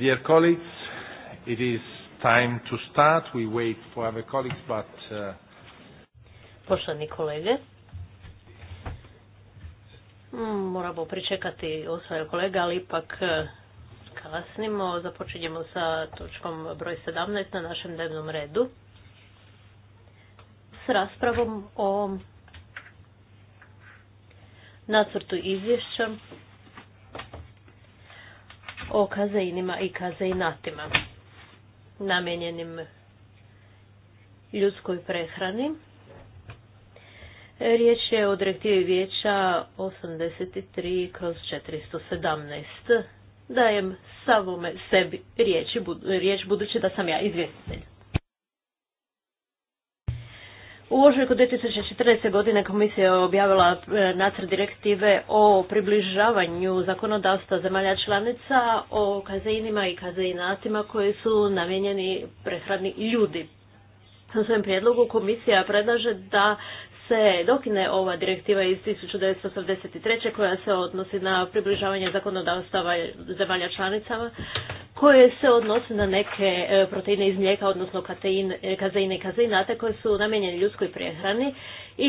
Dear colleagues, it is time to start. We wait for other colleagues, but... Uh, Poštovani kolege, moramo pričekati osvaja kolega, ali ipak e, kasnimo. Započinjemo sa točkom broj 17 na našem dnevnom redu s raspravom o nacrtu izvješća o kazeinima i kazeinatima namijenjenim ljudskoj prehrani. Riječ je o direktivi vijeća 83 kroz 417. Dajem samome sebi riječ, riječ budući da sam ja izvjestitelj. U ožujku 2014. godine komisija je objavila e, nacrt direktive o približavanju zakonodavstva zemalja članica o kazeinima i kazeinatima koji su namijenjeni prehrani ljudi. Na svojem prijedlogu komisija predlaže da se dokine ova direktiva iz 1983. koja se odnosi na približavanje zakonodavstava zemalja članicama koje se odnose na neke e, proteine iz mlijeka, odnosno e, kazeine i kazeinate koje su namijenjene ljudskoj prehrani i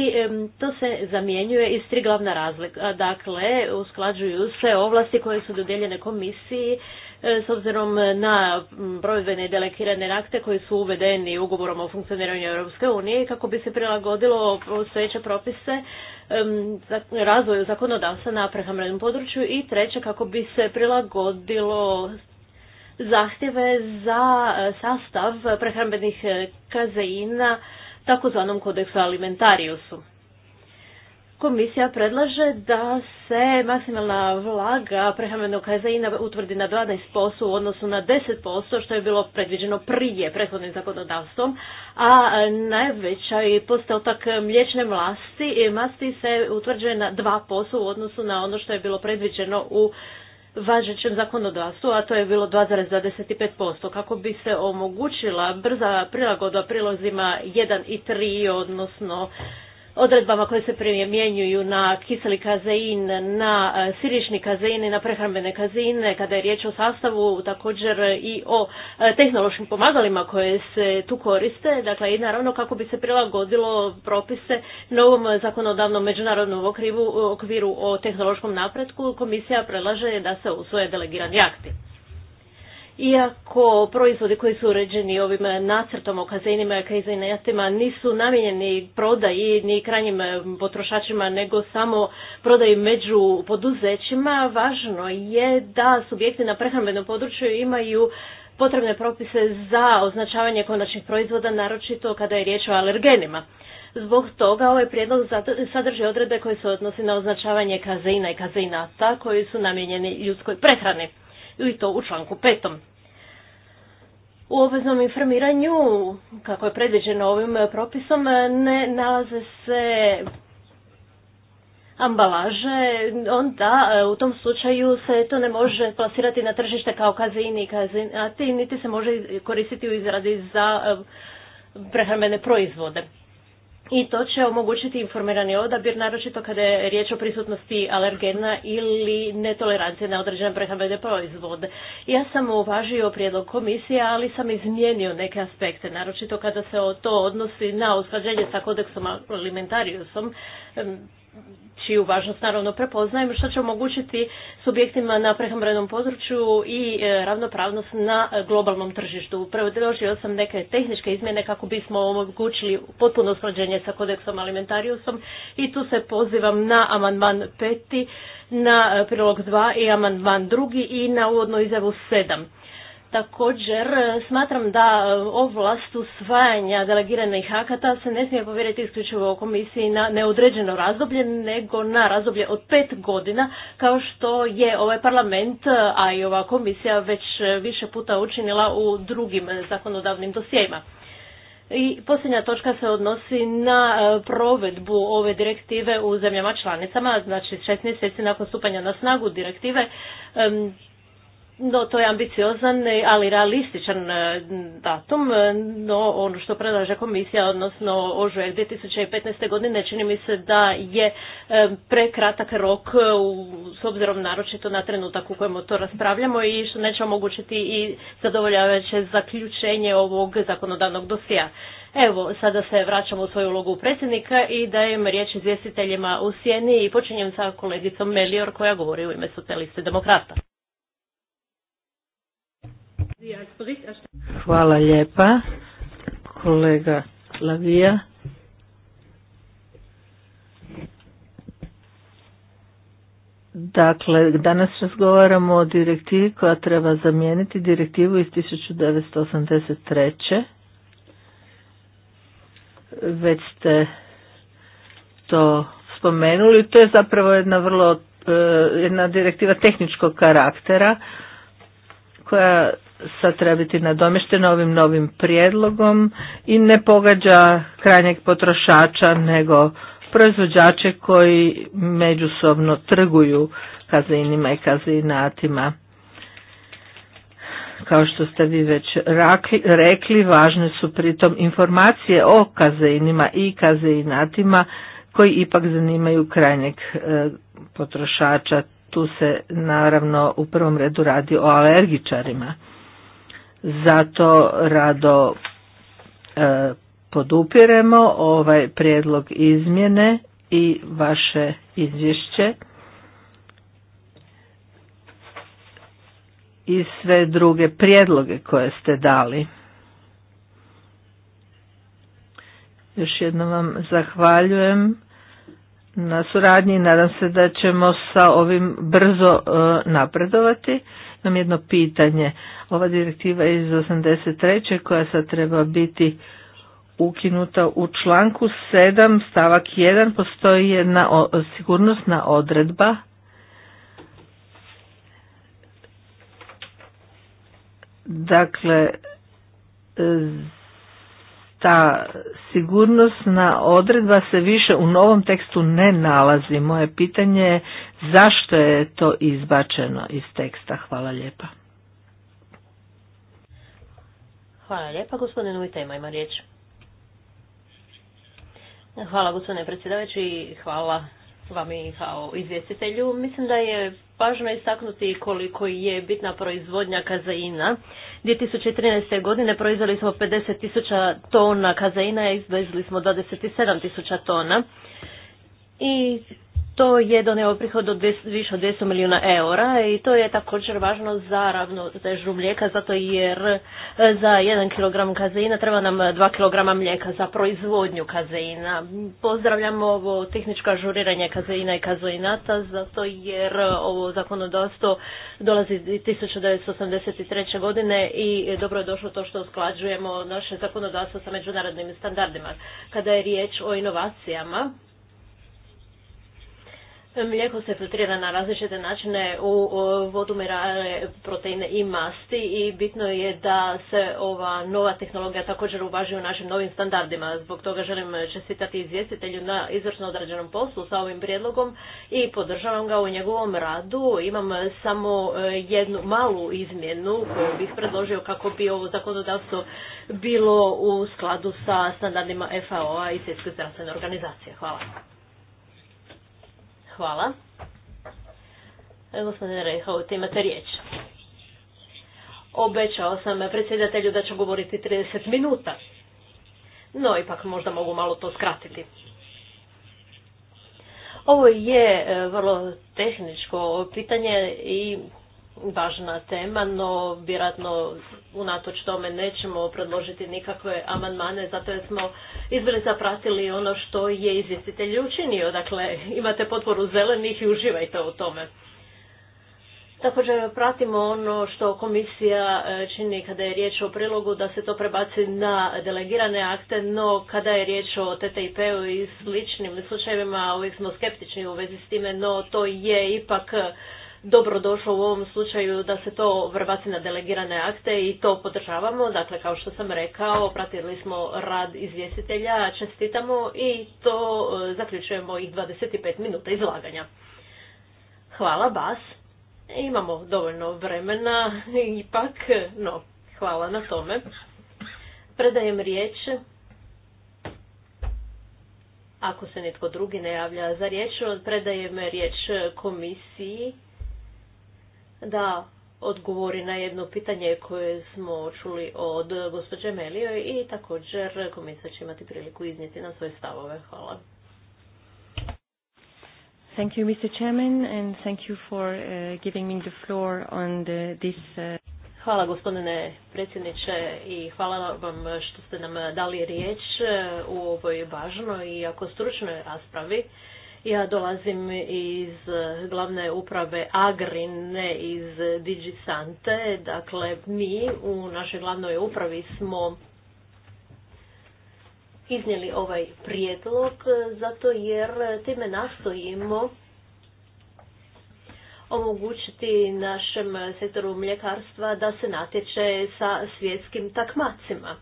to se zamjenjuje iz tri glavna razlika. Dakle, usklađuju se ovlasti koje su dodijeljene komisiji E, s obzirom na brojbene delegirane akte koji su uvedeni ugovorom o funkcioniranju Europske unije kako bi se prilagodilo postojeće propise razvoju zakonodavstva na prehrambenom području i treće kako bi se prilagodilo zahtjeve za e, sastav prehrambenih e, kazeina takozvanom kodeksu alimentariusu komisija predlaže da se maksimalna vlaga prehrambenog kazeina utvrdi na 12% u odnosu na 10% što je bilo predviđeno prije prethodnim zakonodavstvom, a najveća i postotak mliječne i masti e, se utvrđuje na 2% u odnosu na ono što je bilo predviđeno u važećem zakonodavstvu, a to je bilo 2,25%, kako bi se omogućila brza prilagodba prilozima 1 i 3, odnosno odredbama koje se primjenjuju na kiseli kazein, na e, sirični kazein i na prehrambene kazeine, kada je riječ o sastavu također i o e, tehnološkim pomagalima koje se tu koriste, dakle i naravno kako bi se prilagodilo propise novom zakonodavnom međunarodnom okrivu, okviru o tehnološkom napretku, komisija prelaže da se usvoje delegirani akti. Iako proizvodi koji su uređeni ovim nacrtom o kazenima i kazeinatima nisu namijenjeni prodaji ni krajnjim potrošačima, nego samo prodaji među poduzećima, važno je da subjekti na prehrambenom području imaju potrebne propise za označavanje konačnih proizvoda, naročito kada je riječ o alergenima. Zbog toga ovaj prijedlog sadrži odredbe koje se odnose na označavanje kazeina i kazeinata koji su namijenjeni ljudskoj prehrani i to u članku petom. U obveznom informiranju, kako je predviđeno ovim propisom, ne nalaze se ambalaže, onda e, u tom slučaju se to ne može plasirati na tržište kao kazini i kazinati, niti se može koristiti u izradi za e, prehrambene proizvode i to će omogućiti informirani odabir, naročito kada je riječ o prisutnosti alergena ili netolerancije na određene prehrambene proizvode. Ja sam uvažio prijedlog komisije, ali sam izmijenio neke aspekte, naročito kada se to odnosi na usklađenje sa kodeksom alimentariusom, čiju važnost naravno prepoznajem, što će omogućiti subjektima na prehrambenom području i e, ravnopravnost na globalnom tržištu. Predložio sam neke tehničke izmjene kako bismo omogućili potpuno usklađenje sa kodeksom alimentariusom i tu se pozivam na amandman peti, na e, prilog 2 i amandman drugi i na uvodnu izjavu 7. Također e, smatram da e, ovlast usvajanja delegiranih akata se ne smije povjeriti isključivo o komisiji na neodređeno razdoblje, nego na razdoblje od pet godina, kao što je ovaj parlament, e, a i ova komisija već više puta učinila u drugim zakonodavnim dosjejima. I posljednja točka se odnosi na provedbu ove direktive u zemljama članicama, znači 16 mjeseci nakon stupanja na snagu direktive no, to je ambiciozan, ali realističan e, datum, e, no ono što predlaže komisija, odnosno ožujak 2015. godine, čini mi se da je e, prekratak rok s obzirom naročito na trenutak u kojemu to raspravljamo i što neće omogućiti i zadovoljavajuće zaključenje ovog zakonodavnog dosija. Evo, sada se vraćamo u svoju ulogu predsjednika i dajem riječ izvjestiteljima u sjeni i počinjem sa kolegicom Melior koja govori u ime socijaliste demokrata. Hvala lijepa, kolega Lavija. Dakle, danas razgovaramo o direktivi koja treba zamijeniti direktivu iz 1983. Već ste to spomenuli. To je zapravo jedna vrlo e, jedna direktiva tehničkog karaktera koja sad treba biti nadomještena ovim novim prijedlogom i ne pogađa krajnjeg potrošača nego proizvođače koji međusobno trguju kazinima i kazinatima. Kao što ste vi već rekli, važne su pritom informacije o kazinima i kazinatima koji ipak zanimaju krajnjeg e, potrošača tu se naravno u prvom redu radi o alergičarima. Zato rado e, podupiremo ovaj prijedlog izmjene i vaše izvješće i sve druge prijedloge koje ste dali. Još jednom vam zahvaljujem na suradnji. Nadam se da ćemo sa ovim brzo e, napredovati. Imam jedno pitanje. Ova direktiva iz 83. koja sad treba biti ukinuta u članku 7 stavak 1 postoji jedna sigurnosna odredba dakle ta sigurnosna odredba se više u novom tekstu ne nalazi. Moje pitanje je zašto je to izbačeno iz teksta. Hvala lijepa. Hvala lijepa, gospodine ima riječ. Hvala gospodine predsjedavajući i hvala vam i kao izvjestitelju. Mislim da je važno istaknuti koliko je bitna proizvodnja kazeina. 2013. godine proizveli smo 50.000 tisuća tona kazeina, izvezli smo 27.000 tisuća tona. I što je doneo prihod od više od 200 milijuna eura i to je također važno za ravnotežu mlijeka zato jer e, za 1 kg kazeina treba nam 2 kg mlijeka za proizvodnju kazeina. Pozdravljamo ovo tehničko ažuriranje kazeina i kazoinata zato jer ovo zakonodavstvo dolazi 1983. godine i dobro je došlo to što usklađujemo naše zakonodavstvo sa međunarodnim standardima. Kada je riječ o inovacijama, Mlijeko se filtrira na različite načine u vodu, proteine i masti i bitno je da se ova nova tehnologija također uvaži u našim novim standardima. Zbog toga želim čestitati izvjestitelju na izvršno odrađenom poslu sa ovim prijedlogom i podržavam ga u njegovom radu. Imam samo e, jednu malu izmjenu koju bih predložio kako bi ovo zakonodavstvo bilo u skladu sa standardima FAO-a i Svjetske zdravstvene organizacije. Hvala. Hvala. Gospodine Rejhout, imate riječ. Obećao sam predsjedatelju da ću govoriti 30 minuta. No, ipak možda mogu malo to skratiti. Ovo je e, vrlo tehničko pitanje i važna tema, no vjerojatno unatoč tome nećemo predložiti nikakve amandmane, zato jer smo izbili pratili ono što je izvjestitelj učinio. Dakle, imate potporu zelenih i uživajte u tome. Također pratimo ono što komisija e, čini kada je riječ o prilogu da se to prebaci na delegirane akte, no kada je riječ o TTIP-u i sličnim slučajevima uvijek smo skeptični u vezi s time, no to je ipak dobrodošlo u ovom slučaju da se to vrbaci na delegirane akte i to podržavamo. Dakle, kao što sam rekao, pratili smo rad izvjestitelja, čestitamo i to e, zaključujemo ih 25 minuta izlaganja. Hvala, Bas. Imamo dovoljno vremena, ipak, no, hvala na tome. Predajem riječ. Ako se netko drugi ne javlja za riječ, predajem riječ komisiji da odgovori na jedno pitanje koje smo čuli od gospođe Melio i također komisar će imati priliku iznijeti na svoje stavove. Hvala. Thank you, Mr. Chairman, and thank you for uh, giving me the floor on this... Uh... Hvala gospodine predsjedniče i hvala vam što ste nam dali riječ uh, u ovoj važnoj i jako stručnoj raspravi. Ja dolazim iz eh, glavne uprave Agrine iz Digisante. Dakle, mi u našoj glavnoj upravi smo iznijeli ovaj prijedlog eh, zato jer time nastojimo omogućiti našem sektoru mljekarstva da se natječe sa svjetskim takmacima.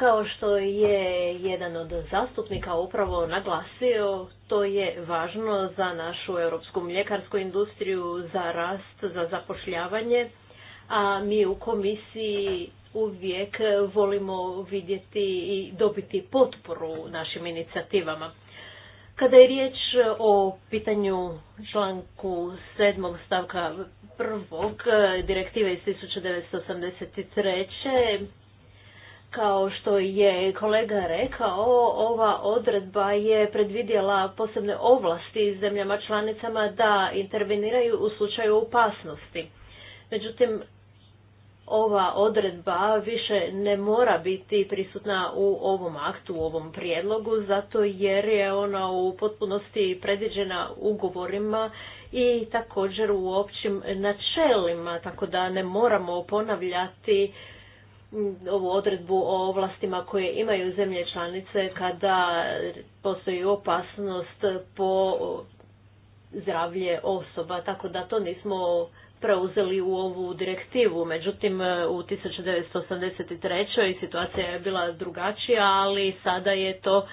Kao što je jedan od zastupnika upravo naglasio, to je važno za našu europsku mljekarsku industriju, za rast, za zapošljavanje, a mi u komisiji uvijek volimo vidjeti i dobiti potporu našim inicijativama. Kada je riječ o pitanju članku 7. stavka 1. direktive iz 1983. Kao što je kolega rekao, ova odredba je predvidjela posebne ovlasti zemljama članicama da interveniraju u slučaju opasnosti. Međutim, ova odredba više ne mora biti prisutna u ovom aktu, u ovom prijedlogu, zato jer je ona u potpunosti predviđena ugovorima i također u općim načelima, tako da ne moramo ponavljati ovu odredbu o ovlastima koje imaju zemlje članice kada postoji opasnost po zdravlje osoba, tako da to nismo preuzeli u ovu direktivu. Međutim, u 1983. situacija je bila drugačija, ali sada je to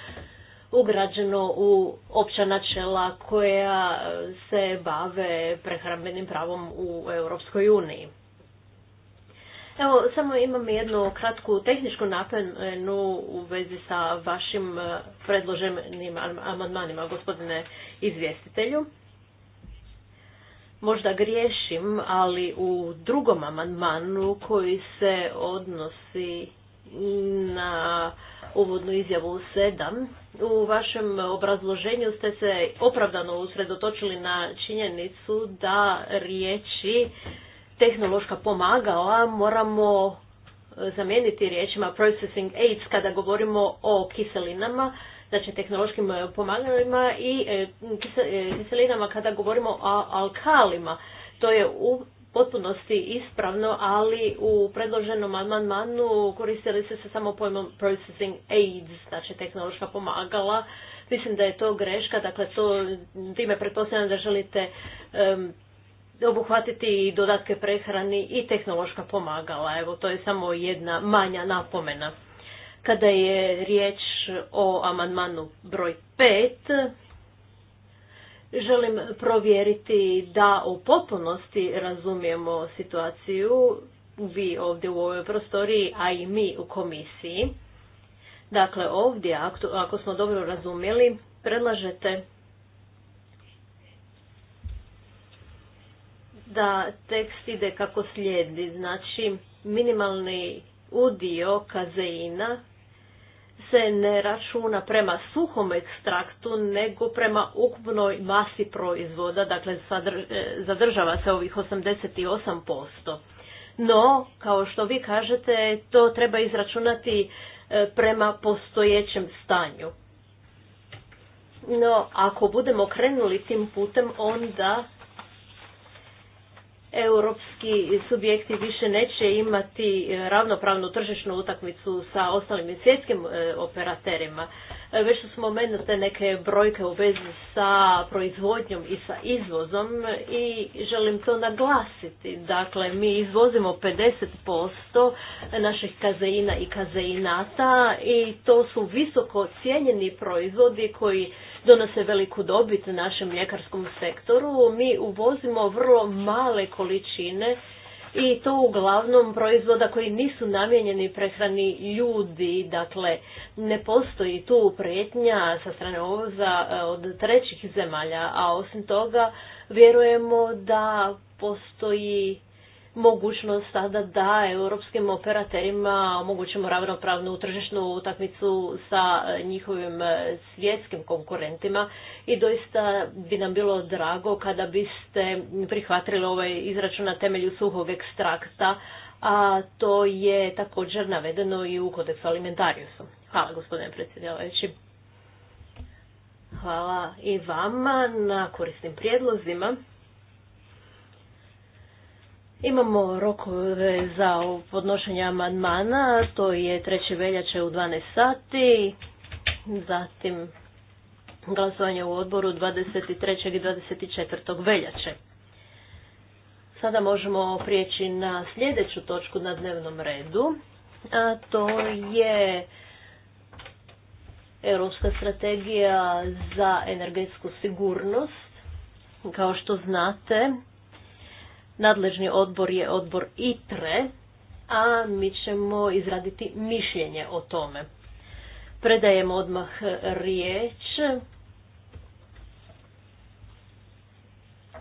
ugrađeno u opća načela koja se bave prehrambenim pravom u Europskoj uniji. Evo, samo imam jednu kratku tehničku napenu u vezi sa vašim e, predloženim amandmanima, gospodine izvjestitelju. Možda griješim, ali u drugom amandmanu koji se odnosi na uvodnu izjavu 7. U vašem obrazloženju ste se opravdano usredotočili na činjenicu da riječi tehnološka pomagala moramo e, zamijeniti riječima processing aids kada govorimo o kiselinama, znači tehnološkim e, pomagalima i e, kiselinama kada govorimo o alkalima. To je u potpunosti ispravno, ali u predloženom amandmanu koristili su se samo pojmom processing aids, znači tehnološka pomagala. Mislim da je to greška, dakle to time pretpostavljam da želite obuhvatiti i dodatke prehrani i tehnološka pomagala. Evo, to je samo jedna manja napomena. Kada je riječ o amandmanu broj 5, želim provjeriti da u potpunosti razumijemo situaciju vi ovdje u ovoj prostoriji, a i mi u komisiji. Dakle, ovdje, ako smo dobro razumjeli, predlažete da tekst ide kako slijedi. Znači, minimalni udio kazeina se ne računa prema suhom ekstraktu, nego prema ukupnoj masi proizvoda, dakle e, zadržava se ovih 88%. No, kao što vi kažete, to treba izračunati e, prema postojećem stanju. No, ako budemo krenuli tim putem, onda europski subjekti više neće imati e, ravnopravnu tržišnu utakmicu sa ostalim svjetskim e, operaterima. E, već su spomenute neke brojke u vezi sa proizvodnjom i sa izvozom i želim to naglasiti. Dakle, mi izvozimo 50% naših kazeina i kazeinata i to su visoko cijenjeni proizvodi koji donose veliku dobit našem mljekarskom sektoru. Mi uvozimo vrlo male količine i to uglavnom proizvoda koji nisu namijenjeni prehrani ljudi, dakle ne postoji tu prijetnja sa strane uvoza e, od trećih zemalja, a osim toga vjerujemo da postoji mogućnost sada da europskim operaterima omogućimo ravnopravnu tržišnu utakmicu sa njihovim svjetskim konkurentima i doista bi nam bilo drago kada biste prihvatili ovaj izračun na temelju suhog ekstrakta, a to je također navedeno i u kodeksu alimentariusu. Hvala gospodine predsjedavajući. Hvala i vama na korisnim prijedlozima. Imamo rokove za podnošenje amandmana, to je 3. veljače u 12 sati, zatim glasovanje u odboru 23. i 24. veljače. Sada možemo prijeći na sljedeću točku na dnevnom redu, a to je Europska strategija za energetsku sigurnost. Kao što znate, Nadležni odbor je odbor ITRE, a mi ćemo izraditi mišljenje o tome. Predajemo odmah riječ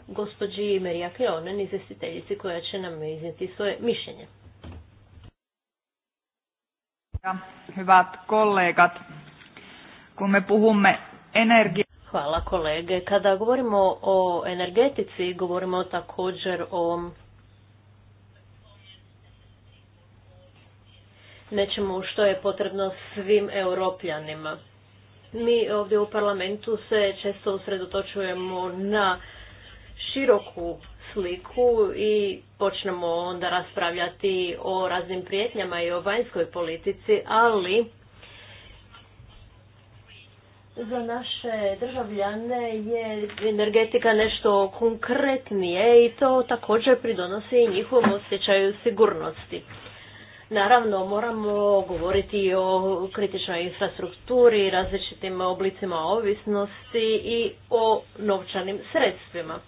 gospođi Merija Kleonen, izvjestiteljici koja će nam iznijeti svoje mišljenje. Hvala, hyvät kollegat, kun me energi... Hvala kolege. Kada govorimo o energetici, govorimo također o nečemu što je potrebno svim europljanima. Mi ovdje u parlamentu se često usredotočujemo na široku sliku i počnemo onda raspravljati o raznim prijetnjama i o vanjskoj politici, ali za naše državljane je energetika nešto konkretnije i to također pridonosi i njihovom osjećaju sigurnosti. Naravno, moramo govoriti o kritičnoj infrastrukturi, različitim oblicima ovisnosti i o novčanim sredstvima.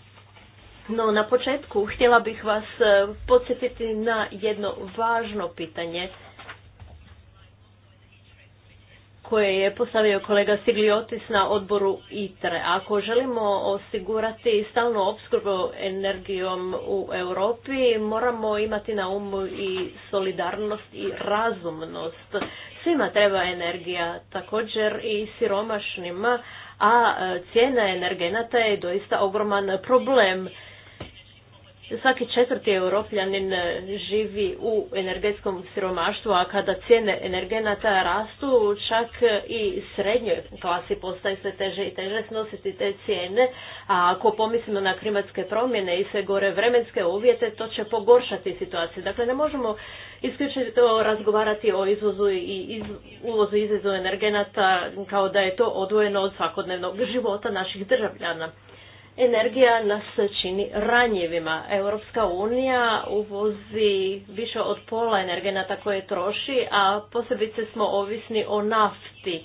No, na početku htjela bih vas podsjetiti na jedno važno pitanje – koje je postavio kolega Sigliotis na odboru ITRE. Ako želimo osigurati stalnu opskrbu energijom u Europi, moramo imati na umu i solidarnost i razumnost. Svima treba energija, također i siromašnima, a e, cijena energenata je doista ogroman problem svaki četvrti europljanin e, živi u energetskom siromaštvu, a kada cijene energenata rastu, čak i srednjoj klasi postaje sve teže i teže snositi te cijene, a ako pomislimo na klimatske promjene i sve gore vremenske uvjete, to će pogoršati situaciju. Dakle, ne možemo to razgovarati o izvozu i iz, uvozu izvozu energenata kao da je to odvojeno od svakodnevnog života naših državljana energija nas čini ranjivima. Europska unija uvozi više od pola energenata koje troši, a posebice smo ovisni o nafti.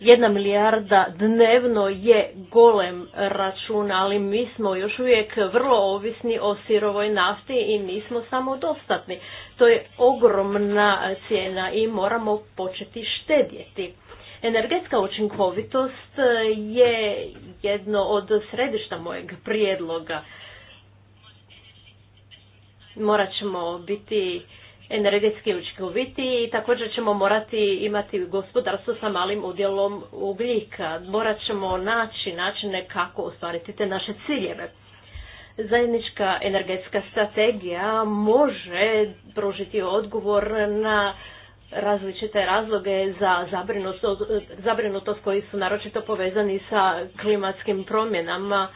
Jedna milijarda dnevno je golem račun, ali mi smo još uvijek vrlo ovisni o sirovoj nafti i nismo samodostatni. To je ogromna cijena i moramo početi štedjeti. Energetska učinkovitost e, je jedno od središta mojeg prijedloga. Morat ćemo biti energetski učinkoviti i također ćemo morati imati gospodarstvo sa malim udjelom ugljika. Morat ćemo naći načine kako ostvariti te naše ciljeve. Zajednička energetska strategija može pružiti odgovor na različite razloge za zabrinutost, koji su naročito povezani sa klimatskim promjenama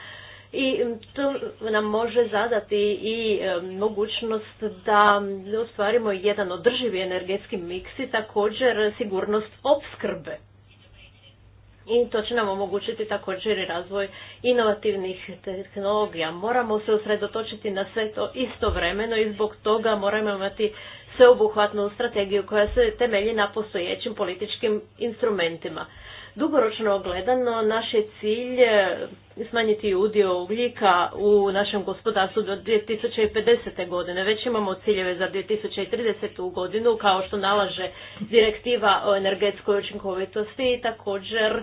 i to nam može zadati i e, mogućnost da ostvarimo jedan održivi energetski miks i također sigurnost opskrbe. I to će nam omogućiti također i razvoj inovativnih tehnologija. Moramo se usredotočiti na sve to istovremeno i zbog toga moramo imati sveobuhvatnu strategiju koja se temelji na postojećim političkim instrumentima. Dugoročno ogledano, naš je cilj e, smanjiti udio ugljika u našem gospodarstvu do 2050. godine. Već imamo ciljeve za 2030. godinu, kao što nalaže direktiva o energetskoj učinkovitosti i također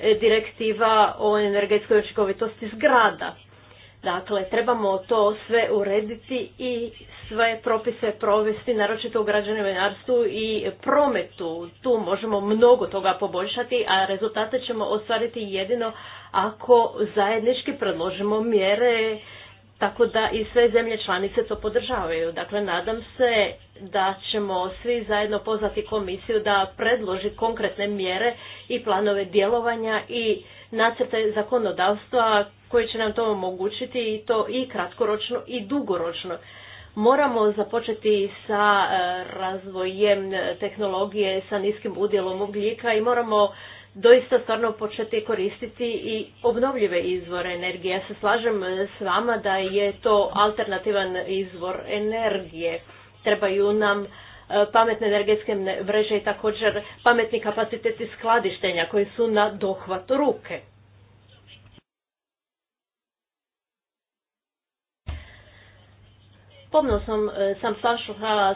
e, direktiva o energetskoj učinkovitosti zgrada. Dakle, trebamo to sve urediti i sve propise provesti, naročito u građevinarstvu i prometu. Tu možemo mnogo toga poboljšati, a rezultate ćemo ostvariti jedino ako zajednički predložimo mjere tako da i sve zemlje članice to podržavaju. Dakle, nadam se da ćemo svi zajedno pozvati komisiju da predloži konkretne mjere i planove djelovanja i nacrte zakonodavstva koji će nam to omogućiti i to i kratkoročno i dugoročno. Moramo započeti sa e, razvojem tehnologije sa niskim udjelom ugljika i moramo doista stvarno početi koristiti i obnovljive izvore energije. Ja se slažem e, s vama da je to alternativan izvor energije. Trebaju nam e, pametne energetske mreže i također pametni kapaciteti skladištenja koji su na dohvat ruke. Pomno sam, e, sam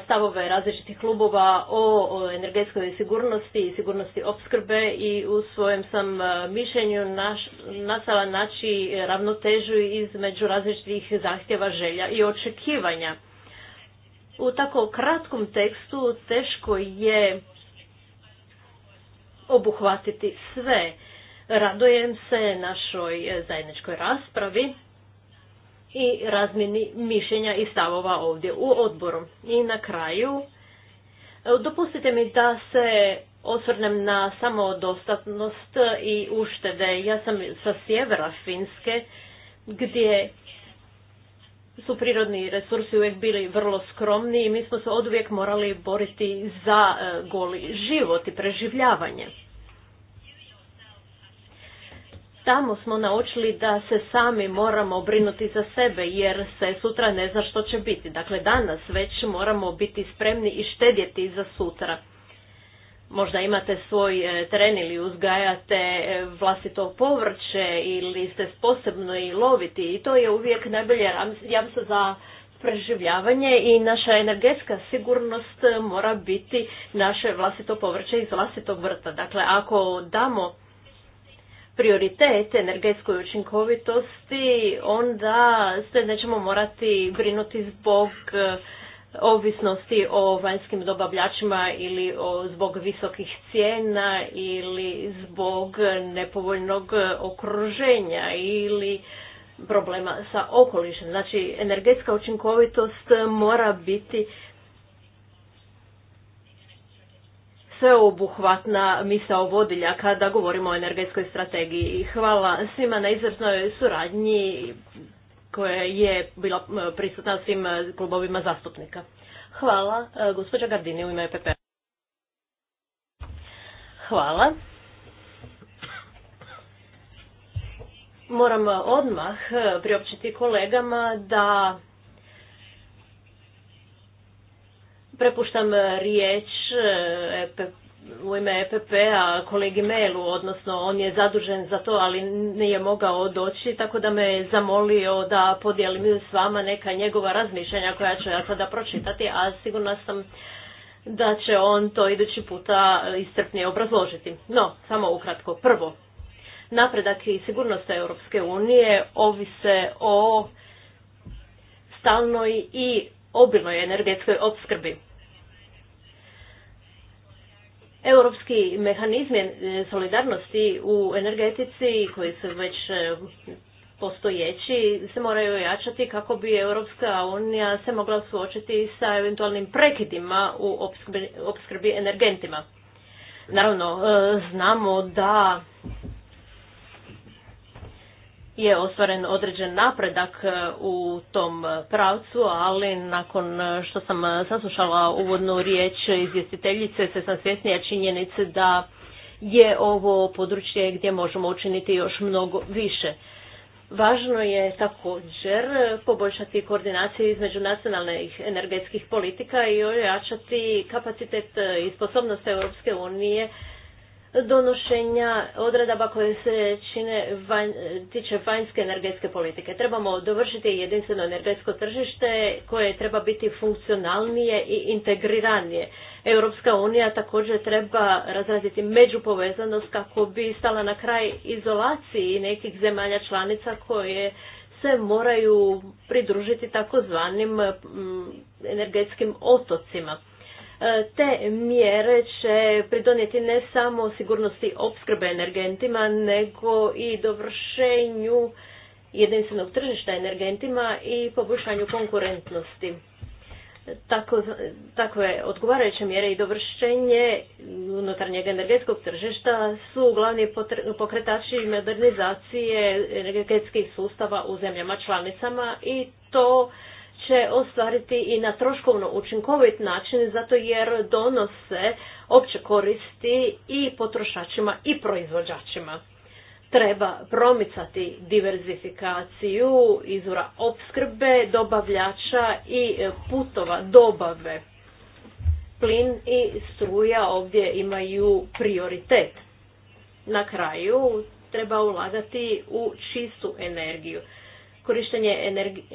stavove različitih klubova o, energetskoj sigurnosti i sigurnosti opskrbe i u svojem sam e, mišljenju naš, nastala naći ravnotežu između različitih zahtjeva, želja i očekivanja. U tako kratkom tekstu teško je obuhvatiti sve. Radojem se našoj e, zajedničkoj raspravi i razmjeni mišljenja i stavova ovdje u odboru. I na kraju, dopustite mi da se osvrnem na samodostatnost i uštede. Ja sam sa sjevera Finske gdje su prirodni resursi uvijek bili vrlo skromni i mi smo se oduvijek morali boriti za e, goli život i preživljavanje tamo smo naučili da se sami moramo brinuti za sebe jer se sutra ne zna što će biti. Dakle, danas već moramo biti spremni i štedjeti za sutra. Možda imate svoj e, teren ili uzgajate e, vlastito povrće ili ste sposobno i loviti i to je uvijek najbolje jamstvo za preživljavanje i naša energetska sigurnost mora biti naše vlastito povrće iz vlastitog vrta. Dakle, ako damo prioritet energetskoj učinkovitosti, onda se nećemo morati brinuti zbog eh, ovisnosti o vanjskim dobavljačima ili o, zbog visokih cijena ili zbog nepovoljnog eh, okruženja ili problema sa okolišem. Znači, energetska učinkovitost mora biti sveobuhvatna misao vodilja kada govorimo o energetskoj strategiji. Hvala svima na izvrsnoj suradnji koja je bila prisutna svim e, klubovima zastupnika. Hvala, e, gospođa Gardini u ime EPP. Hvala. Moram odmah e, priopćiti kolegama da prepuštam e, riječ e, u ime EPP-a kolegi Melu, odnosno on je zadužen za to, ali nije mogao doći, tako da me je zamolio da podijelim s vama neka njegova razmišljanja koja ću ja sada pročitati, a sigurna sam da će on to idući puta istrpnije obrazložiti. No, samo ukratko. Prvo, napredak i sigurnost Europske unije ovise o stalnoj i obilnoj energetskoj opskrbi europski mehanizmi e, solidarnosti u energetici koji su već e, postojeći se moraju ojačati kako bi Europska unija se mogla suočiti sa eventualnim prekidima u opskrbi energentima. Naravno, e, znamo da je ostvaren određen napredak e, u tom pravcu, ali nakon e, što sam e, saslušala uvodnu riječ izvjestiteljice, se sam svjesnija činjenice da je ovo područje gdje možemo učiniti još mnogo više. Važno je također poboljšati koordinaciju između nacionalnih energetskih politika i ojačati kapacitet i sposobnost Europske unije donošenja odredaba koje se čine tiče vanjske energetske politike. Trebamo dovršiti jedinstveno energetsko tržište koje treba biti funkcionalnije i integriranije. Europska unija također treba razraziti međupovezanost kako bi stala na kraj izolaciji nekih zemalja članica koje se moraju pridružiti takozvanim mm, energetskim otocima te mjere će pridonijeti ne samo sigurnosti opskrbe energentima, nego i dovršenju jedinstvenog tržišta energentima i poboljšanju konkurentnosti. Tako, takve odgovarajuće mjere i dovršenje unutarnjeg energetskog tržišta su glavni pokretači modernizacije energetskih sustava u zemljama članicama i to će ostvariti i na troškovno učinkovit način zato jer donose opće koristi i potrošačima i proizvođačima. Treba promicati diverzifikaciju izvora opskrbe, dobavljača i putova dobave. Plin i struja ovdje imaju prioritet. Na kraju treba ulagati u čistu energiju korištenje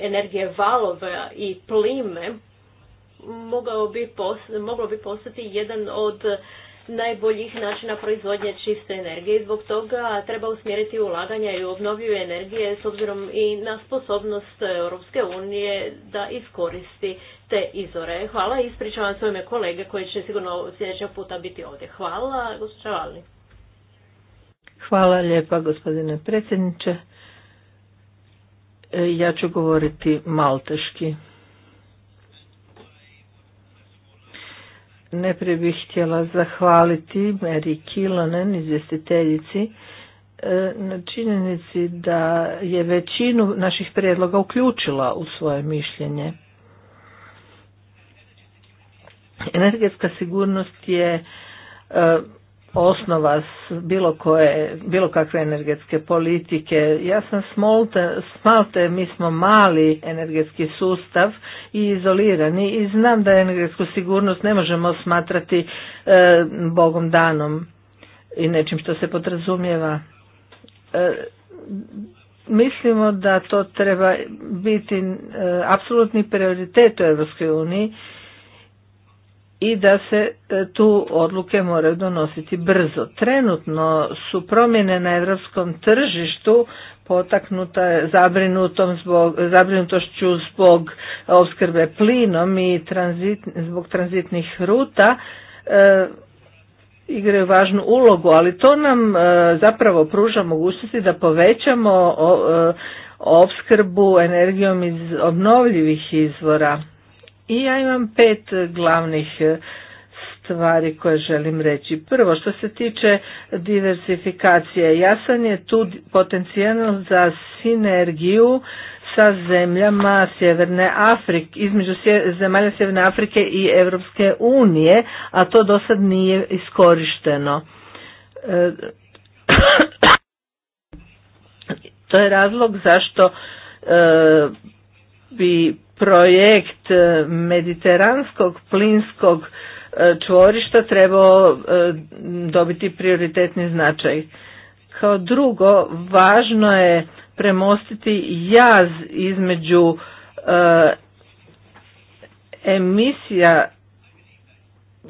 energije valova i plime mogao bi moglo bi postati jedan od najboljih načina proizvodnje čiste energije. Zbog toga treba usmjeriti ulaganja i u obnovljive energije s obzirom i na sposobnost Europske unije da iskoristi te izore. Hvala i ispričavam svojme kolege koji će sigurno sljedećeg puta biti ovdje. Hvala, gospođa Hvala lijepa, gospodine predsjedniče. E, ja ću govoriti malteški. Najprije bih htjela zahvaliti Mary Kilonen, izvjestiteljici, e, na činjenici da je većinu naših prijedloga uključila u svoje mišljenje. Energetska sigurnost je e, osnova bilo, koje, bilo kakve energetske politike. Ja sam smalta mi smo mali energetski sustav i izolirani i znam da energetsku sigurnost ne možemo smatrati e, bogom danom i nečim što se podrazumijeva. E, mislimo da to treba biti e, apsolutni prioritet u eu uniji i da se e, tu odluke moraju donositi brzo. Trenutno su promjene na europskom tržištu potaknuta zabrinutom zbog, zabrinutošću zbog opskrbe plinom i zbog tranzitnih ruta e, igraju važnu ulogu, ali to nam e, zapravo pruža mogućnosti da povećamo opskrbu energijom iz obnovljivih izvora i ja imam pet glavnih e, stvari koje želim reći. Prvo, što se tiče diversifikacije, jasan je tu potencijal za sinergiju sa zemljama Sjeverne Afrike, između zemalja Sjeverne Afrike i Europske unije, a to do sad nije iskorišteno. E, to je razlog zašto e, bi projekt e, mediteranskog plinskog e, čvorišta trebao e, dobiti prioritetni značaj. Kao drugo, važno je premostiti jaz između emisija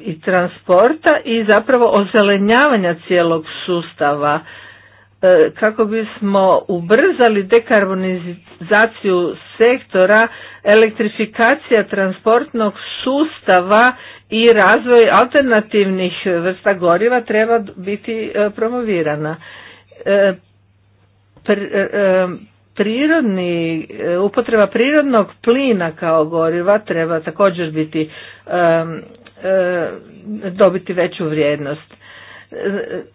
i transporta i zapravo ozelenjavanja cijelog sustava kako bismo ubrzali dekarbonizaciju sektora, elektrifikacija transportnog sustava i razvoj alternativnih vrsta goriva treba biti e, promovirana. E, e, prirodni, upotreba prirodnog plina kao goriva treba također biti dobiti veću vrijednost.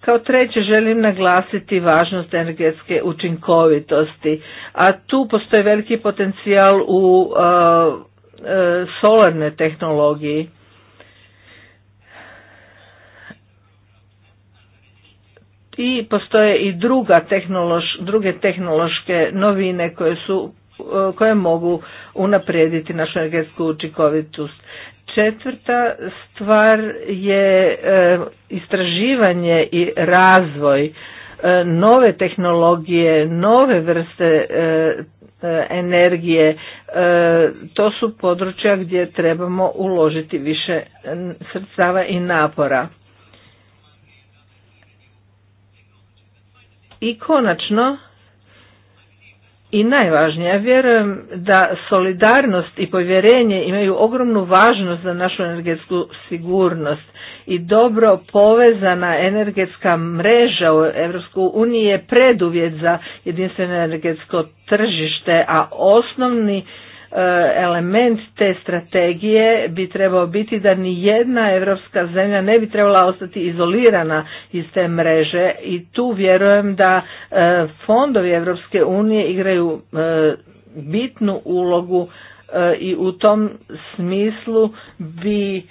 Kao treće želim naglasiti važnost energetske učinkovitosti, a tu postoji veliki potencijal u e, e, solarne tehnologiji. I postoje i druga druge tehnološke novine koje su Eh, koje mogu unaprijediti našu energetsku učinkovitost. Četvrta stvar je eh, istraživanje i razvoj eh, nove tehnologije, nove vrste energije, to su područja gdje trebamo uložiti više srcava i napora. I konačno, i najvažnije, ja vjerujem da solidarnost i povjerenje imaju ogromnu važnost za našu energetsku sigurnost i dobro povezana energetska mreža u EU je preduvjet za jedinstveno energetsko tržište, a osnovni element te strategije bi trebao biti da ni jedna europska zemlja ne bi trebala ostati izolirana iz te mreže i tu vjerujem da e, fondovi Europske unije igraju e, bitnu ulogu e, i u tom smislu bi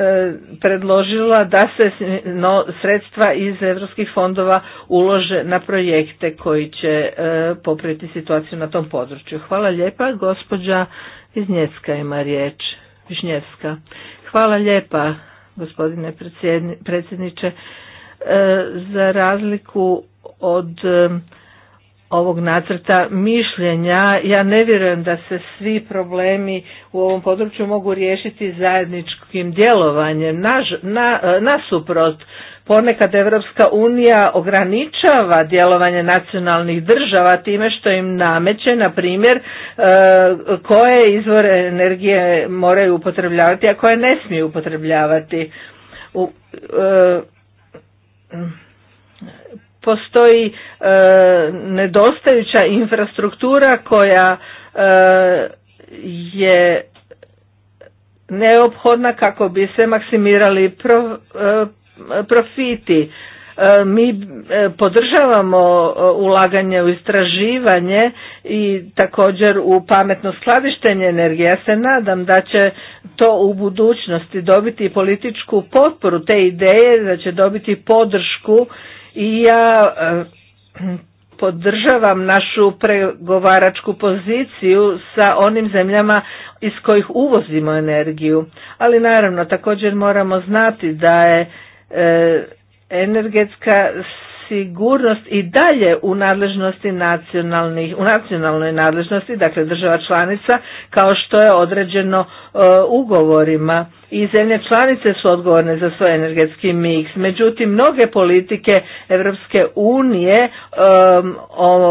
E, predložila da se sredstva iz evropskih fondova ulože na projekte koji će e, popraviti situaciju na tom području. Hvala lijepa, gospođa Viznjevska ima riječ. Višnjevska. Hvala lijepa, gospodine predsjedniče. E, za razliku od ovog nacrta mišljenja. Ja ne vjerujem da se svi problemi u ovom području mogu riješiti zajedničkim djelovanjem. na, e, nasuprot, ponekad Evropska unija ograničava djelovanje nacionalnih država time što im nameće, na primjer, e, koje izvore energije moraju upotrebljavati, a koje ne smiju upotrebljavati. U, e, postoji e, nedostajuća infrastruktura koja e, je neophodna kako bi se maksimirali e, profiti. Mi podržavamo ulaganje u istraživanje i također u pametno skladištenje energije. Ja se nadam da će to u budućnosti dobiti političku potporu te ideje, da će dobiti podršku i ja e, podržavam našu pregovaračku poziciju sa onim zemljama iz kojih uvozimo energiju. Ali naravno također moramo znati da je e, energetska sigurnost i dalje u nadležnosti nacionalnih, u nacionalnoj nadležnosti, dakle država članica, kao što je određeno e, ugovorima. I zemlje članice su odgovorne za svoj energetski miks. Međutim, mnoge politike Europske unije e,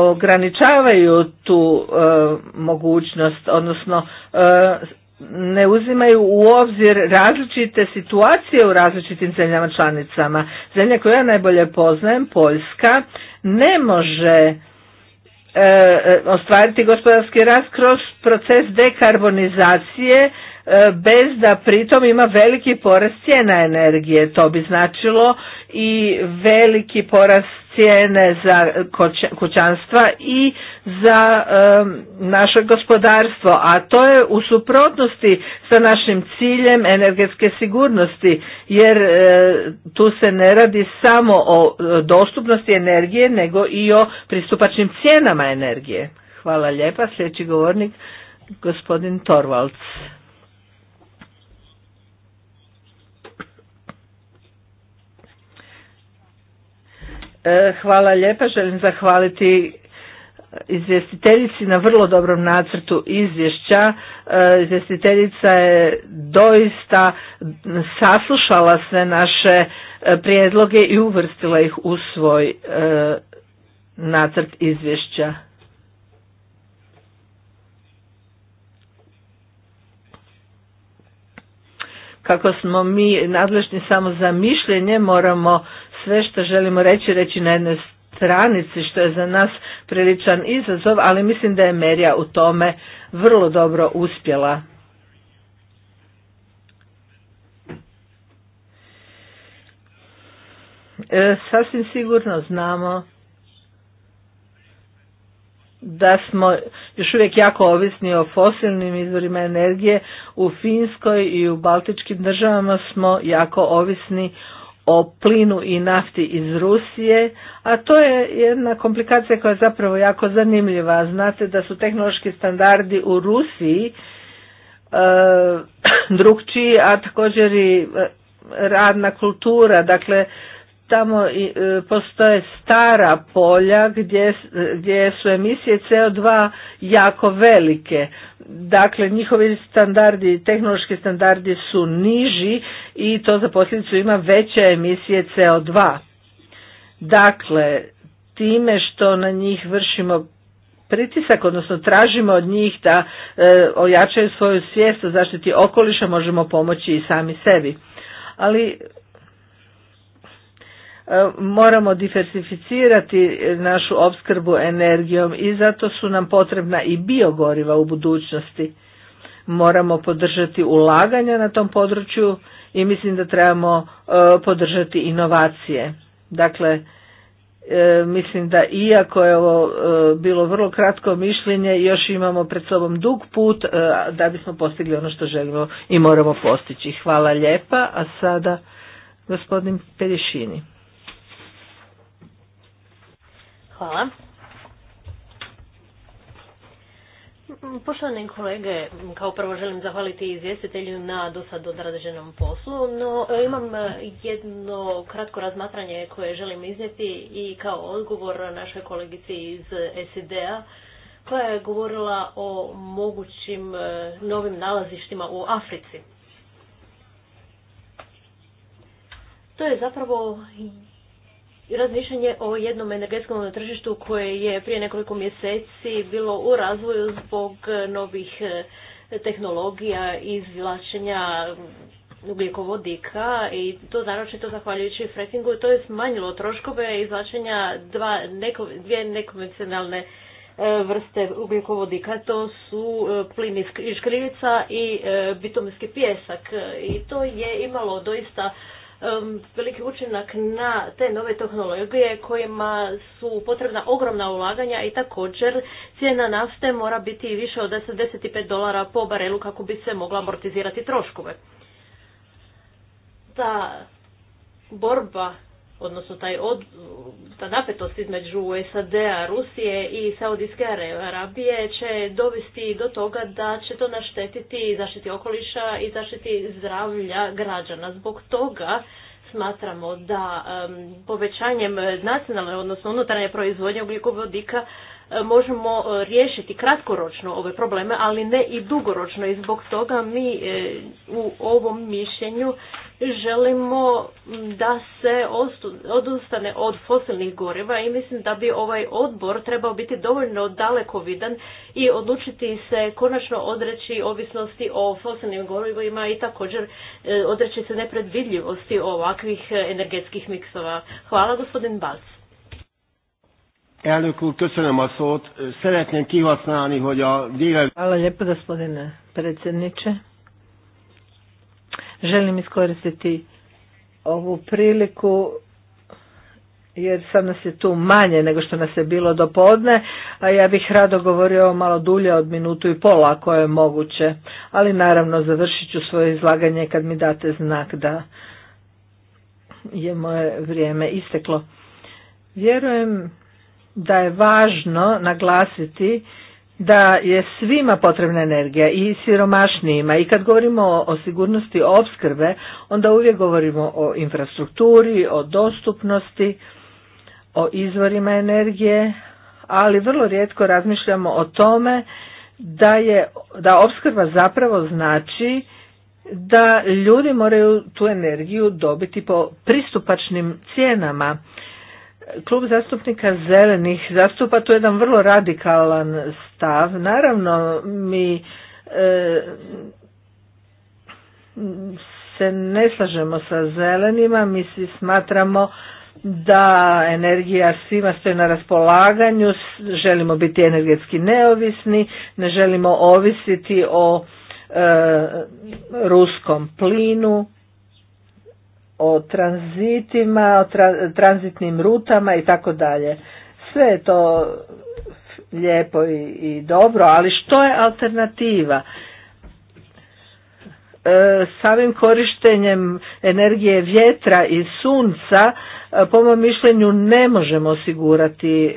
ograničavaju tu e, mogućnost, odnosno ne uzimaju u obzir različite situacije u različitim zemljama članicama. Zemlja koju ja najbolje poznajem, Poljska, ne može e, e, ostvariti gospodarski rast kroz proces dekarbonizacije e, bez da pritom ima veliki porast cijena energije. To bi značilo i veliki porast cijene za kućanstva i za naše gospodarstvo, a to je u suprotnosti sa našim ciljem energetske sigurnosti jer e, tu se ne radi samo o dostupnosti energije nego i o pristupačnim cijenama energije. Hvala lijepa, sljedeći govornik gospodin Torvalds. E, hvala lijepa, želim zahvaliti e, izvjestiteljici na vrlo dobrom nacrtu izvješća. E, izvjestiteljica je doista saslušala sve naše prijedloge i uvrstila ih u svoj nacrt izvješća. Kako smo mi nadležni samo za mišljenje, moramo sve što želimo reći reći na jednoj stranici što je za nas priličan izazov, ali mislim da je Merija u tome vrlo dobro uspjela. E, sasvim sigurno znamo da smo još uvijek jako ovisni o fosilnim izvorima energije. U Finskoj i u Baltičkim državama smo jako ovisni o plinu i nafti iz Rusije, a to je jedna komplikacija koja je zapravo jako zanimljiva. Znate da su tehnološki standardi u Rusiji e, drugčiji, a također i e, radna kultura, dakle tamo e, postoje stara polja gdje, gdje su emisije CO2 jako velike. Dakle, njihovi standardi, tehnološki standardi su niži i to za posljedicu ima veće emisije CO2. Dakle, time što na njih vršimo pritisak, odnosno tražimo od njih da e, ojačaju svoju svijest o zaštiti okoliša, možemo pomoći i sami sebi. Ali E, moramo diversificirati našu opskrbu energijom i zato su nam potrebna i biogoriva u budućnosti. Moramo podržati ulaganja na tom području i mislim da trebamo e, podržati inovacije. Dakle, e, mislim da iako je ovo bilo vrlo kratko mišljenje, još imamo pred sobom dug put da bismo postigli ono što želimo i moramo postići. Hvala lijepa, a sada gospodin Perišini. Hvala. Poštovane kolege, kao prvo želim zahvaliti izvjestitelju na dosad odrađenom poslu, no e, imam e, jedno kratko razmatranje koje želim iznijeti i kao odgovor našoj kolegici iz SID-a koja je govorila o mogućim e, novim nalazištima u Africi. To je zapravo razmišljanje o jednom energetskom tržištu koje je prije nekoliko mjeseci bilo u razvoju zbog novih e, tehnologija izvlačenja ugljikovodika i to naročito zahvaljujući frackingu to je smanjilo troškove izvlačenja dva, neko, dvije nekonvencionalne e, vrste ugljikovodika, to su e, plin iz škrivica i bituminski pjesak i to je imalo doista veliki učinak na te nove tehnologije kojima su potrebna ogromna ulaganja i također cijena nafte mora biti više od 10-15 dolara po barelu kako bi se mogla amortizirati troškove. Ta borba odnosno taj od, ta napetost između SAD-a, Rusije i Saudijske Arabije će dovesti do toga da će to naštetiti zaštiti okoliša i zaštiti zdravlja građana. Zbog toga smatramo da povećanjem nacionalne, odnosno unutarnje proizvodnje ugljikovodika možemo e, riješiti kratkoročno ove probleme, ali ne i dugoročno. I zbog toga mi e, u ovom mišljenju želimo da se odustane od fosilnih goriva i mislim da bi ovaj odbor trebao biti dovoljno dalekovidan i odlučiti se konačno odreći ovisnosti o fosilnim gorivima i također e, odreći se nepredvidljivosti ovakvih energetskih miksova. Hvala gospodin Balc. Elnök köszönöm a szót. Szeretném hogy a Hvala gospodine predsjedniče. Želim iskoristiti ovu priliku jer sad nas je tu manje nego što nas je bilo do podne, a ja bih rado govorio malo dulje od minutu i pola ako je moguće, ali naravno završit ću svoje izlaganje kad mi date znak da je moje vrijeme isteklo. Vjerujem da je važno naglasiti da je svima potrebna energija i siromašnijima i kad govorimo o, sigurnosti opskrbe onda uvijek govorimo o infrastrukturi, o dostupnosti, o izvorima energije, ali vrlo rijetko razmišljamo o tome da je da opskrba zapravo znači da ljudi moraju tu energiju dobiti po pristupačnim cijenama Klub zastupnika zelenih zastupa tu jedan vrlo radikalan stav. Naravno, mi e, se ne slažemo sa zelenima, mi si smatramo da energija svima stoji na raspolaganju, želimo biti energetski neovisni, ne želimo ovisiti o e, ruskom plinu o tranzitima, o tranzitnim rutama i tako dalje. Sve je to lijepo i, i dobro, ali što je alternativa? E, samim korištenjem energije vjetra i sunca, e, po mom mišljenju, ne možemo osigurati e,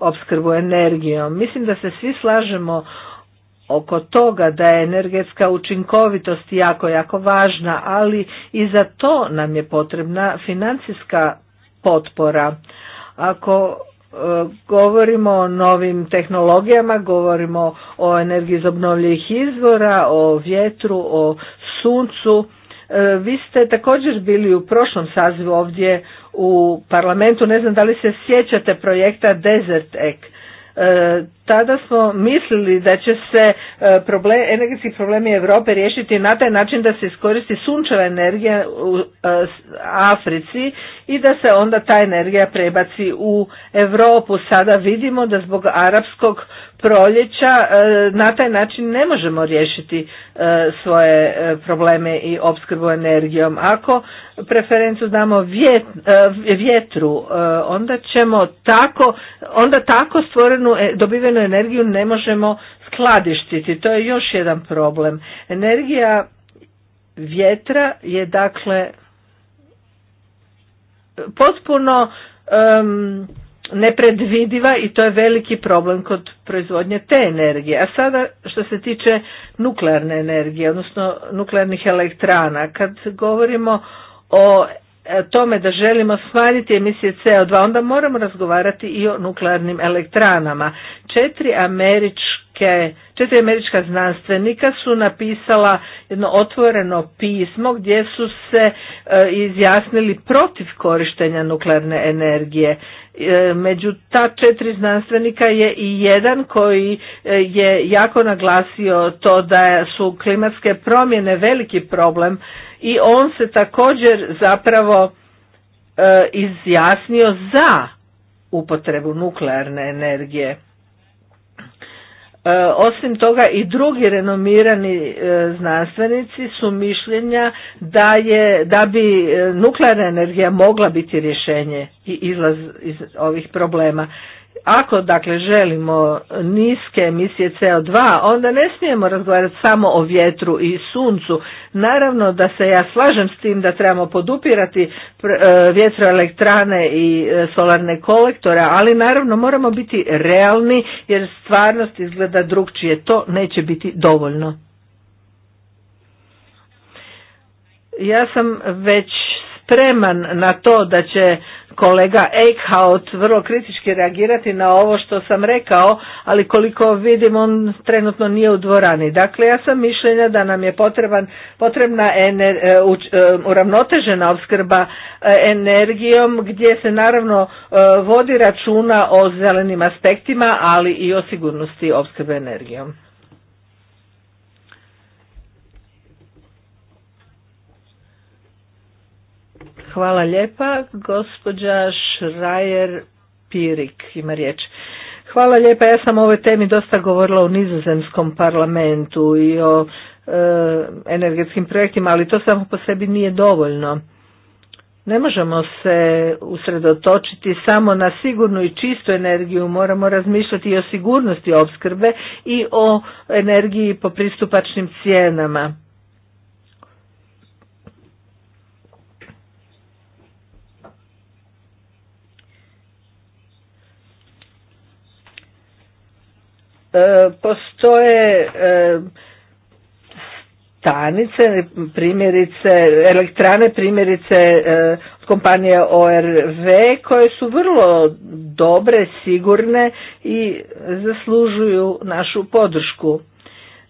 opskrbu energijom. Mislim da se svi slažemo oko toga da je energetska učinkovitost jako, jako važna, ali i za to nam je potrebna financijska potpora. Ako e, govorimo o novim tehnologijama, govorimo o energiji iz obnovljivih izvora, o vjetru, o suncu, e, vi ste također bili u prošlom sazivu ovdje u parlamentu, ne znam da li se sjećate projekta Desert Egg E, tada smo mislili da će se e, problem, energetski problemi Europe riješiti na taj način da se iskoristi sunčeva energija u e, Africi i da se onda ta energija prebaci u Europu. Sada vidimo da zbog arapskog proljeća e, na taj način ne možemo riješiti e, svoje e, probleme i opskrbu energijom. Ako preferencu damo vjetru, onda ćemo tako, onda tako stvorenu dobivenu energiju ne možemo skladištiti. To je još jedan problem. Energija vjetra je dakle potpuno nepredvidiva i to je veliki problem kod proizvodnje te energije. A sada što se tiče nuklearne energije, odnosno nuklearnih elektrana, kad govorimo o e, tome da želimo smanjiti emisije CO2, onda moramo razgovarati i o nuklearnim elektranama. Četiri američke četiri američka znanstvenika su napisala jedno otvoreno pismo gdje su se e, izjasnili protiv korištenja nuklearne energije. E, među ta četiri znanstvenika je i jedan koji e, je jako naglasio to da su klimatske promjene veliki problem i on se također zapravo izjasnio za upotrebu nuklearne energije. E, osim toga i drugi renomirani e, znanstvenici su mišljenja da je da bi e, nuklearna energija mogla biti rješenje i izlaz iz ovih problema ako dakle želimo niske emisije CO2, onda ne smijemo razgovarati samo o vjetru i suncu. Naravno da se ja slažem s tim da trebamo podupirati e, vjetroelektrane i e, solarne kolektore, ali naravno moramo biti realni jer stvarnost izgleda drugčije. To neće biti dovoljno. Ja sam već spreman na to da će kolega Eichhout vrlo kritički reagirati na ovo što sam rekao, ali koliko vidim on trenutno nije u dvorani. Dakle, ja sam mišljenja da nam je potreban, potrebna ener, e, e, uravnotežena opskrba e, energijom gdje se naravno vodi računa o zelenim aspektima, ali i o sigurnosti opskrbe energijom. Hvala lijepa. Gospođa Šrajer Pirik ima riječ. Hvala lijepa. Ja sam o ovoj temi dosta govorila u nizozemskom parlamentu i o e, energetskim projektima, ali to samo po sebi nije dovoljno. Ne možemo se usredotočiti samo na sigurnu i čistu energiju, moramo razmišljati i o sigurnosti opskrbe i o energiji po pristupačnim cijenama. E, postoje e, stanice, primjerice, elektrane primjerice e, kompanije ORV koje su vrlo dobre, sigurne i zaslužuju našu podršku.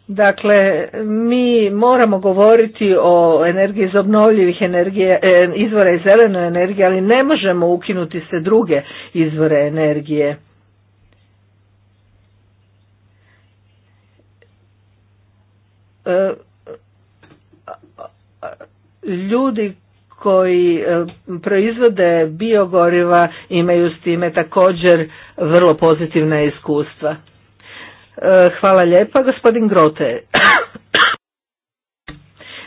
Dakle, mi moramo govoriti o energiji iz obnovljivih energije, izvora i zelenoj energije, ali ne možemo ukinuti se druge izvore energije. E, ljudi koji e, proizvode biogoriva imaju s time također vrlo pozitivna iskustva. E, hvala lijepa, gospodin Grote.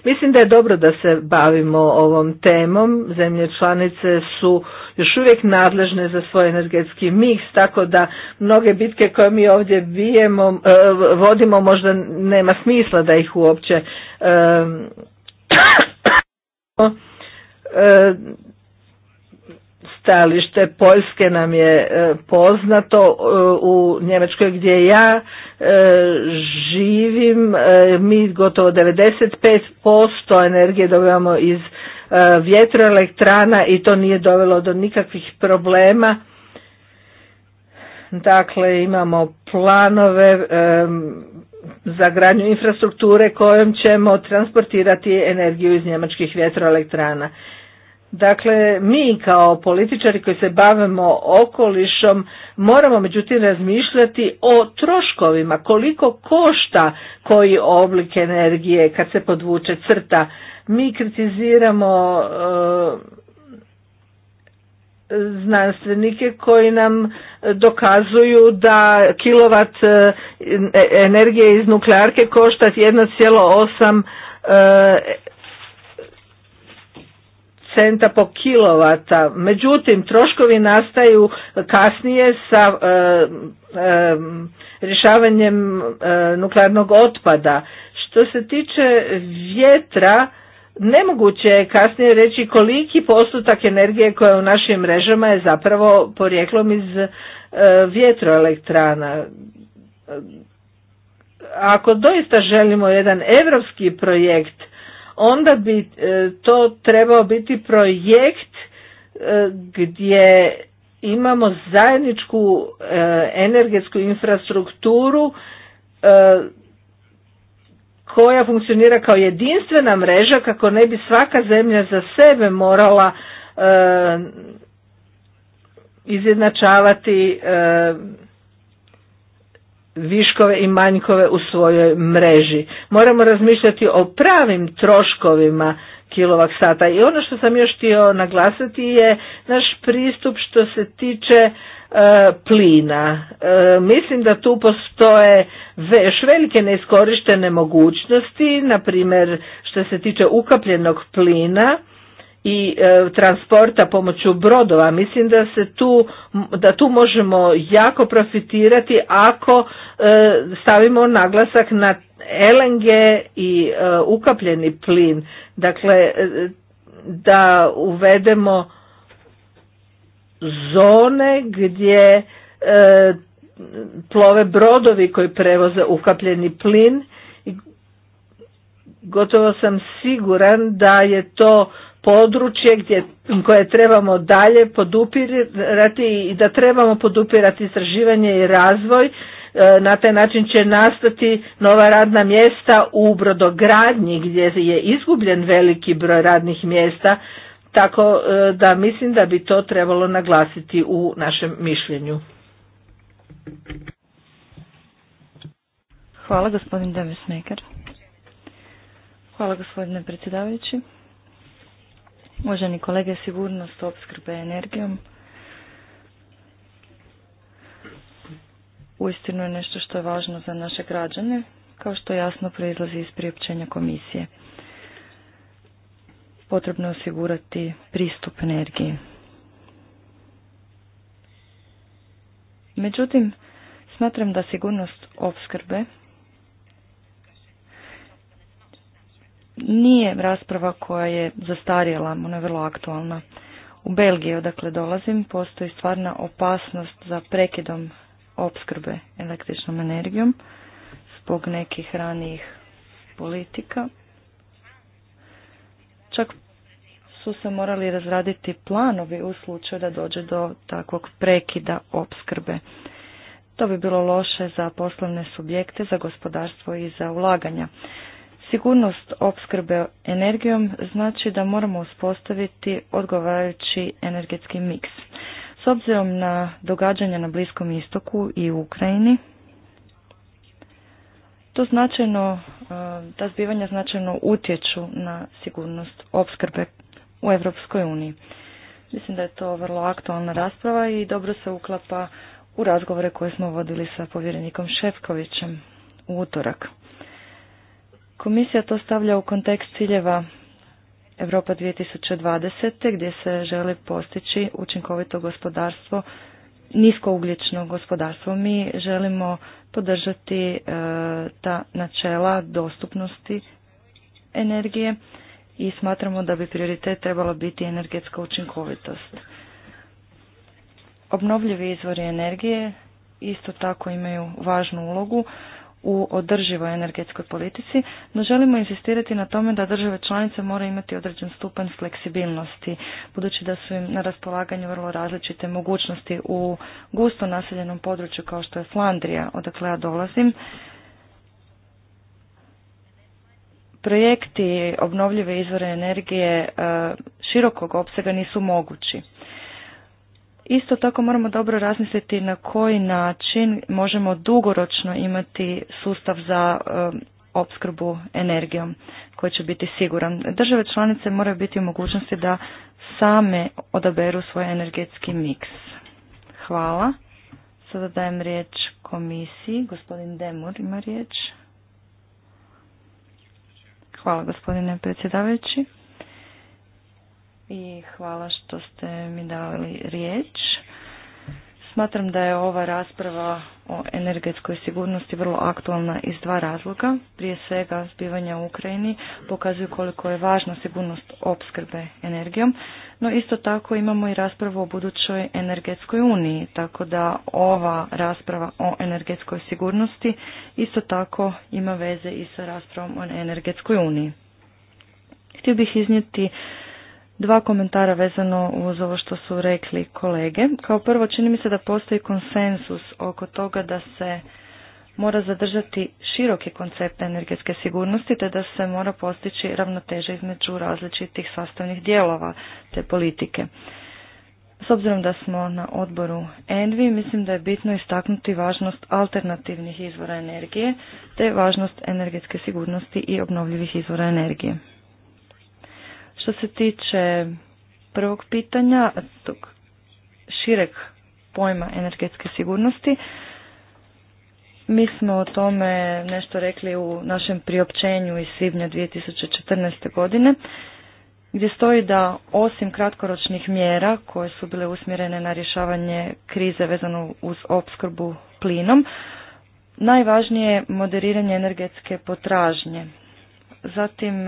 Mislim da je dobro da se bavimo ovom temom. Zemlje članice su još uvijek nadležne za svoj energetski miks, tako da mnoge bitke koje mi ovdje bijemo, e, vodimo možda nema smisla da ih uopće e, stajalište Poljske nam je e, poznato e, u Njemačkoj gdje ja e, živim mi gotovo 95% energije dobivamo iz vjetroelektrana i to nije dovelo do nikakvih problema dakle imamo planove za gradnju infrastrukture kojom ćemo transportirati energiju iz njemačkih vjetroelektrana Dakle, mi kao političari koji se bavimo okolišom moramo međutim razmišljati o troškovima, koliko košta koji oblik energije kad se podvuče crta. Mi kritiziramo e, znanstvenike koji nam dokazuju da kilovat e, energije iz nuklearke košta 1,8 e, centa po kilovata. Međutim, troškovi nastaju kasnije sa e, e, rješavanjem e, nuklearnog otpada. Što se tiče vjetra, nemoguće je kasnije reći koliki postotak energije koja je u našim mrežama je zapravo porijeklom iz vjetroelektrana. Ako doista želimo jedan europski projekt onda bi e, to trebao biti projekt e, gdje imamo zajedničku e, energetsku infrastrukturu koja funkcionira kao jedinstvena mreža kako ne bi svaka zemlja za sebe morala izjednačavati viškove i manjkove u svojoj mreži. Moramo razmišljati o pravim troškovima kilovak sata. I ono što sam još htio naglasiti je naš pristup što se tiče e, plina. E, mislim da tu postoje još velike neiskorištene mogućnosti, na primjer što se tiče ukapljenog plina, i e, transporta pomoću brodova mislim da se tu da tu možemo jako profitirati ako e, stavimo naglasak na LNG i e, ukapljeni plin dakle da uvedemo zone gdje plove brodovi koji prevoze ukapljeni plin gotovo sam siguran da je to područje gdje, koje trebamo dalje podupirati i da trebamo podupirati istraživanje i razvoj. E, na taj način će nastati nova radna mjesta u brodogradnji gdje je izgubljen veliki broj radnih mjesta, tako e, da mislim da bi to trebalo naglasiti u našem mišljenju. Hvala gospodin Deves Hvala gospodine predsjedavajući. Uvaženi kolege, sigurnost opskrbe energijom uistinu je nešto što je važno za naše građane, kao što jasno proizlazi iz priopćenja komisije. Potrebno je osigurati pristup energiji. Međutim, smatram da sigurnost opskrbe nije rasprava koja je zastarjela, ona je vrlo aktualna. U Belgiji, odakle dolazim, postoji stvarna opasnost za prekidom opskrbe električnom energijom zbog nekih ranijih politika. Čak su se morali razraditi planovi u slučaju da dođe do takvog prekida opskrbe. To bi bilo loše za poslovne subjekte, za gospodarstvo i za ulaganja. Sigurnost opskrbe energijom znači da moramo uspostaviti odgovarajući energetski miks. S obzirom na događanja na Bliskom istoku i u Ukrajini, to značajno, e, ta zbivanja značajno utječu na sigurnost opskrbe u Europskoj uniji. Mislim da je to vrlo aktualna rasprava i dobro se uklapa u razgovore koje smo vodili sa povjerenikom Šefkovićem u utorak. Komisija to stavlja u kontekst ciljeva Europa 2020. gdje se želi postići učinkovito gospodarstvo, niskougljično gospodarstvo. Mi želimo podržati e, ta načela dostupnosti energije i smatramo da bi prioritet trebala biti energetska učinkovitost. Obnovljivi izvori energije isto tako imaju važnu ulogu u održivoj energetskoj politici, no želimo insistirati na tome da države članice moraju imati određen stupanj fleksibilnosti, budući da su im na raspolaganju vrlo različite mogućnosti u gusto naseljenom području kao što je Flandrija, odakle ja dolazim. Projekti obnovljive izvore energije e, širokog opsega nisu mogući. Isto tako moramo dobro razmisliti na koji način možemo dugoročno imati sustav za um, opskrbu energijom koji će biti siguran. Države članice moraju biti u mogućnosti da same odaberu svoj energetski miks. Hvala. Sada dajem riječ komisiji. Gospodin Demur ima riječ. Hvala gospodine predsjedavajući i hvala što ste mi dali riječ. Smatram da je ova rasprava o energetskoj sigurnosti vrlo aktualna iz dva razloga. Prije svega zbivanja u Ukrajini pokazuju koliko je važna sigurnost opskrbe energijom, no isto tako imamo i raspravu o budućoj energetskoj uniji, tako da ova rasprava o energetskoj sigurnosti isto tako ima veze i sa raspravom o energetskoj uniji. Htio bih iznijeti dva komentara vezano uz ovo što su rekli kolege. Kao prvo, čini mi se da postoji konsensus oko toga da se mora zadržati široki koncept energetske sigurnosti te da se mora postići ravnoteža između različitih sastavnih dijelova te politike. S obzirom da smo na odboru ENVI, mislim da je bitno istaknuti važnost alternativnih izvora energije te važnost energetske sigurnosti i obnovljivih izvora energije. Što se tiče prvog pitanja, tog šireg pojma energetske sigurnosti, mi smo o tome nešto rekli u našem priopćenju iz svibnja 2014. godine, gdje stoji da osim kratkoročnih mjera koje su bile usmjerene na rješavanje krize vezano uz opskrbu plinom, najvažnije je moderiranje energetske potražnje, zatim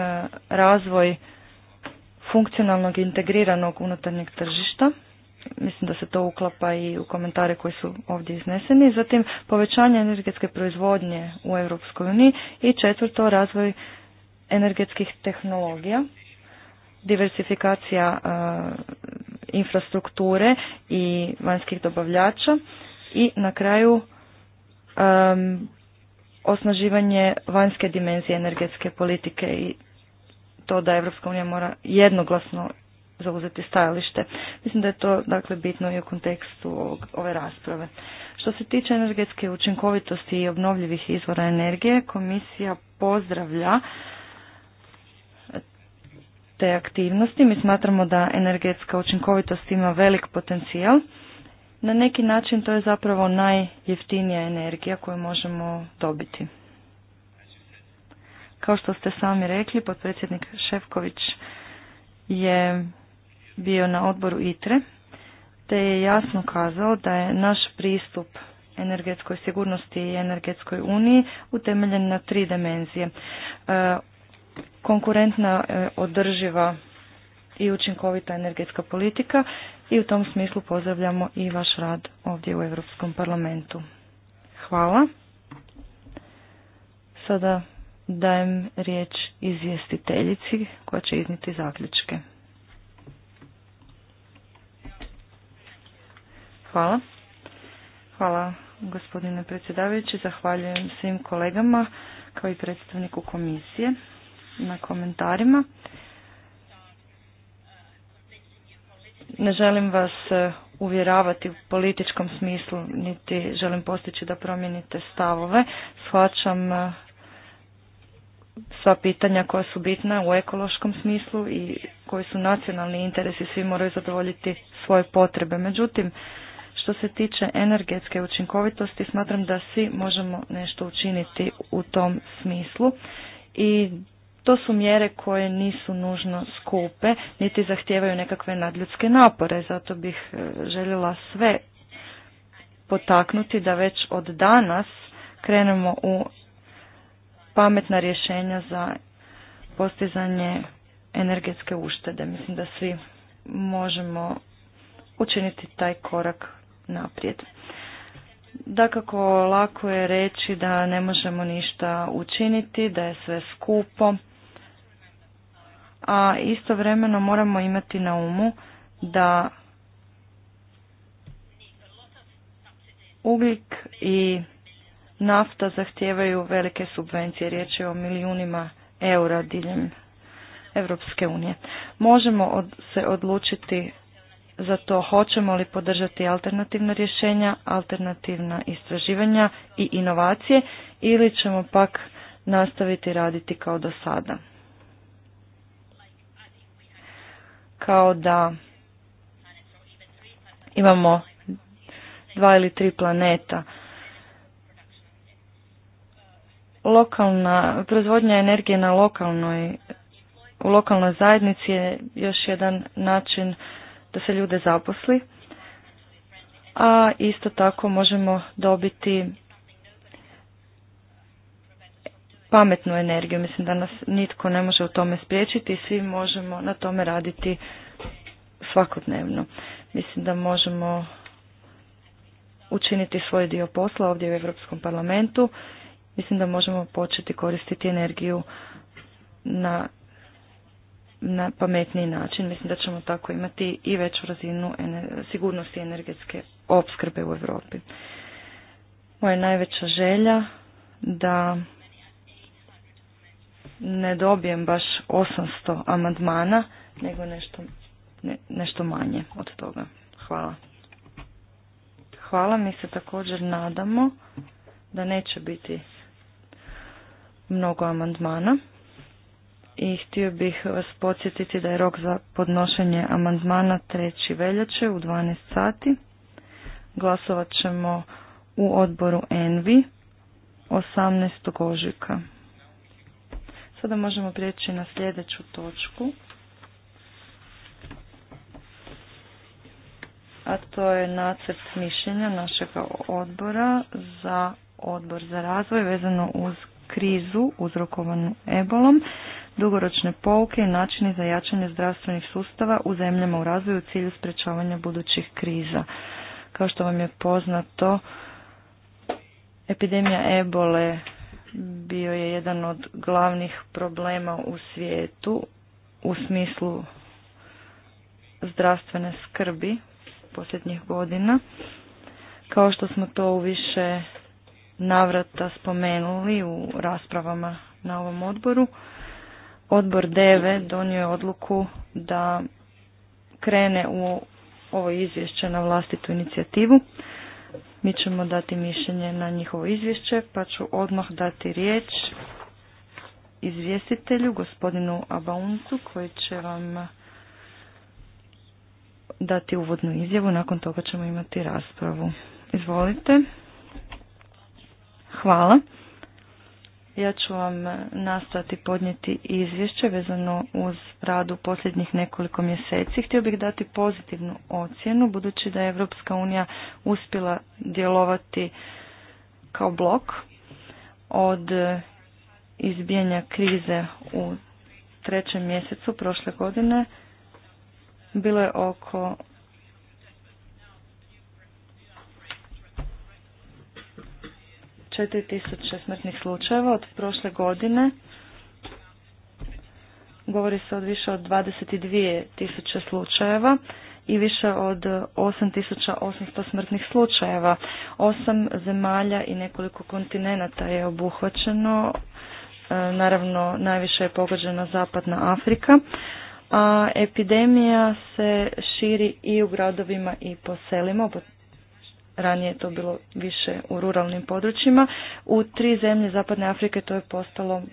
razvoj funkcionalnog integriranog unutarnjeg tržišta. Mislim da se to uklapa i u komentare koji su ovdje izneseni. Zatim povećanje energetske proizvodnje u Europskoj uniji i četvrto razvoj energetskih tehnologija, diversifikacija e, infrastrukture i vanjskih dobavljača i na kraju um, osnaživanje vanjske dimenzije energetske politike i to da Evropska unija mora jednoglasno zauzeti stajalište. Mislim da je to dakle bitno i u kontekstu ove rasprave. Što se tiče energetske učinkovitosti i obnovljivih izvora energije, komisija pozdravlja te aktivnosti. Mi smatramo da energetska učinkovitost ima velik potencijal. Na neki način to je zapravo najjeftinija energija koju možemo dobiti. Kao što ste sami rekli, potpredsjednik Šefković je bio na odboru ITRE, te je jasno kazao da je naš pristup energetskoj sigurnosti i energetskoj uniji utemeljen na tri dimenzije. E, konkurentna, e, održiva i učinkovita energetska politika i u tom smislu pozdravljamo i vaš rad ovdje u Europskom parlamentu. Hvala. Sada dajem riječ izvjestiteljici koja će izniti zaključke. Hvala. Hvala gospodine predsjedavajući. Zahvaljujem svim kolegama kao i predstavniku komisije na komentarima. Ne želim vas e, uvjeravati u političkom smislu, niti želim postići da promijenite stavove. Shvaćam e, sva pitanja koja su bitna u ekološkom smislu i koji su nacionalni interesi, svi moraju zadovoljiti svoje potrebe. Međutim, što se tiče energetske učinkovitosti, smatram da svi možemo nešto učiniti u tom smislu i to su mjere koje nisu nužno skupe, niti zahtijevaju nekakve nadljudske napore, zato bih e, željela sve potaknuti da već od danas krenemo u pametna rješenja za postizanje energetske uštede. Mislim da svi možemo učiniti taj korak naprijed. Dakako, lako je reći da ne možemo ništa učiniti, da je sve skupo, a istovremeno moramo imati na umu da ugljik i nafta zahtijevaju velike subvencije. Riječ je o milijunima eura diljem Europske unije. Možemo se odlučiti za to hoćemo li podržati alternativna rješenja, alternativna istraživanja i inovacije ili ćemo pak nastaviti raditi kao do sada. Kao da imamo dva ili tri planeta. Lokalna proizvodnja energije na lokalnoj, u lokalnoj zajednici je još jedan način da se ljude zaposli, a isto tako možemo dobiti pametnu energiju. Mislim da nas nitko ne može u tome spriječiti i svi možemo na tome raditi svakodnevno. Mislim da možemo učiniti svoj dio posla ovdje u Europskom parlamentu mislim da možemo početi koristiti energiju na, na pametniji način. Mislim da ćemo tako imati i veću razinu ener sigurnosti energetske opskrbe u Europi. Moja najveća želja da ne dobijem baš 800 amandmana, nego nešto, ne, nešto manje od toga. Hvala. Hvala, mi se također nadamo da neće biti mnogo amandmana i htio bih vas podsjetiti da je rok za podnošenje amandmana 3. veljače u 12 sati. Glasovat ćemo u odboru ENVI 18. ožujka. Sada možemo prijeći na sljedeću točku. A to je nacrt mišljenja našeg odbora za odbor za razvoj vezano uz krizu uzrokovanu ebolom, dugoročne pouke i načini za jačanje zdravstvenih sustava u zemljama u razvoju u cilju sprečavanja budućih kriza. Kao što vam je poznato, epidemija ebole bio je jedan od glavnih problema u svijetu u smislu zdravstvene skrbi posljednjih godina. Kao što smo to u više navrata spomenuli u raspravama na ovom odboru. Odbor DEVE donio je odluku da krene u ovo izvješće na vlastitu inicijativu. Mi ćemo dati mišljenje na njihovo izvješće, pa ću odmah dati riječ izvjestitelju, gospodinu Abauncu, koji će vam dati uvodnu izjavu. Nakon toga ćemo imati raspravu. Izvolite. Hvala. Ja ću vam nastati podnijeti izvješće vezano uz radu posljednjih nekoliko mjeseci. Htio bih dati pozitivnu ocjenu budući da je Europska unija uspjela djelovati kao blok od izbijanja krize u trećem mjesecu prošle godine bilo je oko 4000 smrtnih slučajeva od prošle godine. Govori se od više od 22.000 slučajeva i više od 8.800 smrtnih slučajeva. Osam zemalja i nekoliko kontinenata je obuhvaćeno. E, naravno, najviše je pogođena zapadna Afrika. A epidemija se širi i u gradovima i po selima ranije je to bilo više u ruralnim područjima. U tri zemlje Zapadne Afrike to je postalo mm,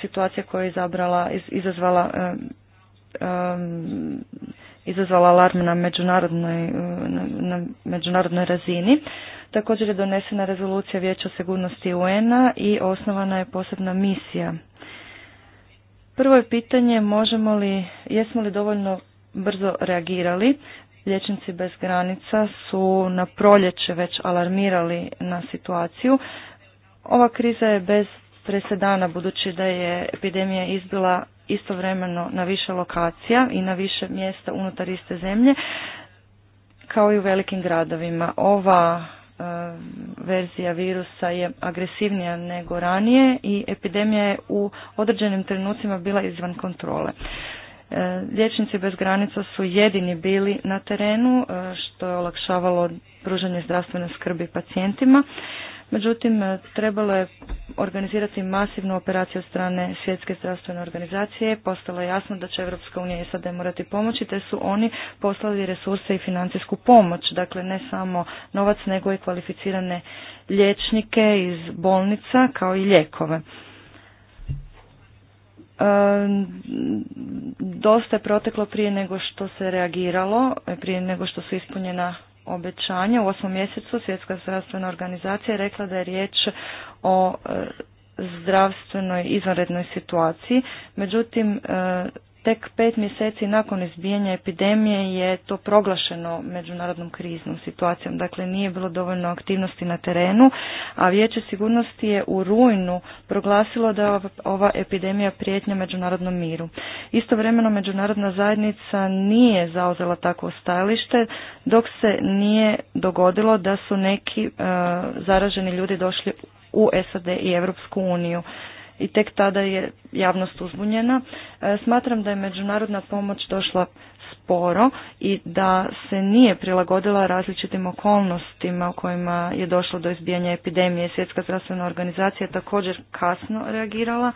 situacija koja je izabrala, izazvala e, e, mm, izazvala alarm na međunarodnoj, e, na međunarodnoj razini. Također je donesena rezolucija Vijeća sigurnosti UN-a i osnovana je posebna misija. Prvo je pitanje možemo li, jesmo li dovoljno brzo reagirali Liječnici bez granica su na proljeće već alarmirali na situaciju. Ova kriza je bez presedana budući da je epidemija izbila istovremeno na više lokacija i na više mjesta unutar iste zemlje kao i u velikim gradovima. Ova e, verzija virusa je agresivnija nego ranije i epidemija je u određenim trenucima bila izvan kontrole. E, liječnici bez granica su jedini bili na terenu e, što je olakšavalo pružanje zdravstvene skrbi pacijentima. Međutim, e, trebalo je organizirati masivnu operaciju od strane Svjetske zdravstvene organizacije. Postalo je jasno da će Europska unija i SAD morati pomoći, te su oni poslali resurse i financijsku pomoć. Dakle, ne samo novac, nego i kvalificirane liječnike iz bolnica, kao i lijekove dosta je proteklo prije nego što se reagiralo, prije nego što su ispunjena obećanja. U osmom mjesecu Svjetska zdravstvena organizacija je rekla da je riječ o e, zdravstvenoj izvanrednoj situaciji. Međutim, e, Tek pet mjeseci nakon izbijanja epidemije je to proglašeno međunarodnom kriznom situacijom. Dakle, nije bilo dovoljno aktivnosti na terenu, a Vijeće sigurnosti je u rujnu proglasilo da je ova epidemija prijetnja međunarodnom miru. Istovremeno međunarodna zajednica nije zauzela takvo stajalište dok se nije dogodilo da su neki e, zaraženi ljudi došli u SAD i Europsku uniju i tek tada je javnost uzbunjena. E, smatram da je međunarodna pomoć došla sporo i da se nije prilagodila različitim okolnostima u kojima je došlo do izbijanja epidemije. Svjetska zdravstvena organizacija je također kasno reagirala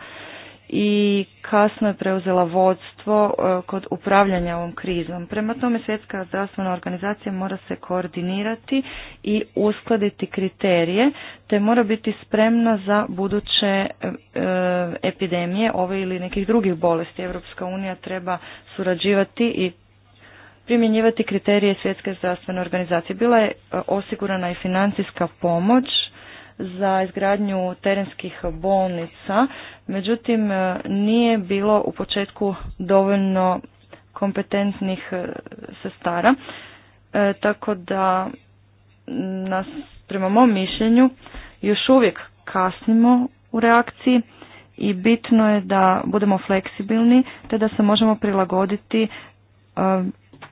i kasno je preuzela vodstvo e, kod upravljanja ovom krizom. Prema tome svjetska zdravstvena organizacija mora se koordinirati i uskladiti kriterije te mora biti spremna za buduće e, e, epidemije ove ili nekih drugih bolesti. Europska unija treba surađivati i primjenjivati kriterije svjetske zdravstvene organizacije. Bila je osigurana i financijska pomoć za izgradnju terenskih bolnica, međutim e, nije bilo u početku dovoljno kompetentnih e, sestara, e, tako da nas prema mom mišljenju još uvijek kasnimo u reakciji i bitno je da budemo fleksibilni te da se možemo prilagoditi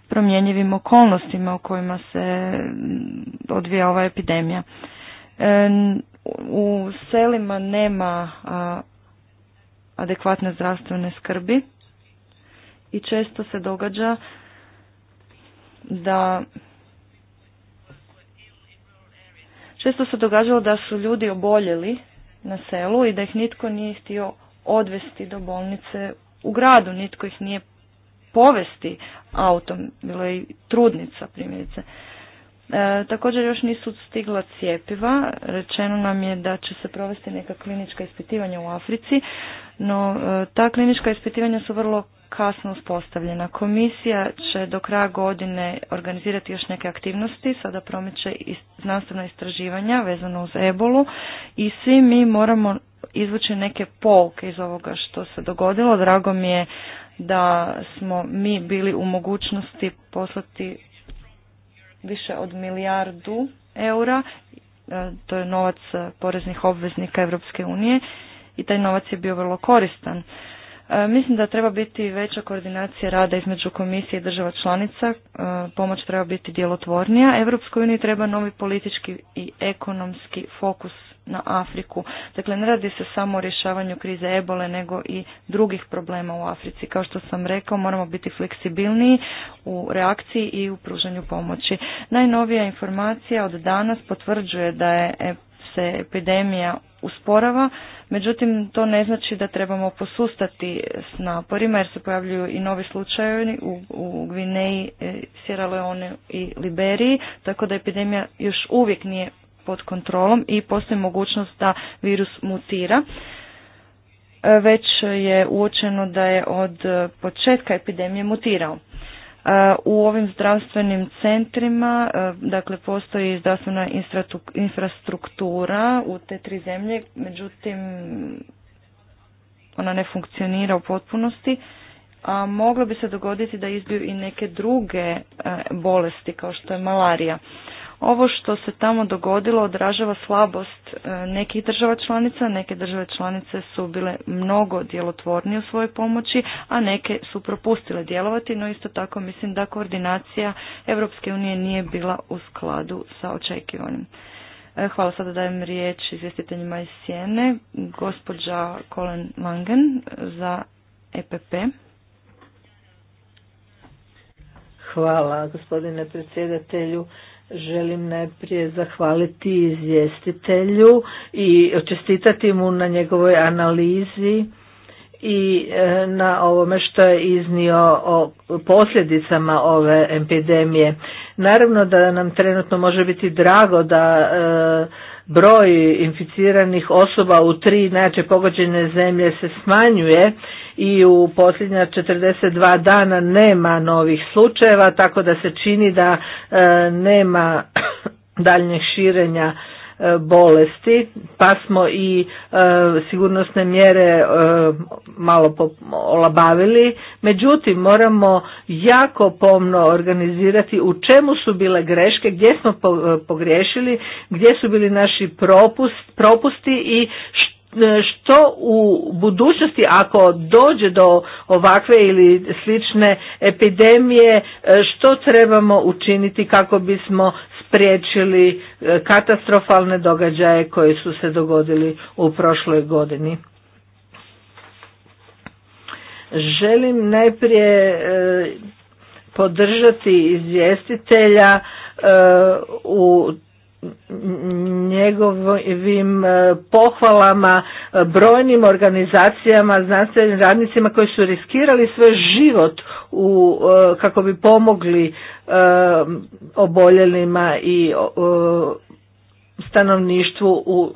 promjenjivim okolnostima u kojima se odvija ova epidemija. U selima nema adekvatne zdravstvene skrbi i često se događa da često se događalo da su ljudi oboljeli na selu i da ih nitko nije htio odvesti do bolnice u gradu, nitko ih nije povesti autom, bilo je i trudnica primjerice. E, također još nisu stigla cijepiva. Rečeno nam je da će se provesti neka klinička ispitivanja u Africi, no e, ta klinička ispitivanja su vrlo kasno uspostavljena. Komisija će do kraja godine organizirati još neke aktivnosti, sada promiče znanstvena istraživanja vezano uz ebolu i svi mi moramo izvući neke polke iz ovoga što se dogodilo. Drago mi je da smo mi bili u mogućnosti poslati više od milijardu eura, e, to je novac e, poreznih obveznika Europske unije i taj novac je bio vrlo koristan. E, mislim da treba biti veća koordinacija rada između komisije i država članica, pomoć treba biti djelotvornija. Europskoj uniji treba novi politički i ekonomski fokus na Afriku. Dakle, ne radi se samo o rješavanju krize ebole, nego i drugih problema u Africi. Kao što sam rekao, moramo biti fleksibilniji u reakciji i u pružanju pomoći. Najnovija informacija od danas potvrđuje da je e, se epidemija usporava, međutim to ne znači da trebamo posustati s naporima jer se pojavljuju i novi slučajevi u, u Gvineji, e, Sierra Leone i Liberiji, tako da epidemija još uvijek nije pod kontrolom i postoji mogućnost da virus mutira. E, već je uočeno da je od početka epidemije mutirao. E, u ovim zdravstvenim centrima, e, dakle, postoji zdravstvena infrastruktura u te tri zemlje, međutim, ona ne funkcionira u potpunosti, a moglo bi se dogoditi da izbiju i neke druge bolesti, kao što je malarija. Ovo što se tamo dogodilo odražava slabost e, nekih država članica, neke države članice su bile mnogo djelotvornije u svojoj pomoći, a neke su propustile djelovati, no isto tako mislim da koordinacija Europske unije nije bila u skladu sa očekivanim. E, hvala, sada dajem riječ izvjestiteljima iz Sjene, gospođa Colin Langen za EPP. Hvala, gospodine predsjedatelju. Želim najprije zahvaliti izvjestitelju i očestitati mu na njegovoj analizi i e, na ovome što je iznio o posljedicama ove epidemije. Naravno da nam trenutno može biti drago da e, broj inficiranih osoba u tri najjače pogođene zemlje se smanjuje i u posljednja 42 dana nema novih slučajeva, tako da se čini da e, nema daljnjeg širenja bolesti, pa smo i e, sigurnosne mjere e, malo olabavili. Međutim, moramo jako pomno organizirati u čemu su bile greške, gdje smo e, pogriješili, gdje su bili naši propusti i što što u budućnosti ako dođe do ovakve ili slične epidemije što trebamo učiniti kako bismo spriječili e, katastrofalne događaje koji su se dogodili u prošloj godini. Želim najprije e, podržati izvjestitelja e, u njegovim e, pohvalama e, brojnim organizacijama, znanstvenim radnicima koji su riskirali svoj život u, e, kako bi pomogli oboljelima i stanovništvu u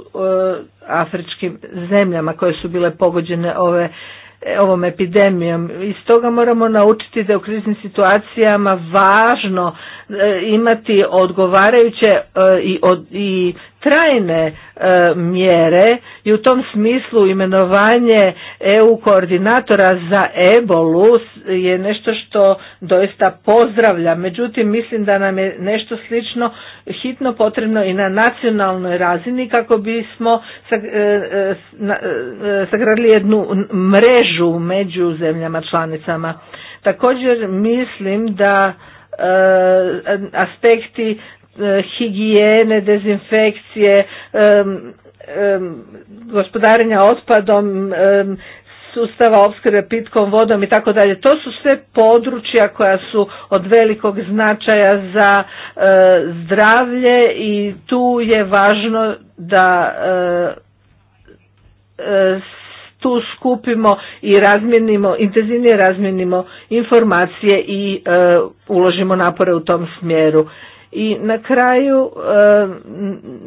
afričkim zemljama koje su bile pogođene ove ovom epidemijom. I toga moramo naučiti da u kriznim situacijama važno e, imati odgovarajuće e, i trajne e, mjere i u tom smislu imenovanje EU koordinatora za ebolu je nešto što doista pozdravlja. Međutim, mislim da nam je nešto slično hitno potrebno i na nacionalnoj razini kako bismo e, e, sagradili jednu mrežu među zemljama članicama. Također mislim da aspekti E, higijene, dezinfekcije, e, e, gospodarenja otpadom, sustava opskrbe pitkom vodom i tako dalje. To su sve područja koja su od velikog značaja za zdravlje i tu je važno da tu skupimo i razmjenimo, intenzivnije razminimo informacije i uložimo napore u tom smjeru i na kraju e,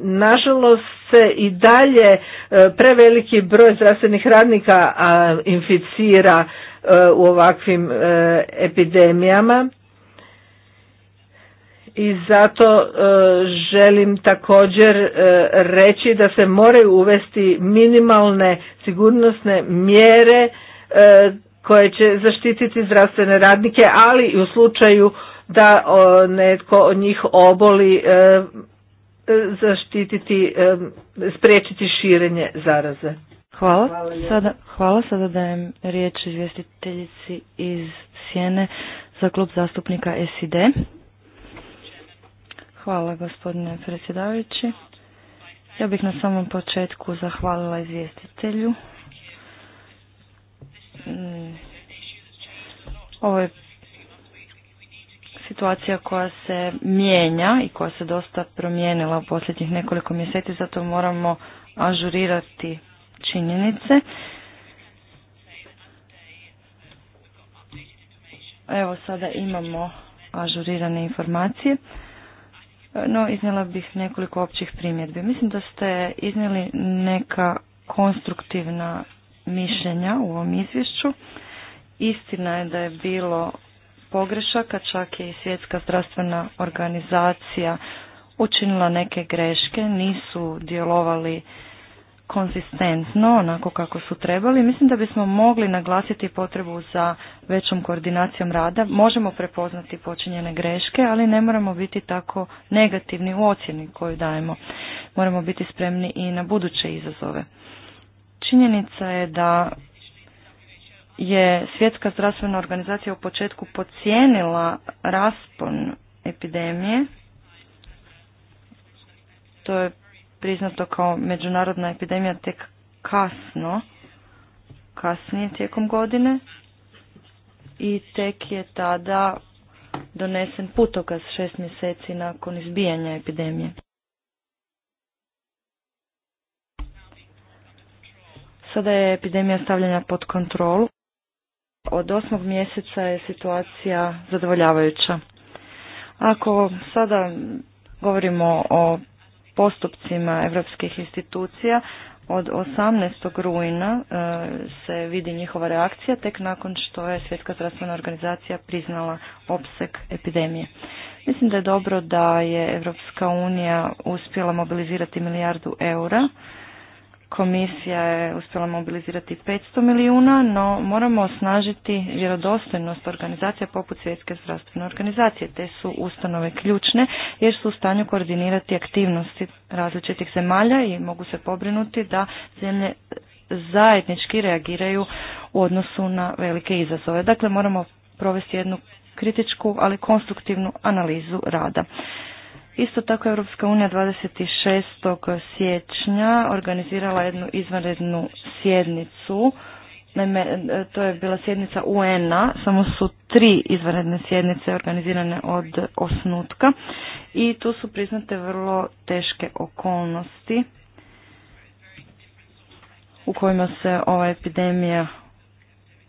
nažalost se i dalje e, preveliki broj zdravstvenih radnika inficira e, u ovakvim epidemijama i zato želim također reći da se moraju uvesti minimalne sigurnosne mjere koje će zaštititi zdravstvene radnike, ali i u slučaju da netko od njih oboli e, zaštititi, e, spriječiti širenje zaraze. Hvala. Sada, hvala. Sada dajem riječ izvjestiteljici iz Sjene za klub zastupnika SID. Hvala gospodine predsjedavajući. Ja bih na samom početku zahvalila izvjestitelju. Mm. Ovo je situacija koja se mijenja i koja se dosta promijenila u posljednjih nekoliko mjeseci, zato moramo ažurirati činjenice. Evo sada imamo ažurirane informacije, no iznijela bih nekoliko općih primjedbi. Mislim da ste iznijeli neka konstruktivna mišljenja u ovom izvješću. Istina je da je bilo pogrešaka, čak je i svjetska zdravstvena organizacija učinila neke greške, nisu djelovali konzistentno, onako kako su trebali. Mislim da bismo mogli naglasiti potrebu za većom koordinacijom rada. Možemo prepoznati počinjene greške, ali ne moramo biti tako negativni u ocjeni koju dajemo. Moramo biti spremni i na buduće izazove. Činjenica je da je Svjetska zdravstvena organizacija u početku pocijenila raspon epidemije. To je priznato kao međunarodna epidemija tek kasno, kasnije tijekom godine i tek je tada donesen putokaz šest mjeseci nakon izbijanja epidemije. Sada je epidemija stavljena pod kontrolu. Od osmog mjeseca je situacija zadovoljavajuća. Ako sada govorimo o postupcima europskih institucija, od 18. rujna e, se vidi njihova reakcija tek nakon što je Svjetska zdravstvena organizacija priznala opsek epidemije. Mislim da je dobro da je Europska unija uspjela mobilizirati milijardu eura Komisija je uspjela mobilizirati 500 milijuna, no moramo osnažiti vjerodostojnost organizacija poput Svjetske zdravstvene organizacije. Te su ustanove ključne jer su u stanju koordinirati aktivnosti različitih zemalja i mogu se pobrinuti da zemlje zajednički reagiraju u odnosu na velike izazove. Dakle, moramo provesti jednu kritičku, ali konstruktivnu analizu rada. Isto tako Europska unija 26. siječnja organizirala jednu izvanrednu sjednicu. Naime, to je bila sjednica UN-a, samo su tri izvanredne sjednice organizirane od osnutka i tu su priznate vrlo teške okolnosti u kojima se ova epidemija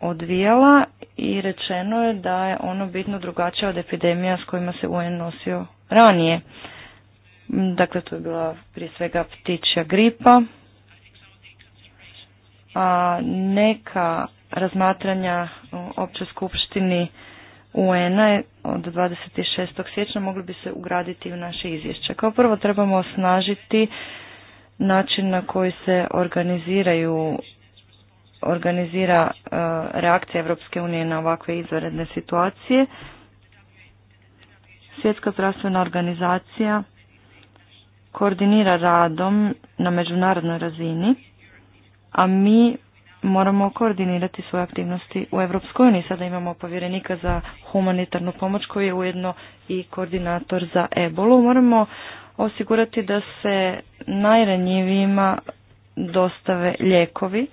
odvijala i rečeno je da je ono bitno drugačije od epidemija s kojima se UN nosio ranije. Mm, dakle, to je bila prije svega ptičja gripa. A neka razmatranja u općoj skupštini UN-a od 26. siječnja mogli bi se ugraditi u naše izvješće. Kao prvo trebamo osnažiti način na koji se organiziraju organizira e, reakcija Europske unije na ovakve izvanredne situacije. Svjetska zdravstvena organizacija koordinira radom na međunarodnoj razini, a mi moramo koordinirati svoje aktivnosti u Europskoj uniji. Sada imamo povjerenika za humanitarnu pomoć koji je ujedno i koordinator za ebolu. Moramo osigurati da se najranjivijima dostave lijekovi.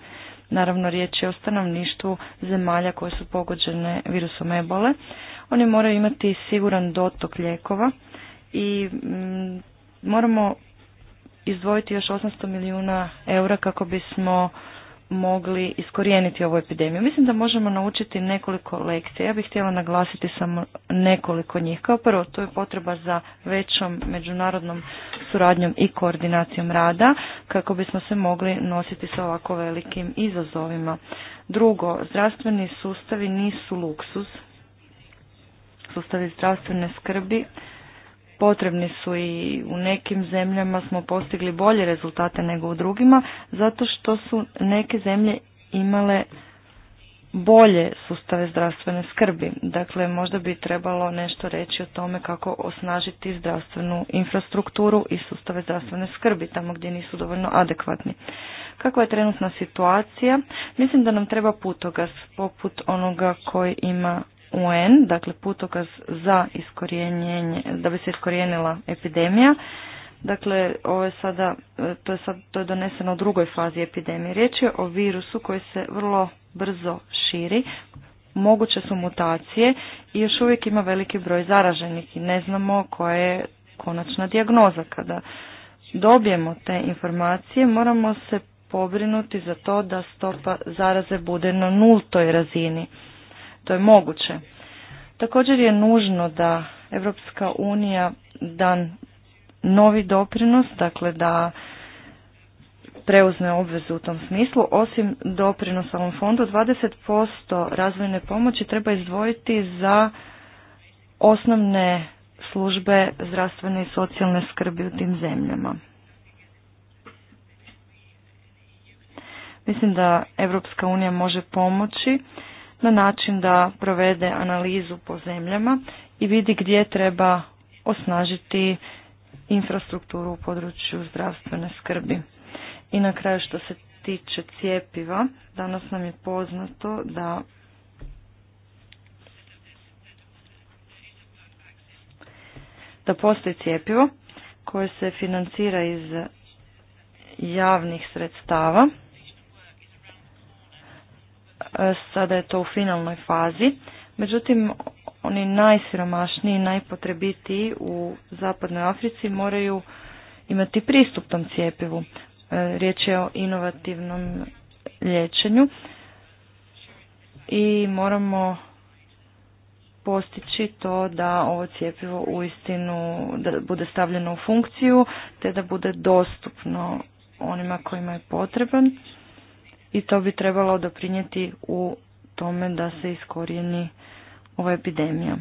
Naravno, riječ je o stanovništvu zemalja koje su pogođene virusom ebole. Oni moraju imati siguran dotok lijekova i mm, moramo izdvojiti još 800 milijuna eura kako bismo mogli iskorijeniti ovu epidemiju. Mislim da možemo naučiti nekoliko lekcija. Ja bih htjela naglasiti samo nekoliko njih. Kao prvo, to je potreba za većom međunarodnom suradnjom i koordinacijom rada kako bismo se mogli nositi sa ovako velikim izazovima. Drugo, zdravstveni sustavi nisu luksuz, sustavi zdravstvene skrbi potrebni su i u nekim zemljama smo postigli bolje rezultate nego u drugima zato što su neke zemlje imale bolje sustave zdravstvene skrbi. Dakle, možda bi trebalo nešto reći o tome kako osnažiti zdravstvenu infrastrukturu i sustave zdravstvene skrbi tamo gdje nisu dovoljno adekvatni. Kakva je trenutna situacija? Mislim da nam treba putokaz poput onoga koji ima UN, dakle putokaz za iskorijenjenje, da bi se iskorijenila epidemija. Dakle, ovo je sada, e, to je sad, to je doneseno u drugoj fazi epidemije. Riječ je o virusu koji se vrlo brzo širi, moguće su mutacije i još uvijek ima veliki broj zaraženih i ne znamo koja je konačna dijagnoza. Kada dobijemo te informacije, moramo se pobrinuti za to da stopa zaraze bude na nultoj razini. To je moguće. Također je nužno da Europska unija dan novi doprinos, dakle da preuzme obvezu u tom smislu. Osim doprinosa ovom fondu, 20% razvojne pomoći treba izdvojiti za osnovne službe zdravstvene i socijalne skrbi u tim zemljama. Mislim da Europska unija može pomoći na način da provede analizu po zemljama i vidi gdje treba osnažiti infrastrukturu u području zdravstvene skrbi. I na kraju što se tiče cijepiva, danas nam je poznato da da postoji cijepivo koje se financira iz javnih sredstava sada je to u finalnoj fazi. Međutim, oni najsiromašniji, najpotrebitiji u zapadnoj Africi moraju imati pristup tom cijepivu. E, riječ je o inovativnom liječenju i moramo postići to da ovo cijepivo uistinu da bude stavljeno u funkciju te da bude dostupno onima kojima je potreban i to bi trebalo doprinijeti u tome da se iskorijeni ova epidemija.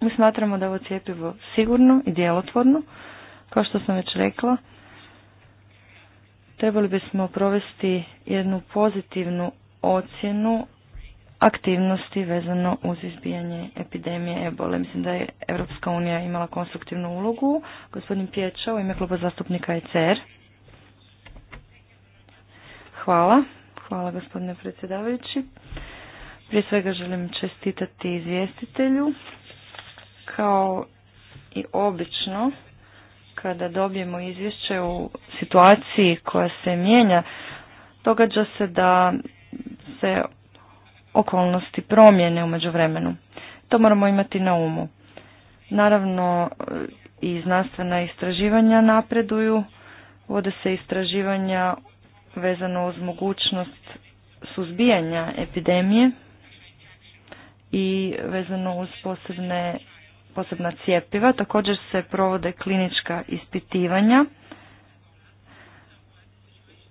Mi smatramo da je ovo cijepivo sigurno i djelotvorno, kao što sam već rekla. Trebali bismo provesti jednu pozitivnu ocjenu aktivnosti vezano uz izbijanje epidemije ebole. Mislim da je Europska unija imala konstruktivnu ulogu. Gospodin Pječa u ime kluba zastupnika ECR. Hvala. Hvala gospodine predsjedavajući. Prije svega želim čestitati izvjestitelju. Kao i obično, kada dobijemo izvješće u situaciji koja se mijenja, događa se da se okolnosti promjene u međuvremenu. To moramo imati na umu. Naravno, i znanstvena istraživanja napreduju, vode se istraživanja vezano uz mogućnost suzbijanja epidemije i vezano uz posebne, posebna cijepiva. Također se provode klinička ispitivanja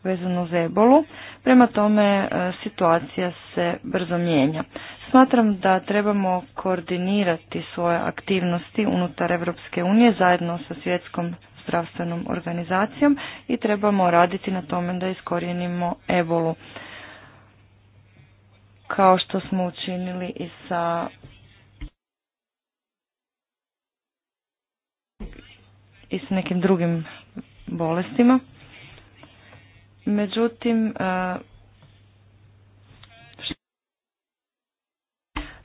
vezano uz ebolu. Prema tome e, situacija se brzo mijenja. Smatram da trebamo koordinirati svoje aktivnosti unutar Europske unije zajedno sa svjetskom zdravstvenom organizacijom i trebamo raditi na tome da iskorijenimo ebolu. Kao što smo učinili i sa i s nekim drugim bolestima. Međutim, e,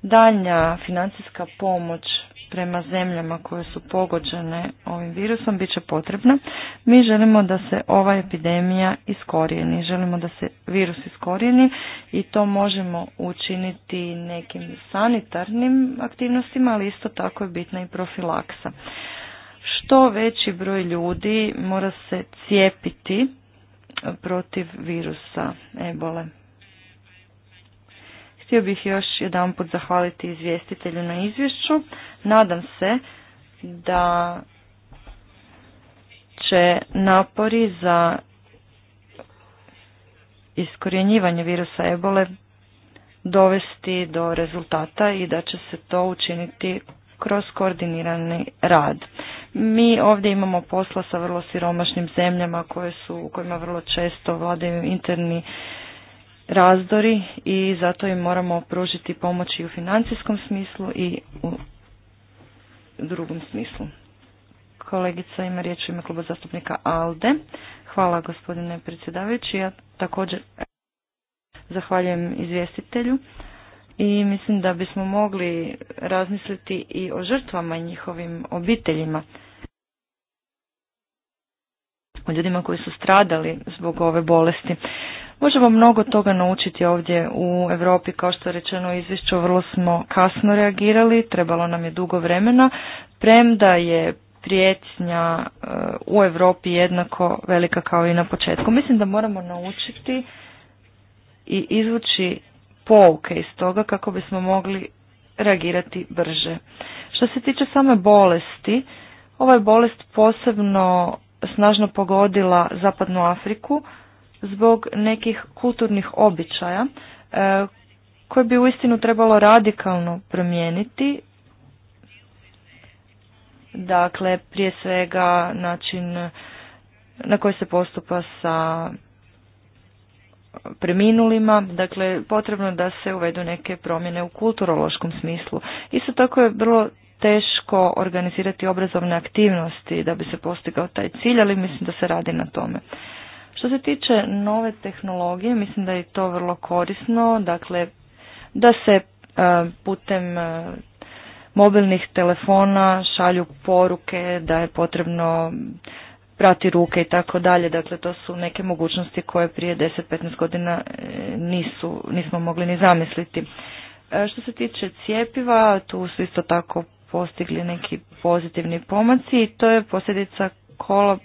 daljnja financijska pomoć prema zemljama koje su pogođene ovim virusom bit će potrebna. Mi želimo da se ova epidemija iskorijeni, želimo da se virus iskorijeni i to možemo učiniti nekim sanitarnim aktivnostima, ali isto tako je bitna i profilaksa. Što veći broj ljudi mora se cijepiti protiv virusa ebole. Htio bih još jedanput zahvaliti izvjestitelju na izvješću. Nadam se da će napori za iskorjenjivanje virusa ebole dovesti do rezultata i da će se to učiniti kroz koordinirani rad. Mi ovdje imamo posla sa vrlo siromašnim zemljama koje su, u kojima vrlo često vladaju interni razdori i zato im moramo pružiti pomoć i u financijskom smislu i u drugom smislu. Kolegica ima riječ u ime kluba zastupnika ALDE. Hvala gospodine predsjedavajući. Ja također zahvaljujem izvjestitelju i mislim da bismo mogli razmisliti i o žrtvama i njihovim obiteljima. O ljudima koji su stradali zbog ove bolesti. Možemo mnogo toga naučiti ovdje u Europi, kao što je rečeno u izvješću, vrlo smo kasno reagirali, trebalo nam je dugo vremena, premda je prijetnja eh, u Europi jednako velika kao i na početku. Mislim da moramo naučiti i izvući pouke iz toga kako bismo mogli reagirati brže. Što se tiče same bolesti, ova je bolest posebno snažno pogodila Zapadnu Afriku, zbog nekih kulturnih običaja e, koje bi uistinu trebalo radikalno promijeniti. Dakle, prije svega način na koji se postupa sa preminulima, dakle potrebno da se uvedu neke promjene u kulturološkom smislu. Isto tako je vrlo teško organizirati obrazovne aktivnosti da bi se postigao taj cilj, ali mislim da se radi na tome. Što se tiče nove tehnologije, mislim da je to vrlo korisno, dakle da se e, putem e, mobilnih telefona šalju poruke da je potrebno prati ruke i tako dalje. Dakle, to su neke mogućnosti koje prije 10-15 godina e, nisu, nismo mogli ni zamisliti. Što se tiče cijepiva, tu su isto tako postigli neki pozitivni pomaci i to je posljedica kola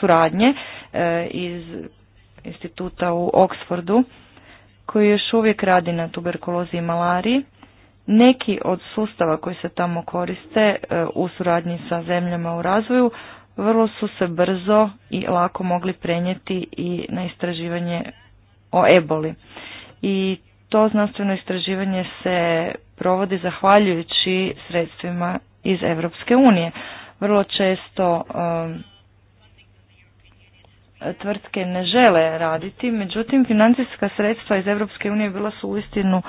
suradnje e, iz instituta u Oxfordu koji još uvijek radi na tuberkulozi i malariji. Neki od sustava koji se tamo koriste e, u suradnji sa zemljama u razvoju vrlo su se brzo i lako mogli prenijeti i na istraživanje o eboli. I to znanstveno istraživanje se provodi zahvaljujući sredstvima iz Europske unije. Vrlo često e, tvrtke ne žele raditi, međutim financijska sredstva iz Europske unije bila su uistinu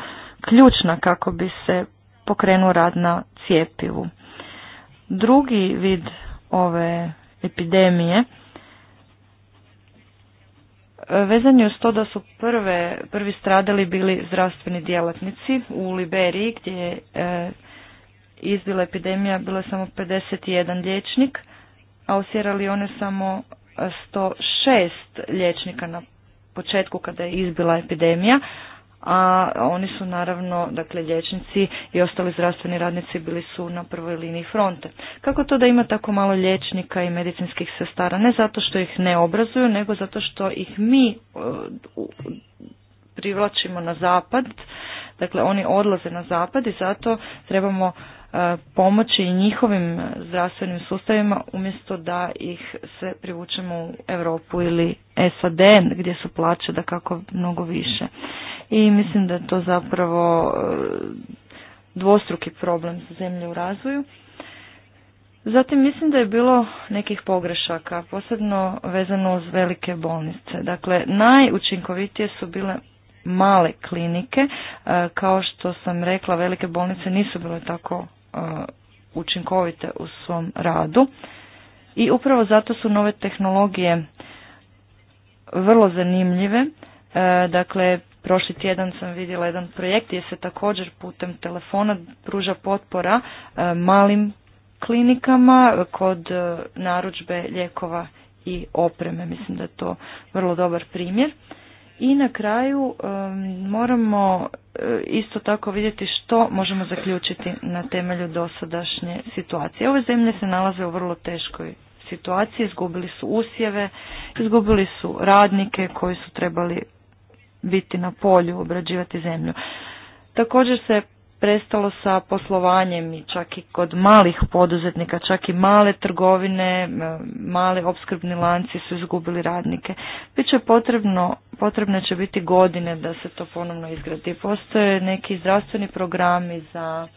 ključna kako bi se pokrenuo rad na cijepivu. Drugi vid ove epidemije vezan je uz to da su prve, prvi stradali bili zdravstveni djelatnici u Liberiji gdje je e, izbila epidemija bilo je samo 51 liječnik, a u one samo 106 liječnika na početku kada je izbila epidemija, a oni su naravno, dakle liječnici i ostali zdravstveni radnici bili su na prvoj liniji fronte. Kako to da ima tako malo liječnika i medicinskih sestara? Ne zato što ih ne obrazuju, nego zato što ih mi e, privlačimo na zapad, dakle oni odlaze na zapad i zato trebamo pomoći i njihovim zdravstvenim sustavima umjesto da ih se privučemo u Europu ili SAD gdje su plaće da kako mnogo više. I mislim da je to zapravo e, dvostruki problem za zemlje u razvoju. Zatim mislim da je bilo nekih pogrešaka, posebno vezano uz velike bolnice. Dakle, najučinkovitije su bile male klinike, e, kao što sam rekla, velike bolnice nisu bile tako E, učinkovite u svom radu i upravo zato su nove tehnologije vrlo zanimljive. E, dakle, prošli tjedan sam vidjela jedan projekt gdje se također putem telefona pruža potpora e, malim klinikama kod narudžbe lijekova i opreme. Mislim da je to vrlo dobar primjer. I na kraju moramo e, isto tako vidjeti što možemo zaključiti na temelju dosadašnje situacije. Ove zemlje se nalaze u vrlo teškoj situaciji, izgubili su usjeve, izgubili su radnike koji su trebali biti na polju, obrađivati zemlju. Također se prestalo sa poslovanjem i čak i kod malih poduzetnika, čak i male trgovine, male opskrbni lanci su izgubili radnike. Biće potrebno, potrebne će biti godine da se to ponovno izgradi. Postoje neki zdravstveni programi za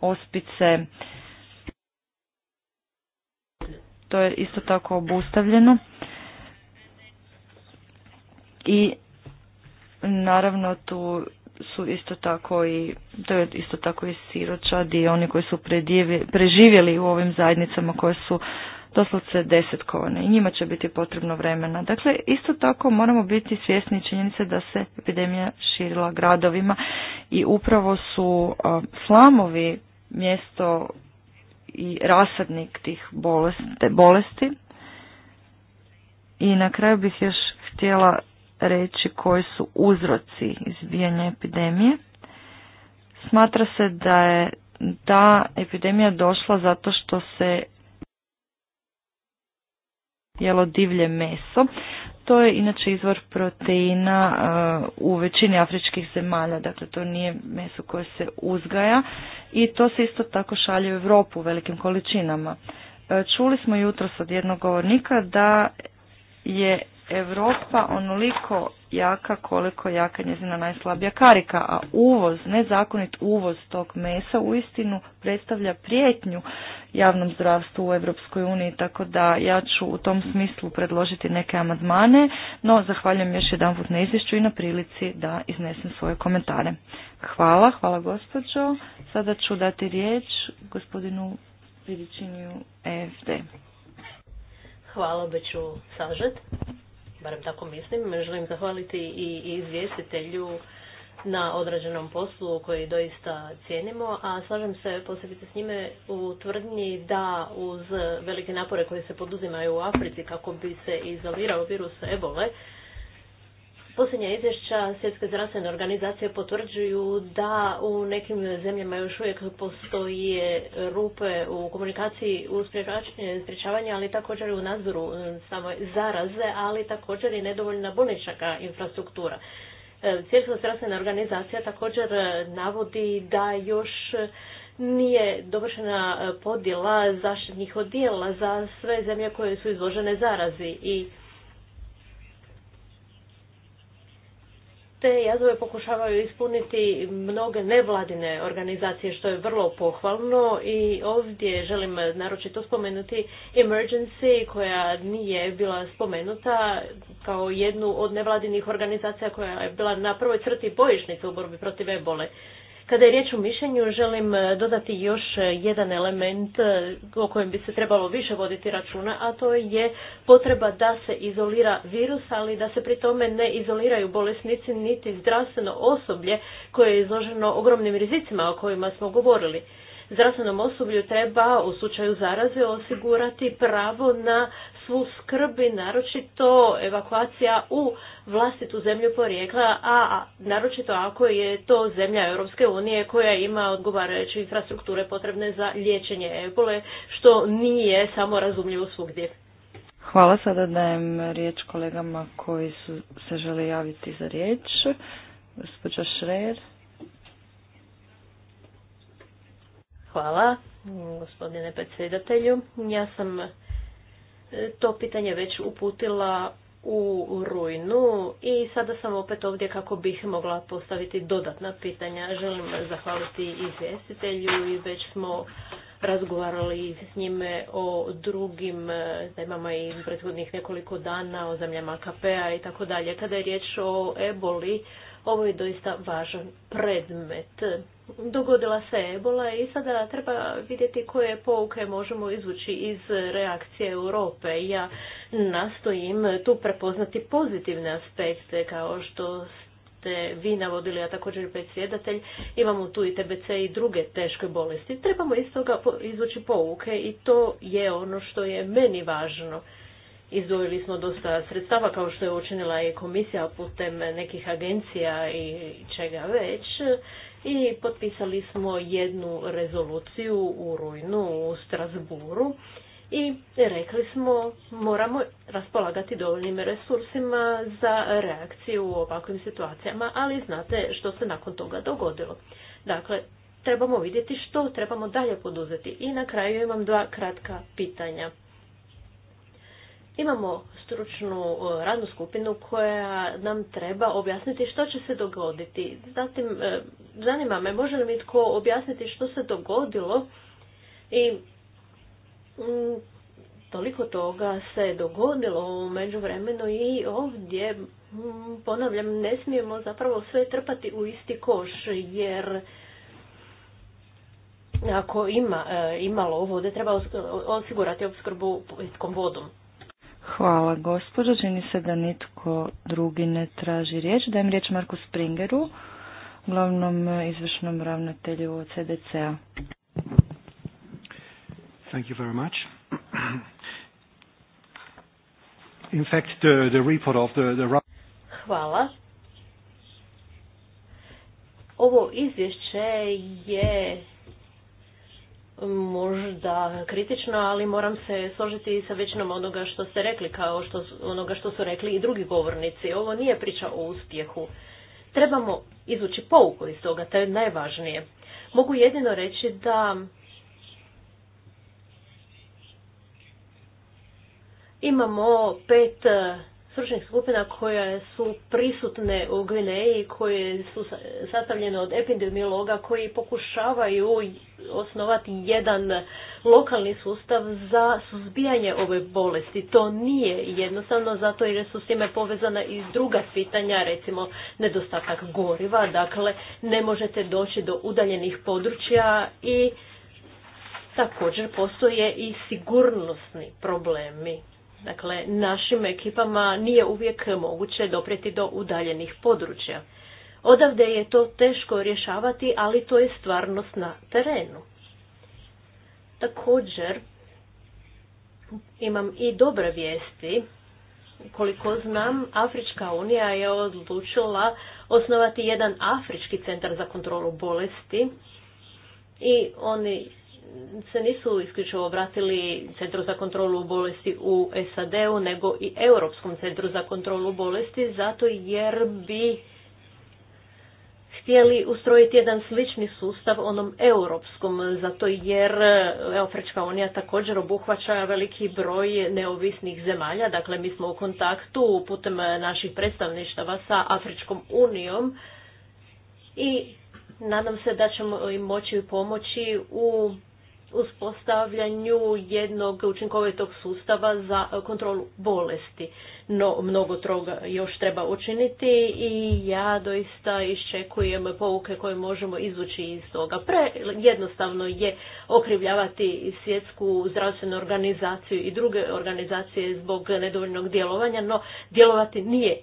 ospice. To je isto tako obustavljeno. I naravno tu su isto tako i to je isto tako i siročadi i oni koji su preživjeli u ovim zajednicama koje su doslovce desetkovane i njima će biti potrebno vremena. Dakle, isto tako moramo biti svjesni činjenice da se epidemija širila gradovima i upravo su slamovi mjesto i rasadnik tih bolesti, bolesti. I na kraju bih još htjela reći koji su uzroci izbijanja epidemije. Smatra se da je ta epidemija došla zato što se jelo divlje meso. To je inače izvor proteina uh, u većini afričkih zemalja, dakle to nije meso koje se uzgaja i to se isto tako šalje u Europu u velikim količinama. Uh, čuli smo jutros od jednog govornika da je Europa onoliko jaka koliko jaka njezina najslabija karika, a uvoz, nezakonit uvoz tog mesa uistinu predstavlja prijetnju javnom zdravstvu u Europskoj uniji, tako da ja ću u tom smislu predložiti neke amandmane, no zahvaljujem još jedanput na izvješću i na prilici da iznesem svoje komentare. Hvala, hvala gospođo. Sada ću dati riječ gospodinu Vidičinju EFD. Hvala, beću sažet barem tako mislim. Želim zahvaliti i izvjestitelju na odrađenom poslu koji doista cijenimo, a slažem se posebice s njime u tvrdnji da uz velike napore koje se poduzimaju u Africi kako bi se izolirao virus ebole, Posljednje izvješća Svjetske zdravstvene organizacije potvrđuju da u nekim zemljama još uvijek postoje rupe u komunikaciji u sprječavanju, ali također i u nadzoru samo zaraze, ali također i nedovoljna bolničaka infrastruktura. E, Svjetska zdravstvena organizacija također navodi da još nije dovršena podjela zaštitnih odjela za sve zemlje koje su izložene zarazi i te jazove pokušavaju ispuniti mnoge nevladine organizacije, što je vrlo pohvalno i ovdje želim naročito spomenuti Emergency, koja nije bila spomenuta kao jednu od nevladinih organizacija koja je bila na prvoj crti bojišnice u borbi protiv ebole. Kada je riječ o mišljenju, želim e, dodati još e, jedan element e, o kojem bi se trebalo više voditi računa, a to je potreba da se izolira virus, ali da se pri tome ne izoliraju bolesnici niti zdravstveno osoblje koje je izloženo ogromnim rizicima o kojima smo govorili. Zdravstvenom osoblju treba u slučaju zaraze osigurati pravo na svu skrbi, naročito evakuacija u vlastitu zemlju porijekla, a naročito ako je to zemlja Europske unije koja ima odgovarajuće infrastrukture potrebne za liječenje ebole, što nije samo razumljivo svugdje. Hvala, sada dajem riječ kolegama koji su se žele javiti za riječ. Gospođa Šrejer. Hvala, gospodine predsjedatelju. Ja sam to pitanje već uputila u rujnu i sada sam opet ovdje kako bih mogla postaviti dodatna pitanja. Želim zahvaliti izvjestitelju i već smo razgovarali s njime o drugim temama i prethodnih nekoliko dana, o zemljama KP-a i tako dalje. Kada je riječ o eboli, ovo je doista važan predmet dogodila se ebola i sada treba vidjeti koje pouke možemo izvući iz reakcije Europe. Ja nastojim tu prepoznati pozitivne aspekte kao što ste vi navodili, a također predsjedatelj, imamo tu i TBC i druge teške bolesti. Trebamo iz toga izvući pouke i to je ono što je meni važno. Izdvojili smo dosta sredstava kao što je učinila i komisija putem nekih agencija i čega već i potpisali smo jednu rezoluciju u rujnu u Strasburu i rekli smo moramo raspolagati dovoljnim resursima za reakciju u ovakvim situacijama, ali znate što se nakon toga dogodilo. Dakle, trebamo vidjeti što trebamo dalje poduzeti. I na kraju imam dva kratka pitanja. Imamo stručnu e, radnu skupinu koja nam treba objasniti što će se dogoditi. Zatim, e, zanima me, može li mi tko objasniti što se dogodilo i mm, toliko toga se dogodilo u međuvremenu i ovdje, mm, ponavljam, ne smijemo zapravo sve trpati u isti koš, jer ako ima, e, imalo vode treba osigurati opskrbu pitkom vodom. Hvala gospođo. Čini se da nitko drugi ne traži riječ. Dajem riječ Marku Springeru, glavnom e, izvršnom ravnatelju cdc a Thank you very much. In fact, the, the report of the, the... Hvala. Ovo izvješće je možda kritično, ali moram se složiti sa većinom onoga što ste rekli, kao što, onoga što su rekli i drugi govornici. Ovo nije priča o uspjehu. Trebamo izvući pouku iz toga, to je najvažnije. Mogu jedino reći da imamo pet stručnih skupina koje su prisutne u Gvineji, koje su sastavljene od epidemiologa koji pokušavaju osnovati jedan lokalni sustav za suzbijanje ove bolesti. To nije jednostavno zato jer su s time povezana i druga pitanja, recimo nedostatak goriva, dakle ne možete doći do udaljenih područja i također postoje i sigurnosni problemi. Dakle, našim ekipama nije uvijek moguće dopreti do udaljenih područja. Odavde je to teško rješavati, ali to je stvarnost na terenu. Također, imam i dobre vijesti. Koliko znam, Afrička unija je odlučila osnovati jedan afrički centar za kontrolu bolesti i oni se nisu isključivo obratili Centru za kontrolu bolesti u SAD-u, nego i Europskom centru za kontrolu bolesti, zato jer bi htjeli ustrojiti jedan slični sustav onom europskom, zato jer Afrička unija također obuhvaća veliki broj neovisnih zemalja, dakle mi smo u kontaktu putem naših predstavništava sa Afričkom unijom i nadam se da ćemo im moći pomoći u uspostavljanju jednog učinkovitog sustava za kontrolu bolesti. No, mnogo toga još treba učiniti i ja doista iščekujem pouke koje možemo izvući iz toga. Pre, jednostavno je okrivljavati svjetsku zdravstvenu organizaciju i druge organizacije zbog nedovoljnog djelovanja, no djelovati nije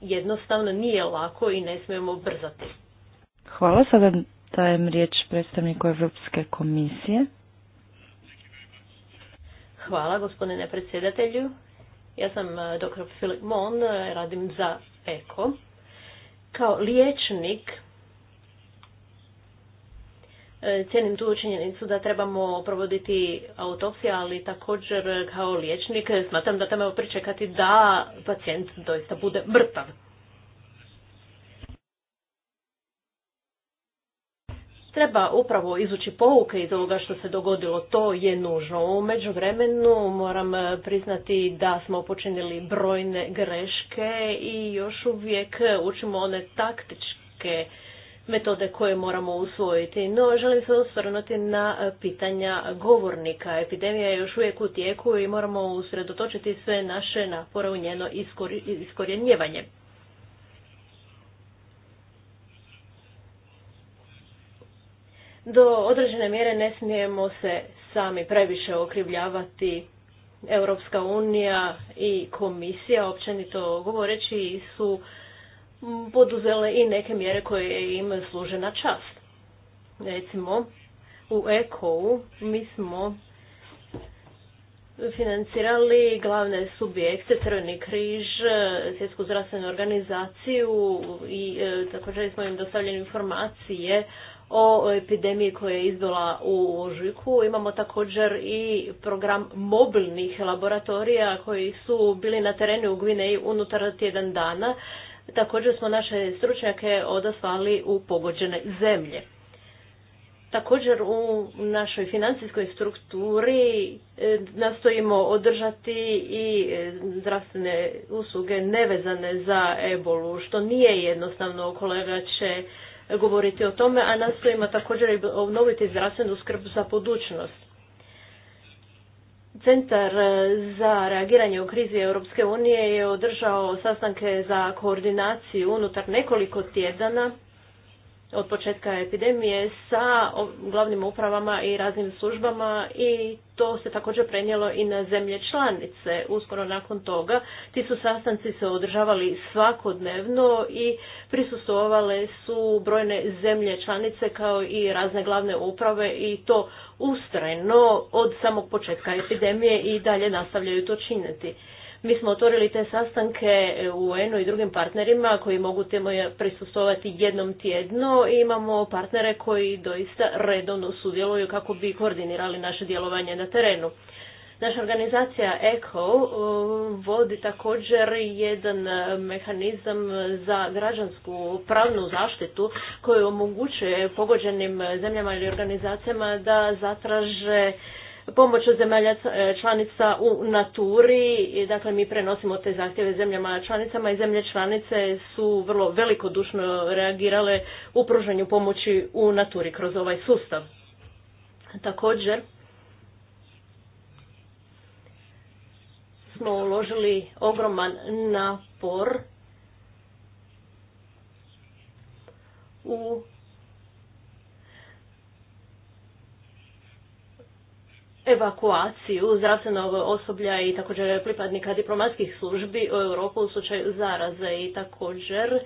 jednostavno, nije lako i ne smijemo brzati. Hvala, sada dajem riječ predstavniku Europske komisije. Hvala gospodine predsjedatelju. Ja sam eh, dr. Filip Mon, eh, radim za EKO. Kao liječnik eh, cijenim tu činjenicu da trebamo provoditi autopsije, ali također kao liječnik smatram da trebamo pričekati da pacijent doista bude mrtav. treba upravo izući pouke iz ovoga što se dogodilo. To je nužno. U međuvremenu moram e, priznati da smo počinili brojne greške i još uvijek učimo one taktičke metode koje moramo usvojiti. No, želim se osvrnuti na e, pitanja govornika. Epidemija je još uvijek u tijeku i moramo usredotočiti sve naše napore u njeno iskorjenjivanje. do određene mjere ne smijemo se sami previše okrivljavati. Europska unija i komisija, općenito govoreći, su poduzele i neke mjere koje im služe na čast. Recimo, u ECO-u mi smo financirali glavne subjekte, Crveni križ, Svjetsku zdravstvenu organizaciju i e, također smo im dostavljeni informacije o epidemiji koja je izdola u Ožujku. Imamo također i program mobilnih laboratorija koji su bili na terenu u Gvineji unutar tjedan dana. Također smo naše stručnjake odaslali u pogođene zemlje. Također u našoj financijskoj strukturi e, nastojimo održati i e, zdravstvene usluge nevezane za ebolu, što nije jednostavno. Kolega će govoriti o tome, a nastojimo također i obnoviti zdravstvenu skrb za budućnost. Centar e, za reagiranje u krizi Europske unije je održao sastanke za koordinaciju unutar nekoliko tjedana od početka epidemije sa glavnim upravama i raznim službama i to se također prenijelo i na zemlje članice. Uskoro nakon toga ti su sastanci se održavali svakodnevno i prisustovale su brojne zemlje članice kao i razne glavne uprave i to ustrajno od samog početka epidemije i dalje nastavljaju to činiti. Mi smo otvorili te sastanke UN-u i drugim partnerima koji mogu temu prisustovati jednom tjedno i imamo partnere koji doista redovno sudjeluju kako bi koordinirali naše djelovanje na terenu. Naša organizacija ECHO uh, vodi također jedan mehanizam za građansku pravnu zaštitu koji omogućuje pogođenim zemljama ili organizacijama da zatraže pomoć zemalja e, članica u naturi. Dakle, mi prenosimo te zahtjeve zemljama članicama i zemlje članice su vrlo velikodušno reagirale u pružanju pomoći u naturi kroz ovaj sustav. Također, smo uložili ogroman napor u evakuaciju zdravstvenog osoblja i također pripadnika diplomatskih službi u Europu u slučaju zaraze i također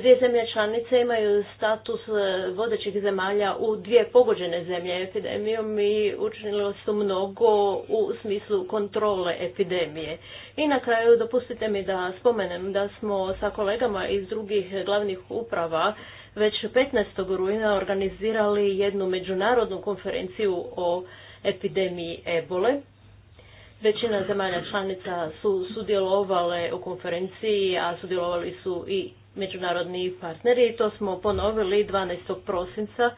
dvije zemlje članice imaju status e, vodećih zemalja u dvije pogođene zemlje epidemijom i učinilo su mnogo u smislu kontrole epidemije. I na kraju dopustite mi da spomenem da smo sa kolegama iz drugih glavnih uprava već 15. rujna organizirali jednu međunarodnu konferenciju o epidemiji ebole. Većina zemalja članica su sudjelovale u konferenciji, a sudjelovali su i međunarodni partneri i to smo ponovili 12. prosinca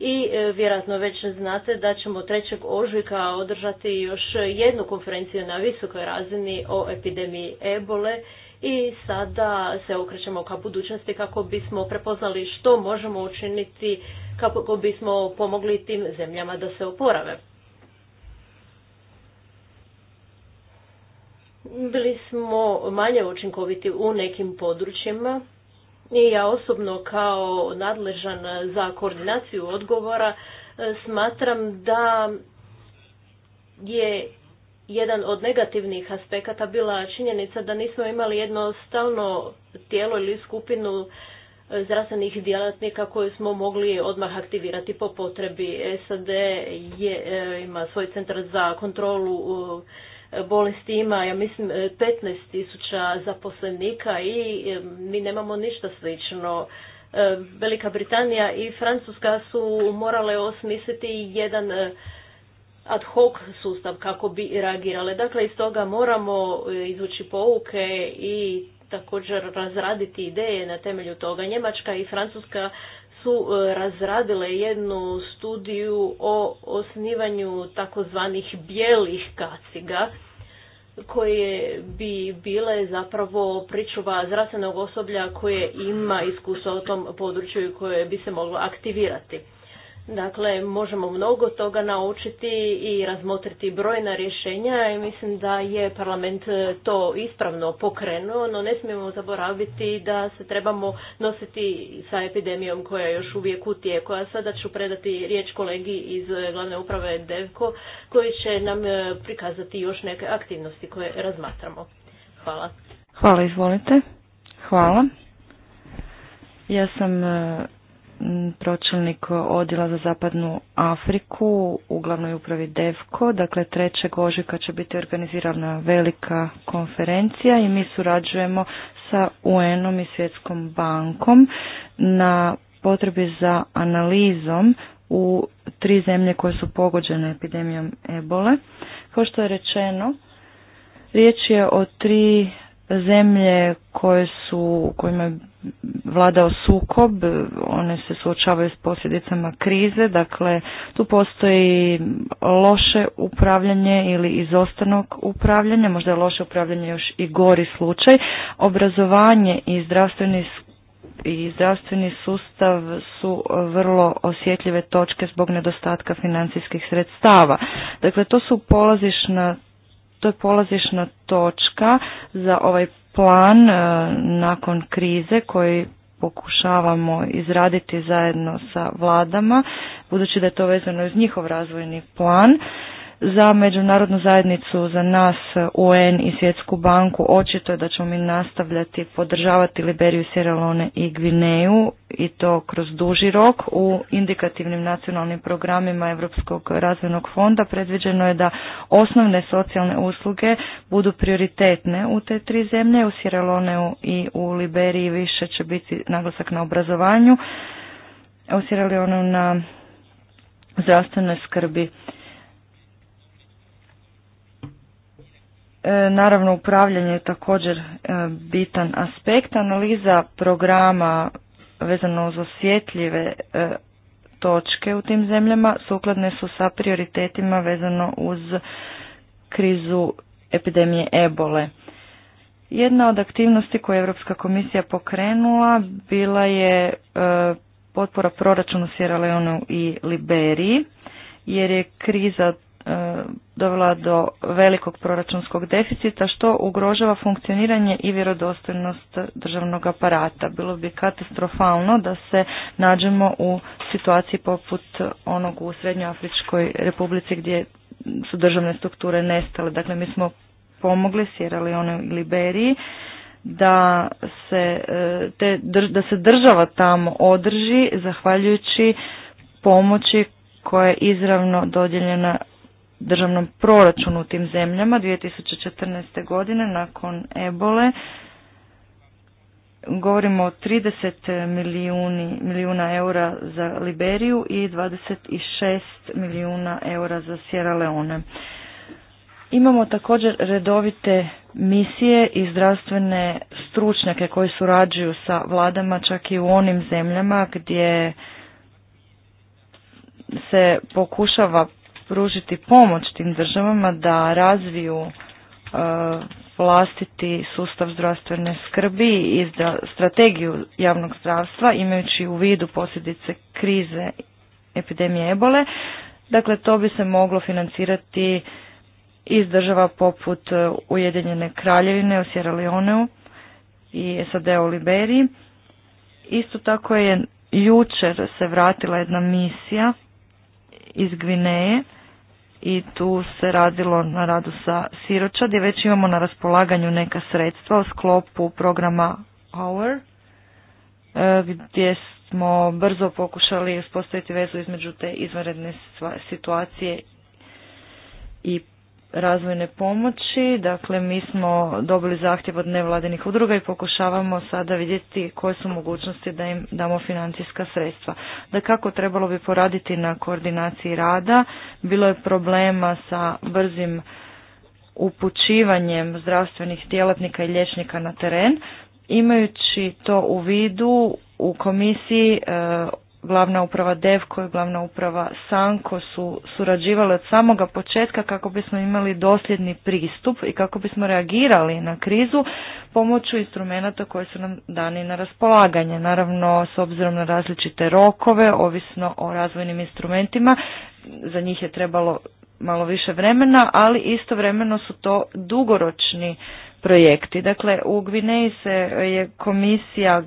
i e, vjerojatno već znate da ćemo 3. ožujka održati još jednu konferenciju na visokoj razini o epidemiji ebole i sada se okrećemo ka budućnosti kako bismo prepoznali što možemo učiniti kako bismo pomogli tim zemljama da se oporave. bili smo manje učinkoviti u nekim područjima i ja osobno kao nadležan za koordinaciju odgovora e, smatram da je jedan od negativnih aspekata bila činjenica da nismo imali jedno stalno tijelo ili skupinu e, zdravstvenih djelatnika koje smo mogli odmah aktivirati po potrebi. SAD je, e, ima svoj centar za kontrolu Bolesti ima, ja mislim, 15 e, tisuća zaposlenika i e, mi nemamo ništa slično. E, Velika Britanija i Francuska su morale osmisliti jedan ad hoc sustav kako bi reagirale. Dakle, iz toga moramo izvući pouke i također razraditi ideje na temelju toga. Njemačka i Francuska su e, razradile jednu studiju o osnivanju takozvanih bijelih kaciga koje bi bile zapravo pričuva zdravstvenog osoblja koje ima iskustva u tom području i koje bi se moglo aktivirati. Dakle, možemo mnogo toga naučiti i razmotriti brojna rješenja i mislim da je parlament e, to ispravno pokrenuo, no ne smijemo zaboraviti da se trebamo nositi sa epidemijom koja još uvijek u tijeku. A sada ću predati riječ kolegi iz e, glavne uprave Devko koji će nam e, prikazati još neke aktivnosti koje razmatramo. Hvala. Hvala, izvolite. Hvala. Ja sam pročelnik odjela za zapadnu Afriku u glavnoj upravi DEVKO. Dakle, trećeg ožujka će biti organizirana velika konferencija i mi surađujemo sa UN-om i Svjetskom bankom na potrebi za analizom u tri zemlje koje su pogođene epidemijom ebole. Kao što je rečeno, riječ je o tri zemlje koje su, kojima je vladao sukob, one se suočavaju s posljedicama krize, dakle tu postoji loše upravljanje ili izostanog upravljanja, možda je loše upravljanje još i gori slučaj. Obrazovanje i zdravstveni i zdravstveni sustav su vrlo osjetljive točke zbog nedostatka financijskih sredstava. Dakle, to su polazišna to je polazišna točka za ovaj plan e, nakon krize koji pokušavamo izraditi zajedno sa vladama, budući da je to vezano uz njihov razvojni plan za međunarodnu zajednicu, za nas, UN i Svjetsku banku, očito je da ćemo mi nastavljati podržavati Liberiju, Sierra i Gvineju i to kroz duži rok. U indikativnim nacionalnim programima Europskog razvojnog fonda predviđeno je da osnovne socijalne usluge budu prioritetne u te tri zemlje. U Sierra i u Liberiji više će biti naglasak na obrazovanju, u Sierra na zdravstvenoj skrbi E, naravno, upravljanje je također e, bitan aspekt. Analiza programa vezano uz osjetljive e, točke u tim zemljama sukladne su sa prioritetima vezano uz krizu epidemije ebole. Jedna od aktivnosti koju je Europska komisija pokrenula bila je potpora proračunu Sierra Leone i Liberiji jer je kriza E, dovela do velikog proračunskog deficita što ugrožava funkcioniranje i vjerodostojnost državnog aparata. Bilo bi katastrofalno da se nađemo u situaciji poput onog u Srednjoafričkoj republici gdje su državne strukture nestale. Dakle, mi smo pomogli Sierra Leone i Liberiji da se, e, te, da se država tamo održi zahvaljujući pomoći koja je izravno dodijeljena državnom proračunu u tim zemljama 2014. godine nakon ebole. Govorimo o 30 milijuni, milijuna eura za Liberiju i 26 milijuna eura za Sierra Leone. Imamo također redovite misije i zdravstvene stručnjake koji surađuju sa vladama čak i u onim zemljama gdje se pokušava pružiti pomoć tim državama da razviju e, vlastiti sustav zdravstvene skrbi i strategiju javnog zdravstva imajući u vidu posljedice krize epidemije ebole. Dakle, to bi se moglo financirati iz država poput e, Ujedinjene kraljevine u Sierra Leoneu i SAD u Liberiji. Isto tako je jučer se vratila jedna misija iz Gvineje i tu se radilo na radu sa Siroča gdje već imamo na raspolaganju neka sredstva u sklopu programa Hour e, gdje smo brzo pokušali uspostaviti vezu između te izvanredne situacije i razvojne pomoći. Dakle, mi smo dobili zahtjev od nevladinih udruga i pokušavamo sada vidjeti koje su mogućnosti da im damo financijska sredstva. Da kako trebalo bi poraditi na koordinaciji rada, bilo je problema sa brzim upućivanjem zdravstvenih djelatnika i liječnika na teren. Imajući to u vidu, u komisiji e, glavna uprava DEVKO i glavna uprava SANKO su surađivale od samoga početka kako bismo imali dosljedni pristup i kako bismo reagirali na krizu pomoću instrumenta koji su nam dani na raspolaganje. Naravno, s obzirom na različite rokove, ovisno o razvojnim instrumentima, za njih je trebalo malo više vremena, ali istovremeno su to dugoročni projekti. Dakle, u Gvineji se je komisija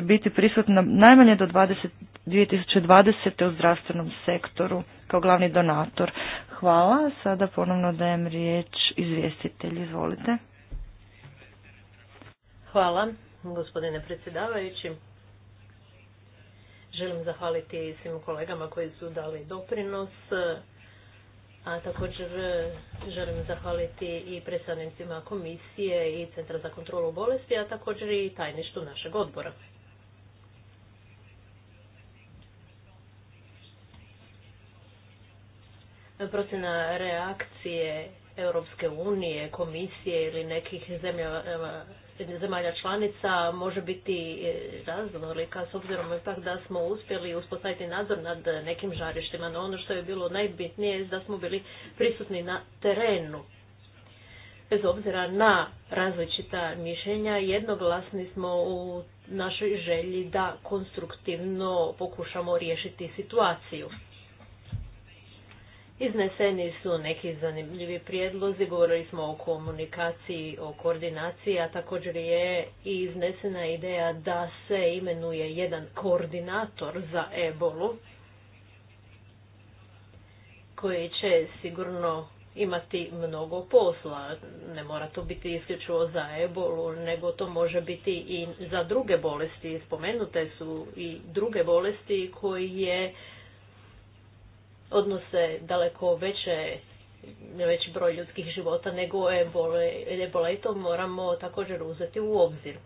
biti prisutna najmanje do 20, 2020. u zdravstvenom sektoru kao glavni donator. Hvala. Sada ponovno dajem riječ izvjestitelj. Izvolite. Hvala, gospodine predsjedavajući. Želim zahvaliti svim kolegama koji su dali doprinos, a također želim zahvaliti i predstavnicima komisije i Centra za kontrolu bolesti, a također i tajništu našeg odbora. procjena reakcije Europske unije, komisije ili nekih zemlja, eh, zemalja članica može biti eh, raznolika s obzirom ipak da smo uspjeli uspostaviti nadzor nad nekim žarištima, no ono što je bilo najbitnije je da smo bili prisutni na terenu. Bez obzira na različita mišljenja, jednoglasni smo u našoj želji da konstruktivno pokušamo riješiti situaciju. Izneseni su neki zanimljivi prijedlozi, govorili smo o komunikaciji, o koordinaciji, a također je i iznesena ideja da se imenuje jedan koordinator za ebolu koji će sigurno imati mnogo posla. Ne mora to biti isključivo za ebolu, nego to može biti i za druge bolesti. Spomenute su i druge bolesti koji je odnose daleko veće veći broj ljudskih života nego ebola i to moramo također uzeti u obzir.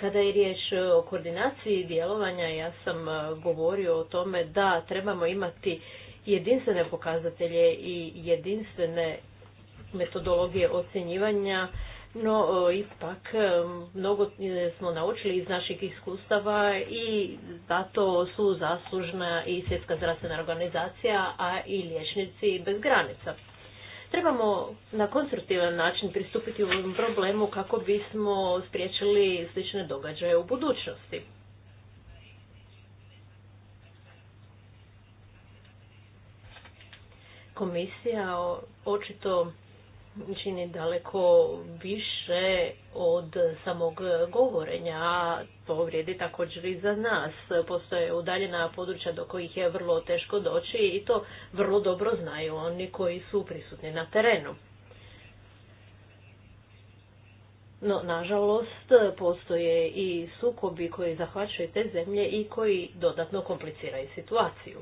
Kada je riječ o koordinaciji djelovanja, ja sam e, govorio o tome da trebamo imati jedinstvene pokazatelje i jedinstvene metodologije ocjenjivanja no e, ipak e, mnogo smo naučili iz naših iskustava i zato su zaslužna i Svjetska zdravstvena organizacija, a i liječnici bez granica. Trebamo na konstruktivan način pristupiti u ovom problemu kako bismo spriječili slične događaje u budućnosti. Komisija očito čini daleko više od samog govorenja, a to vrijedi također i za nas. Postoje udaljena područja do kojih je vrlo teško doći i to vrlo dobro znaju oni koji su prisutni na terenu. No, nažalost, postoje i sukobi koji zahvaćaju te zemlje i koji dodatno kompliciraju situaciju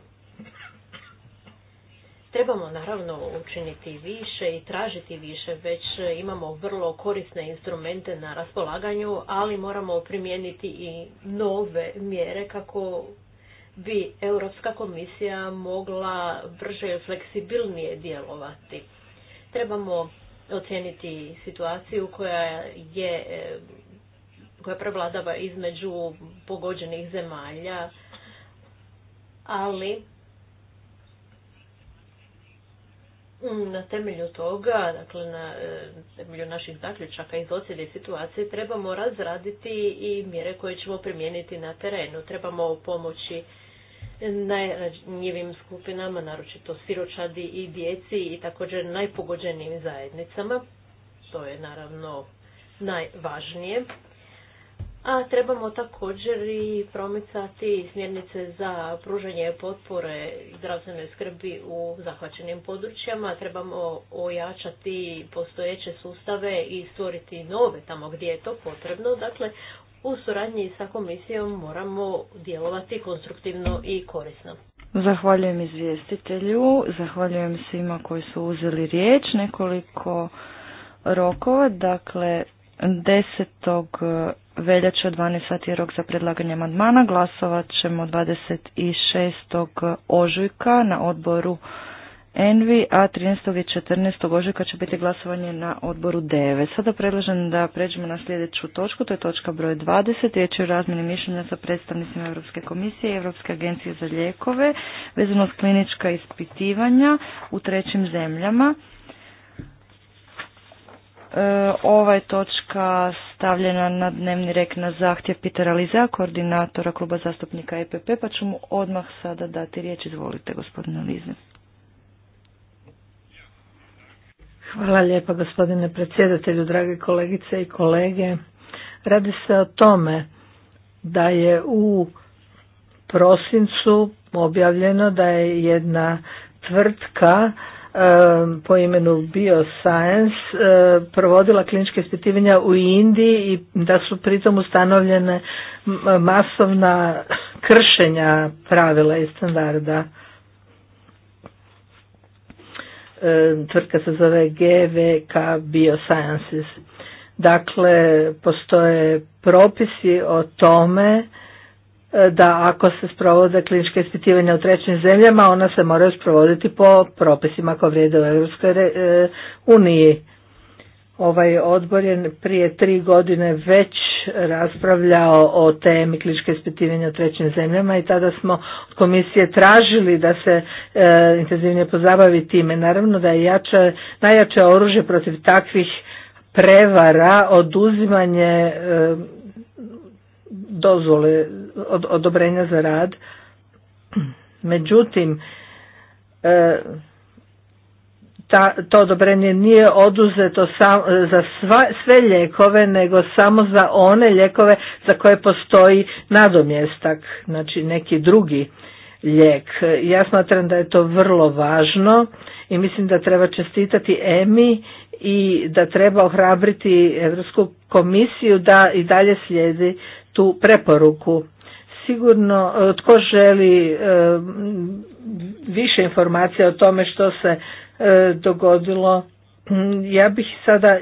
trebamo naravno učiniti više i tražiti više, već imamo vrlo korisne instrumente na raspolaganju, ali moramo primijeniti i nove mjere kako bi Europska komisija mogla brže i fleksibilnije djelovati. Trebamo ocijeniti situaciju koja je koja prevladava između pogođenih zemalja, ali Mm, na temelju toga, dakle na e, temelju naših zaključaka iz ocjene situacije, trebamo razraditi i mjere koje ćemo primijeniti na terenu. Trebamo pomoći najranjivim skupinama, naročito siročadi i djeci i također najpogođenijim zajednicama. To je naravno najvažnije a trebamo također i promicati smjernice za pružanje potpore zdravstvene skrbi u zahvaćenim područjama, trebamo ojačati postojeće sustave i stvoriti nove tamo gdje je to potrebno. Dakle, u suradnji sa komisijom moramo djelovati konstruktivno i korisno. Zahvaljujem izvjestitelju, zahvaljujem svima koji su uzeli riječ, nekoliko rokova, dakle 10 veljače od 12 sati je rok za predlaganje amandmana. Glasovat ćemo 26. ožujka na odboru Envi, a 13. i 14. ožujka će biti glasovanje na odboru Deve. Sada predlažem da pređemo na sljedeću točku, to je točka broj 20. Riječ je o razmjeni mišljenja sa predstavnicima Europske komisije i Europske agencije za lijekove vezano s klinička ispitivanja u trećim zemljama. E, ova je točka stavljena na dnevni rek na zahtjev Pitera koordinatora kluba zastupnika EPP, pa ću mu odmah sada dati riječ. Izvolite, gospodine Lize. Hvala lijepa, gospodine predsjedatelju, drage kolegice i kolege. Radi se o tome da je u prosincu objavljeno da je jedna tvrtka po imenu Bioscience e, provodila kliničke ispitivanja u Indiji i da su pritom ustanovljene masovna kršenja pravila i standarda. Tvrtka se zove GVK Biosciences. Dakle, postoje propisi o tome E, da ako se sprovode klinička ispitivanja u trećim zemljama, ona se moraju sprovoditi po propisima koje vrijede u Europskoj e, uniji. Ovaj odbor je prije tri godine već raspravljao o temi kliničke ispitivanja u trećim zemljama i tada smo od komisije tražili da se e, intenzivnije pozabavi time. Naravno da je jače, najjače oružje protiv takvih prevara oduzimanje dozvole od, odobrenja za rad. Međutim, e, ta, to odobrenje nije oduzeto za sva, sve lijekove, nego samo za one lijekove za koje postoji nadomjestak, znači neki drugi lijek. Ja smatram da je to vrlo važno i mislim da treba čestitati EMI i da treba ohrabriti Europsku komisiju da i dalje slijedi tu preporuku sigurno e, tko želi e, više informacija o tome što se e, dogodilo ja bih sada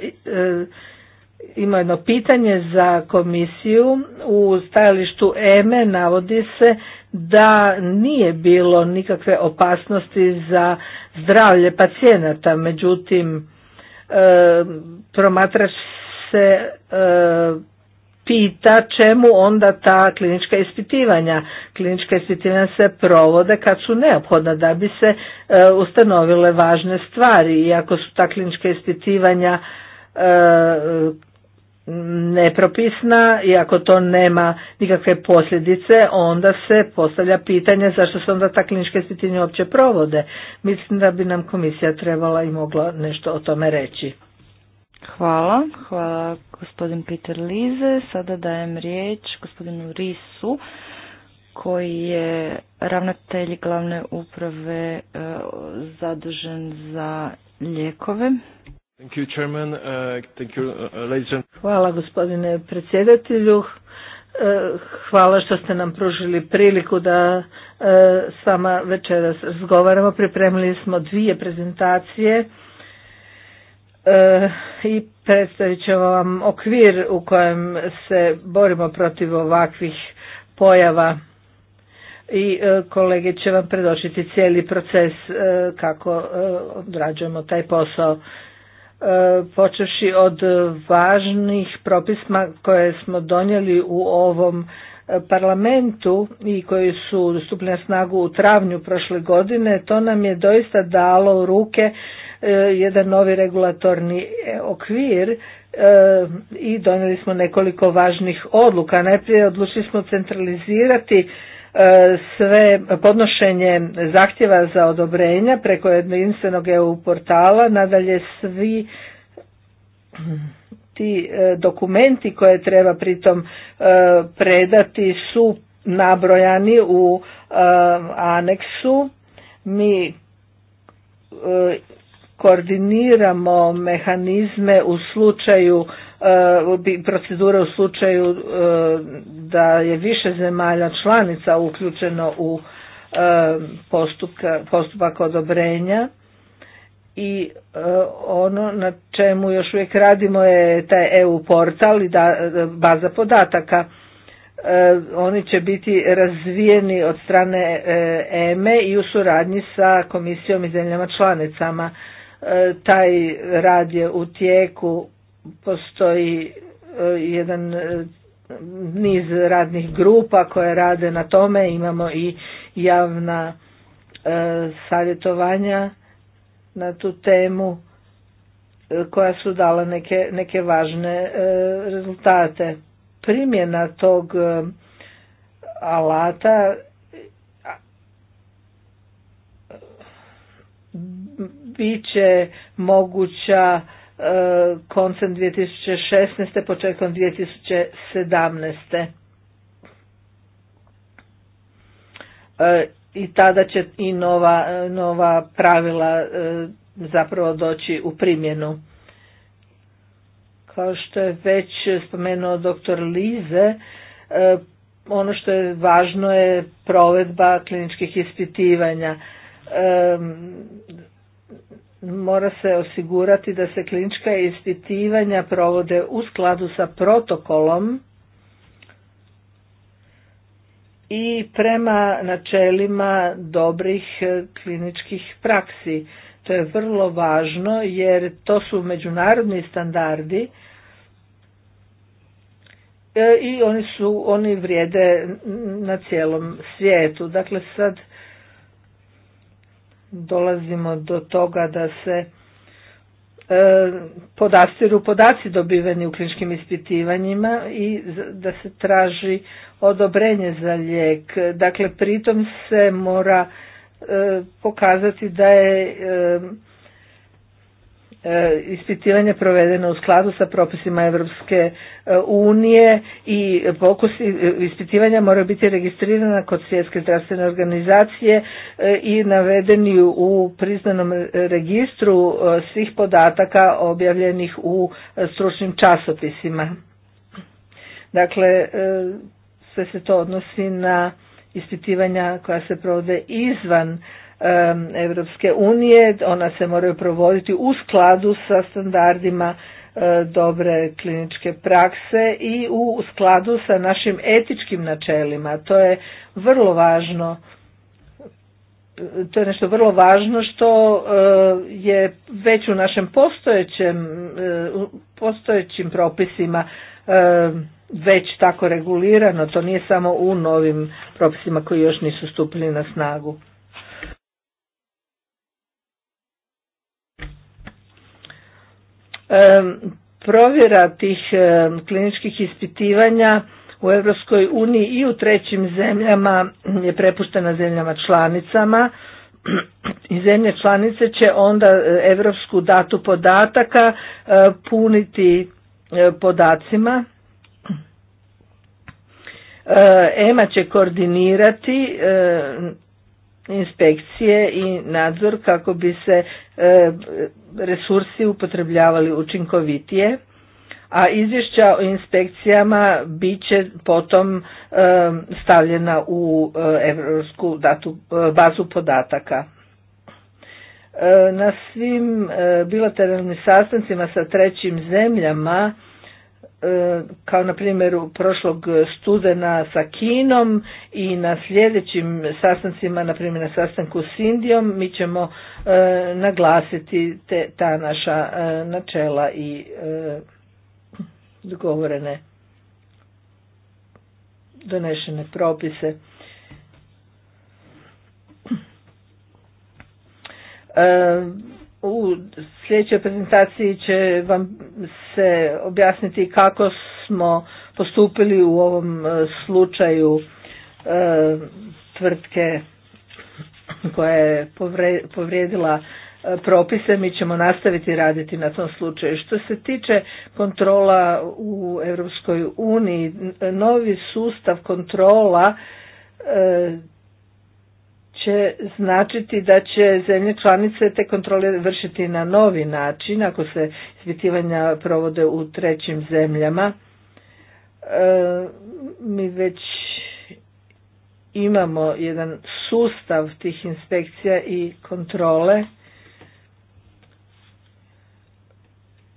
imao jedno pitanje za komisiju u stajalištu EME navodi se da nije bilo nikakve opasnosti za zdravlje pacijenata međutim promatrač se pita čemu onda ta klinička ispitivanja. Klinička ispitivanja se provode kad su neophodna da bi se e, ustanovile važne stvari. Iako su ta klinička ispitivanja e, nepropisna i ako to nema nikakve posljedice, onda se postavlja pitanje zašto se onda ta klinička ispitivanja uopće provode. Mislim da bi nam komisija trebala i mogla nešto o tome reći. Hvala. Hvala gospodin Peter Lize. Sada dajem riječ gospodinu Risu koji je ravnatelj glavne uprave e, zadužen za lijekove. Uh, uh, uh, hvala gospodine predsjedatelju. Hvala što ste nam pružili priliku da s vama večeras razgovaramo. Pripremili smo dvije prezentacije E, i predstavit ćemo vam okvir u kojem se borimo protiv ovakvih pojava i e, kolege će vam predočiti cijeli proces e, kako odrađujemo taj posao. Počeši od važnih propisma koje smo donijeli u ovom parlamentu i koji su stupili na snagu u travnju prošle godine, to nam je doista dalo u ruke E, jedan novi regulatorni e, okvir e, i donijeli smo nekoliko važnih odluka. Najprije odlučili smo centralizirati sve podnošenje zahtjeva za odobrenja preko jedinstvenog EU portala, nadalje svi ti dokumenti koje treba pritom predati su nabrojani u aneksu. Mi koordiniramo mehanizme u slučaju eh, procedure u slučaju eh, da je više zemalja članica uključeno u eh, postupak odobrenja i ono na čemu još uvijek radimo je taj EU portal i da, baza podataka. Oni će biti razvijeni od strane EME e i u suradnji sa komisijom i zemljama članicama. E, taj rad je u tijeku, postoji e, jedan e, niz radnih grupa koje rade na tome, imamo i javna savjetovanja na tu temu koja su dala neke, neke važne rezultate. Primjena tog alata bit će moguća e, koncem 2016. početkom 2017. E, I tada će i nova, nova pravila e, zapravo doći u primjenu. Kao što je već spomenuo dr. Lize, ono što je važno je provedba kliničkih ispitivanja mora se osigurati da se klinička ispitivanja provode u skladu sa protokolom i prema načelima dobrih kliničkih praksi. To je vrlo važno jer to su međunarodni standardi e, i oni su oni vrijede na cijelom svijetu. Dakle sad dolazimo do toga da se e, podastiru podaci dobiveni u kliničkim ispitivanjima i da se traži odobrenje za lijek. Dakle, pritom se mora e, pokazati da je e, E, ispitivanje provedeno u skladu sa propisima Europske e, unije i pokusi e, ispitivanja moraju biti registrirana kod svjetske zdravstvene organizacije i navedeni u priznanom registru svih podataka objavljenih u stručnim časopisima. Dakle, sve se to odnosi na ispitivanja koja se provode izvan Europske unije, ona se moraju provoditi u skladu sa standardima e, dobre kliničke prakse i u skladu sa našim etičkim načelima. To je vrlo važno to je nešto vrlo važno što e, je već u našem postojećem, e, postojećim propisima već tako regulirano, to nije samo u novim propisima koji još nisu stupili na snagu. provjera tih kliničkih ispitivanja u Europskoj uniji i u trećim zemljama je prepuštena zemljama članicama i zemlje članice će onda europsku datu podataka e, puniti e, podacima. E, EMA će koordinirati inspekcije i nadzor kako bi se e, resursi upotrebljavali učinkovitije a izvješća o inspekcijama bit će potom e, stavljena u europsku datu, e, bazu podataka. Na svim bilateralnim sastancima sa trećim zemljama kao na primjer u prošlog studena sa Kinom i na sljedećim sastancima, na primjer na sastanku s Indijom, mi ćemo e, naglasiti te, ta naša e, načela i e, dogovorene donešene propise. E, u sljedećoj prezentaciji će vam se objasniti kako smo postupili u ovom e, slučaju e, tvrtke koja je povrijedila e, propise. Mi ćemo nastaviti raditi na tom slučaju. Što se tiče kontrola u Europskoj uniji, novi sustav kontrola će značiti da će zemlje članice te kontrole vršiti na novi način ako se ispitivanja provode u trećim zemljama. E, mi već imamo jedan sustav tih inspekcija i kontrole,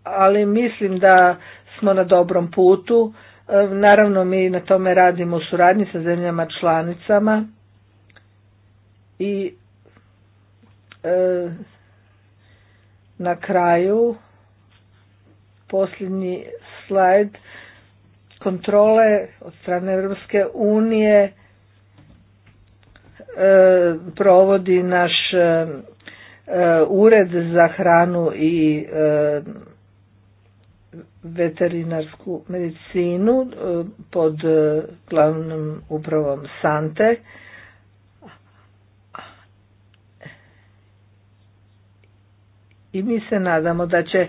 ali mislim da smo na dobrom putu. E, naravno mi na tome radimo u suradnji sa zemljama članicama i e, na kraju posljednji slajd kontrole od strane Europske unije e, provodi naš e, ured za hranu i veterinarsku medicinu pod glavnom upravom Sante. i mi se nadamo da će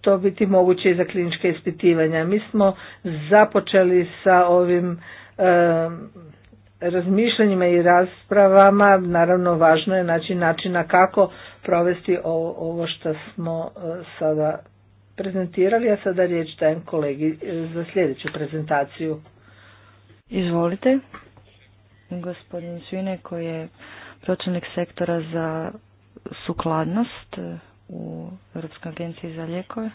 to biti moguće i za klinička ispitivanja. Mi smo započeli sa ovim razmišljanjima i raspravama, naravno važno je naći načina kako provesti ovo, što smo e, sada prezentirali, a sada riječ dajem kolegi e, za sljedeću prezentaciju. Izvolite, gospodin Svine koji je pročelnik sektora za sukladnost u Europskoj agenciji za lijekove.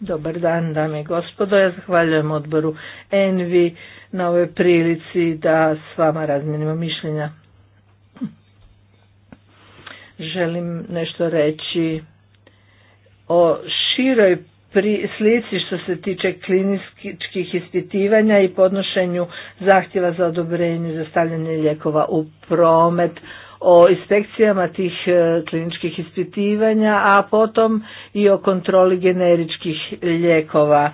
Dobar dan, dame i gospodo. Ja zahvaljujem odboru Envi na ovoj prilici da s vama razmjenimo mišljenja. Želim nešto reći o široj pri slici što se tiče kliničkih ispitivanja i podnošenju zahtjeva za odobrenje za stavljanje lijekova u promet o inspekcijama tih e, kliničkih ispitivanja, a potom i o kontroli generičkih lijekova,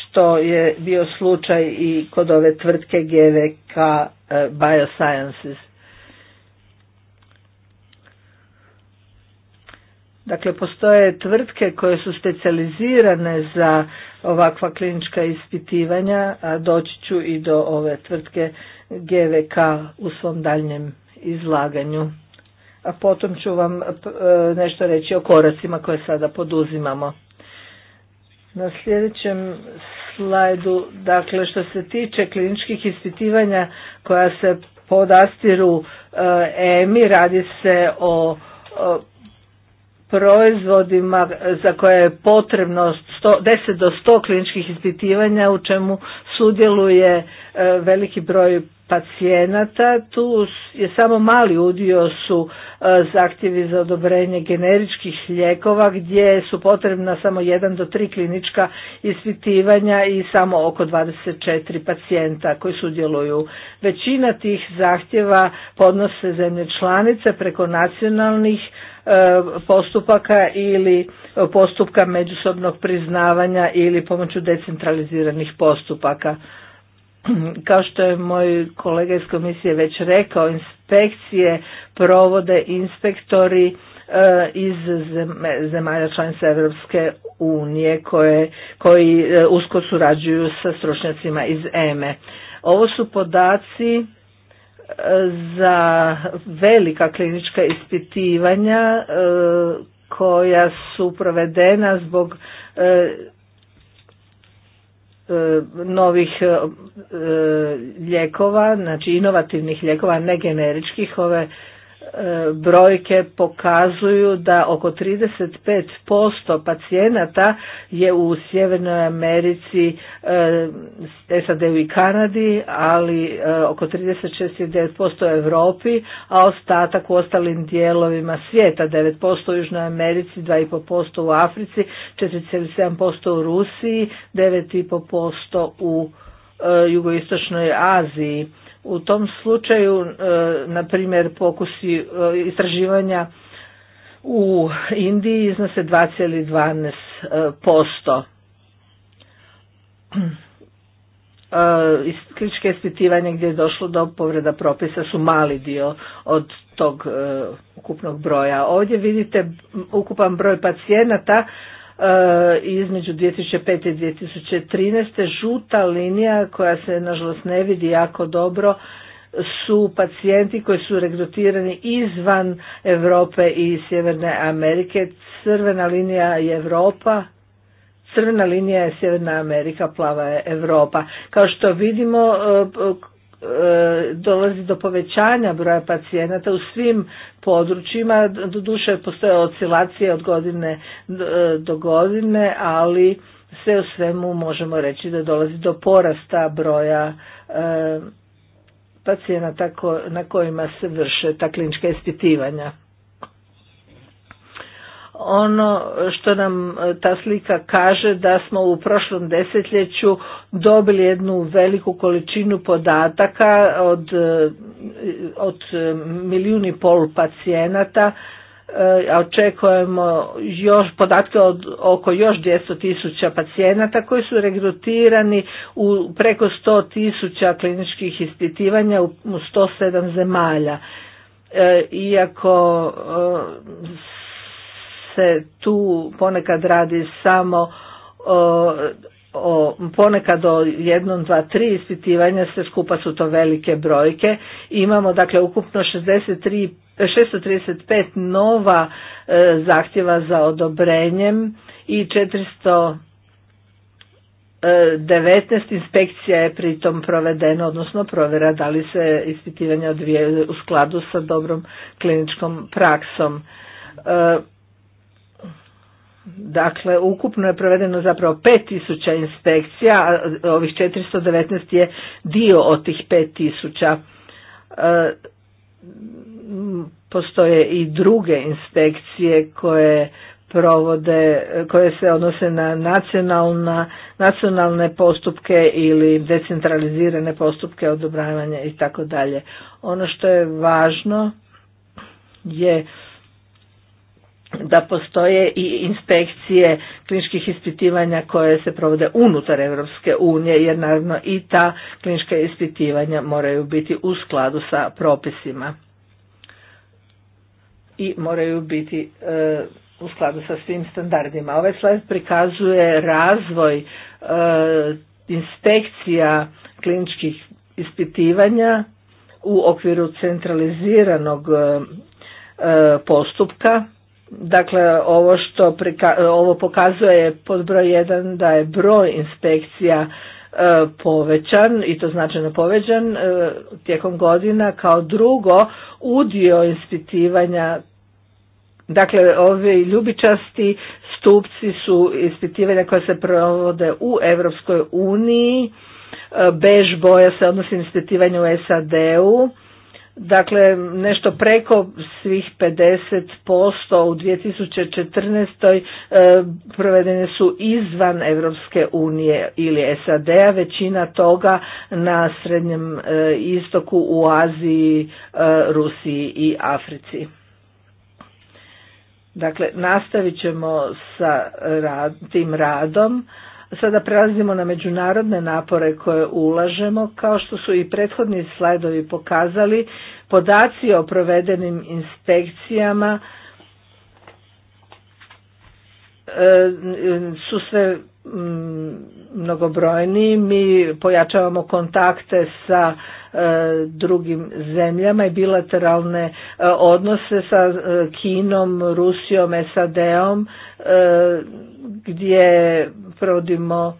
što je bio slučaj i kod ove tvrtke GVK e, Biosciences. Dakle, postoje tvrtke koje su specijalizirane za ovakva klinička ispitivanja, a doći ću i do ove tvrtke GVK u svom daljnjem izlaganju. A potom ću vam e, nešto reći o koracima koje sada poduzimamo. Na sljedećem slajdu, dakle što se tiče kliničkih ispitivanja koja se podastiru EMI, e radi se o proizvodima za koje je potrebno 10 do 100 kliničkih ispitivanja u čemu sudjeluje e, veliki broj pacijenata, tu je samo mali udio su e, zahtjevi za odobrenje generičkih lijekova gdje su potrebna samo jedan do tri klinička ispitivanja i samo oko 24 pacijenta koji sudjeluju. Većina tih zahtjeva podnose zemlje članice preko nacionalnih e, postupaka ili postupka međusobnog priznavanja ili pomoću decentraliziranih postupaka. Kao što je moj kolega iz komisije već rekao, inspekcije provode inspektori e, iz zemalja članica Europske unije koji e, usko surađuju sa stručnjacima iz EME. E. Ovo su podaci za velika klinička ispitivanja koja su provedena zbog novih e, e, lijekova, znači inovativnih lijekova, ne generičkih, ove E, brojke pokazuju da oko 35% pacijenata je u Sjevernoj Americi, e, SAD-u i Kanadi, ali e, oko 36,9% u Europi, a ostatak u ostalim dijelovima svijeta, 9% u Južnoj Americi, 2,5% u Africi, 4,7% u Rusiji, 9,5% u jugoistočnoj Aziji u tom slučaju, e, na primjer, pokusi e, istraživanja u Indiji iznose 2,12%. kličke ispitivanje gdje je došlo do povreda propisa su mali dio od tog e, ukupnog broja. Ovdje vidite ukupan broj pacijenata E, između 2005. i 2013. žuta linija koja se nažalost ne vidi jako dobro su pacijenti koji su regrutirani izvan Europe i Sjeverne Amerike. Crvena linija je Europa, crvena linija je Sjeverna Amerika, plava je Europa. Kao što vidimo, e, E, dolazi do povećanja broja pacijenata u svim područjima, doduše postoje oscilacije od godine e, do godine, ali sve u svemu možemo reći da dolazi do porasta broja e, pacijenata na kojima se vrše ta klinička ispitivanja ono što nam e, ta slika kaže da smo u prošlom desetljeću dobili jednu veliku količinu podataka od, e, od e, milijun i pol pacijenata a očekujemo još podatke od oko još 200 tisuća pacijenata koji su regrutirani u preko 100 tisuća kliničkih ispitivanja u 107 zemalja. Iako se tu ponekad radi samo o, ponekad o jednom, dva, tri ispitivanja, sve skupa su to velike brojke. Imamo dakle ukupno 63, 635 nova e, zahtjeva za odobrenjem i 400 19 e, inspekcija je pritom provedeno, odnosno provjera da li se ispitivanja odvijaju u skladu sa dobrom kliničkom praksom. E, Dakle, ukupno je provedeno zapravo 5000 inspekcija, a ovih 419 je dio od tih 5000. E, postoje i druge inspekcije koje provode, koje se odnose na nacionalna, nacionalne postupke ili decentralizirane postupke odobravanja i tako dalje. Ono što je važno je da postoje i inspekcije kliničkih ispitivanja koje se provode unutar Europske unije jer naravno i ta klinička ispitivanja moraju biti u skladu sa propisima i moraju biti e, u skladu sa svim standardima. Ovaj slajd prikazuje razvoj e, inspekcija kliničkih ispitivanja u okviru centraliziranog e, postupka Dakle, ovo što ovo pokazuje pod broj 1 da je broj inspekcija e, povećan i to značajno povećan e, tijekom godina kao drugo udio ispitivanja Dakle, ovi ljubičasti stupci su ispitivanja koja se provode u Europskoj uniji, e, bež boja se odnosi na ispitivanje u SAD-u, dakle nešto preko svih 50% u 2014. E, provedene su izvan Europske unije ili SAD-a, većina toga na Srednjem e, istoku u Aziji, e, Rusiji i Africi. Dakle, nastavit ćemo sa tim radom. Sada prelazimo na međunarodne napore koje ulažemo. Kao što su i prethodni slajdovi pokazali, podaci o provedenim inspekcijama e, su sve mm, mnogobrojni. Mi pojačavamo kontakte sa e, drugim zemljama i bilateralne e, odnose sa Kinom, Rusijom, SAD-om gdje provodimo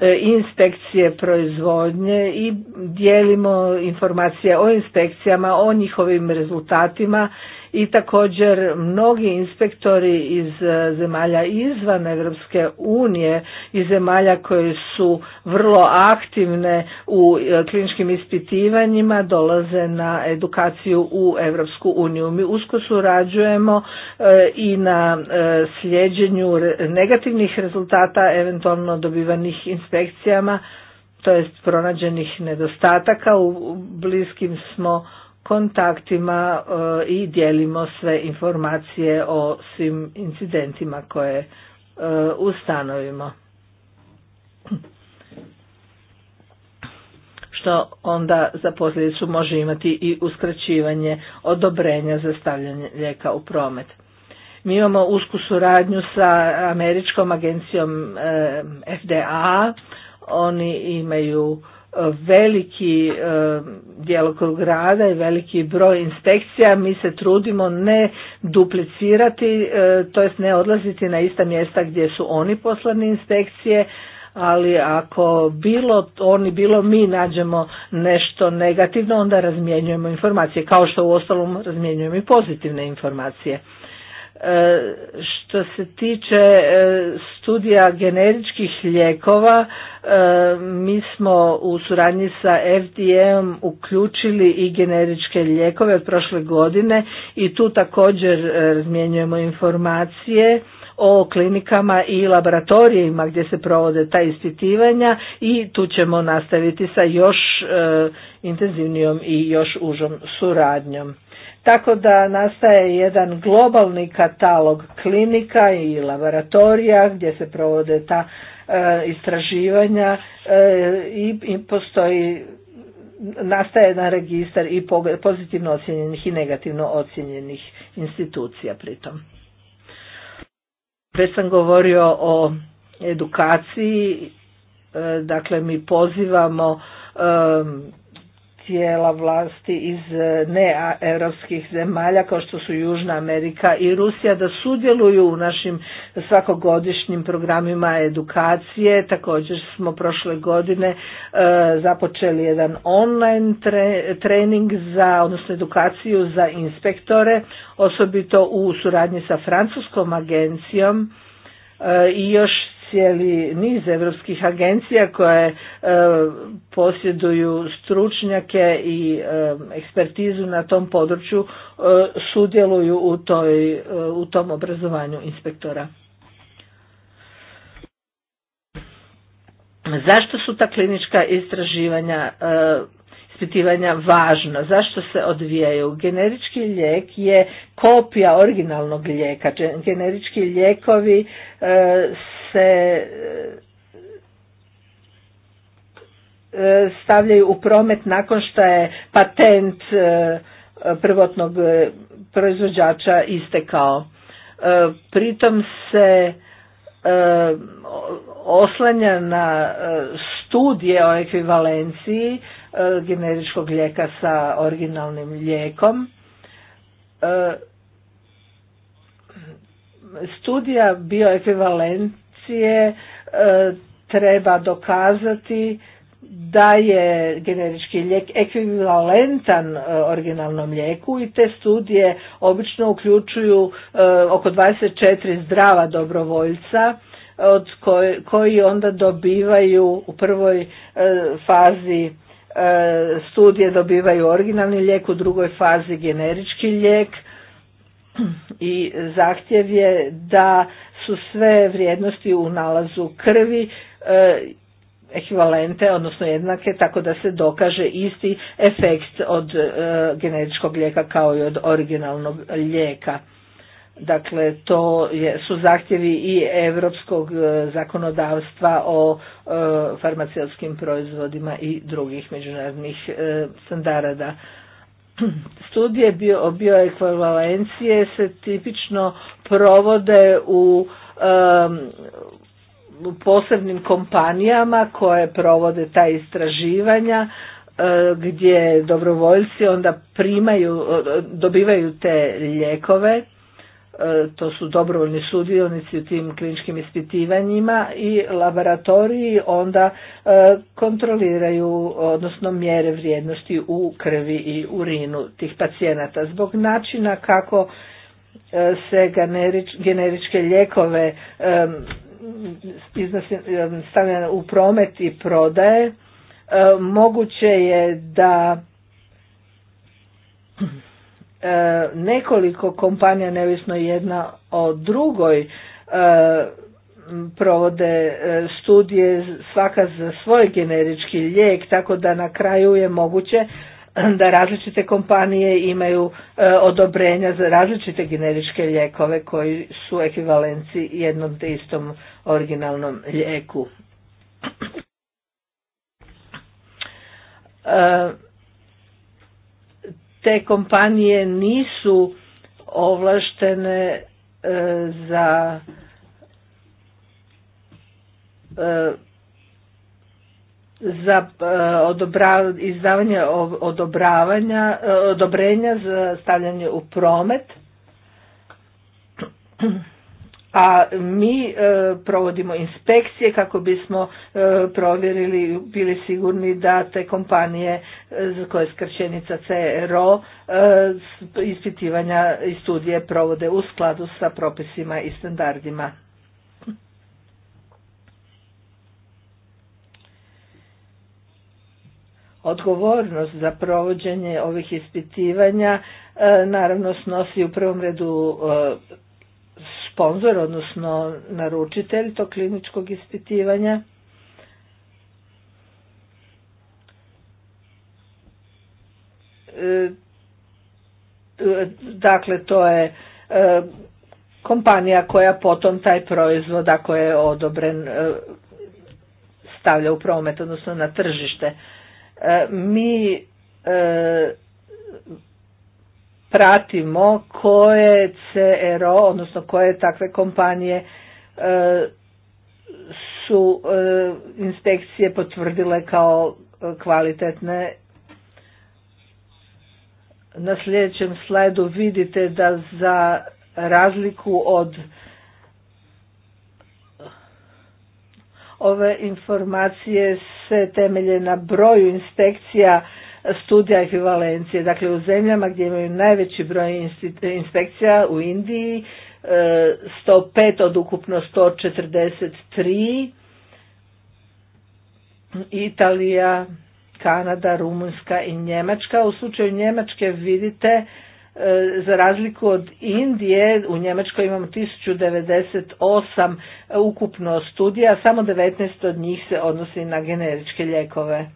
e, inspekcije proizvodnje i dijelimo informacije o inspekcijama, o njihovim rezultatima i također mnogi inspektori iz e, zemalja izvan Europske unije i zemalja koje su vrlo aktivne u e, kliničkim ispitivanjima dolaze na edukaciju u Europsku uniju. Mi usko surađujemo e, i na sljeđenju negativnih rezultata eventualno dobivanih inspekcijama to jest pronađenih nedostataka u bliskim smo kontaktima e, i dijelimo sve informacije o svim incidentima koje e, ustanovimo. Što onda za posljedicu može imati i uskraćivanje odobrenja za stavljanje lijeka u promet. Mi imamo usku suradnju sa Američkom agencijom e, FDA, oni imaju veliki e, djelokrug rada i veliki broj inspekcija. Mi se trudimo ne duplicirati, e, to jest ne odlaziti na ista mjesta gdje su oni poslani inspekcije, ali ako bilo oni, bilo mi nađemo nešto negativno, onda razmjenjujemo informacije, kao što u ostalom razmjenjujemo i pozitivne informacije. E, što se tiče e, studija generičkih lijekova, e, mi smo u suradnji sa FDM uključili i generičke lijekove od prošle godine i tu također razmjenjujemo informacije o klinikama i laboratorijima gdje se provode ta ispitivanja i tu ćemo nastaviti sa još intenzivnijom i još užom suradnjom. Tako da nastaje jedan globalni katalog klinika i laboratorija gdje se provode ta e, istraživanja e, i, i postoji nastaje jedan registar i pozitivno ocjenjenih i negativno ocjenjenih institucija pritom. Već sam govorio o edukaciji, e, dakle mi pozivamo tijela vlasti iz e, neeuropskih zemalja kao što su Južna Amerika i Rusija da sudjeluju u našim svakogodišnjim programima edukacije. Također smo prošle godine e, započeli jedan online trening za, odnosno edukaciju za inspektore, osobito u suradnji sa Francuskom agencijom e, i još cijeli niz evropskih agencija koje e, posjeduju stručnjake i e, ekspertizu na tom području e, sudjeluju u, toj, u tom obrazovanju inspektora. Zašto su ta klinička istraživanja ispitivanja važna, zašto se odvijaju. Generički lijek je kopija originalnog lijeka. Generički lijekovi se e, stavljaju u promet nakon što je patent e, prvotnog e, proizvođača istekao. Pritom se oslanja na studije o ekvivalenciji generičkog lijeka sa originalnim lijekom. Studija bioekvivalent e, treba dokazati da je generički lijek ekvivalentan e, originalnom lijeku i te studije obično uključuju e, oko 24 zdrava dobrovoljca od koji, koji onda dobivaju u prvoj e, fazi studije dobivaju originalni lijek, u drugoj fazi generički lijek i zahtjev je da su sve vrijednosti u nalazu krvi e, ekvivalente, odnosno jednake, tako da se dokaže isti efekt od e, lijeka kao i od originalnog lijeka. Dakle, to je, su zahtjevi i europskog e, zakonodavstva o e, farmaceutskim proizvodima i drugih međunarodnih e, standarda studije bio, se tipično provode u um, posebnim kompanijama koje provode ta istraživanja e, gdje dobrovoljci onda primaju, dobivaju te lijekove E, to su dobrovoljni sudionici u tim kliničkim ispitivanjima i laboratoriji onda e, kontroliraju odnosno mjere vrijednosti u krvi i urinu tih pacijenata zbog načina kako e, se generičke lijekove stavlja u promet i prodaje moguće je da E, nekoliko kompanija nevisno jedna o drugoj e, provode e, studije svaka za svoj generički lijek tako da na kraju je moguće da različite kompanije imaju odobrenja za različite generičke lijekove koji su ekvivalenci jednom te istom originalnom lijeku te kompanije nisu ovlaštene e, za e, za e, izdavanje odobravanja, odobrenja za stavljanje u promet a mi e, provodimo inspekcije kako bismo e, provjerili bili sigurni da te kompanije e, za koje je skraćenica CRO e, ispitivanja i studije provode u skladu sa propisima i standardima. Odgovornost za provođenje ovih ispitivanja naravno snosi u prvom redu sponzor, odnosno naručitelj tog kliničkog ispitivanja. E, dakle, to je e, kompanija koja potom taj proizvod, ako je odobren, e, stavlja u promet, odnosno na tržište. Mi pratimo koje CRO, odnosno koje takve kompanije e, su e, inspekcije potvrdile kao e, kvalitetne. Na sljedećem slajdu vidite da za razliku od ove informacije se temelje na broju inspekcija studija ekvivalencije. Dakle, u zemljama gdje imaju najveći broj inspekcija u Indiji, 105 e, od ukupno 143, Italija, Kanada, Rumunjska i Njemačka. U slučaju Njemačke vidite e, za razliku od Indije, u Njemačkoj imamo 1098 ukupno studija, samo 19 od njih se odnosi na generičke ljekove.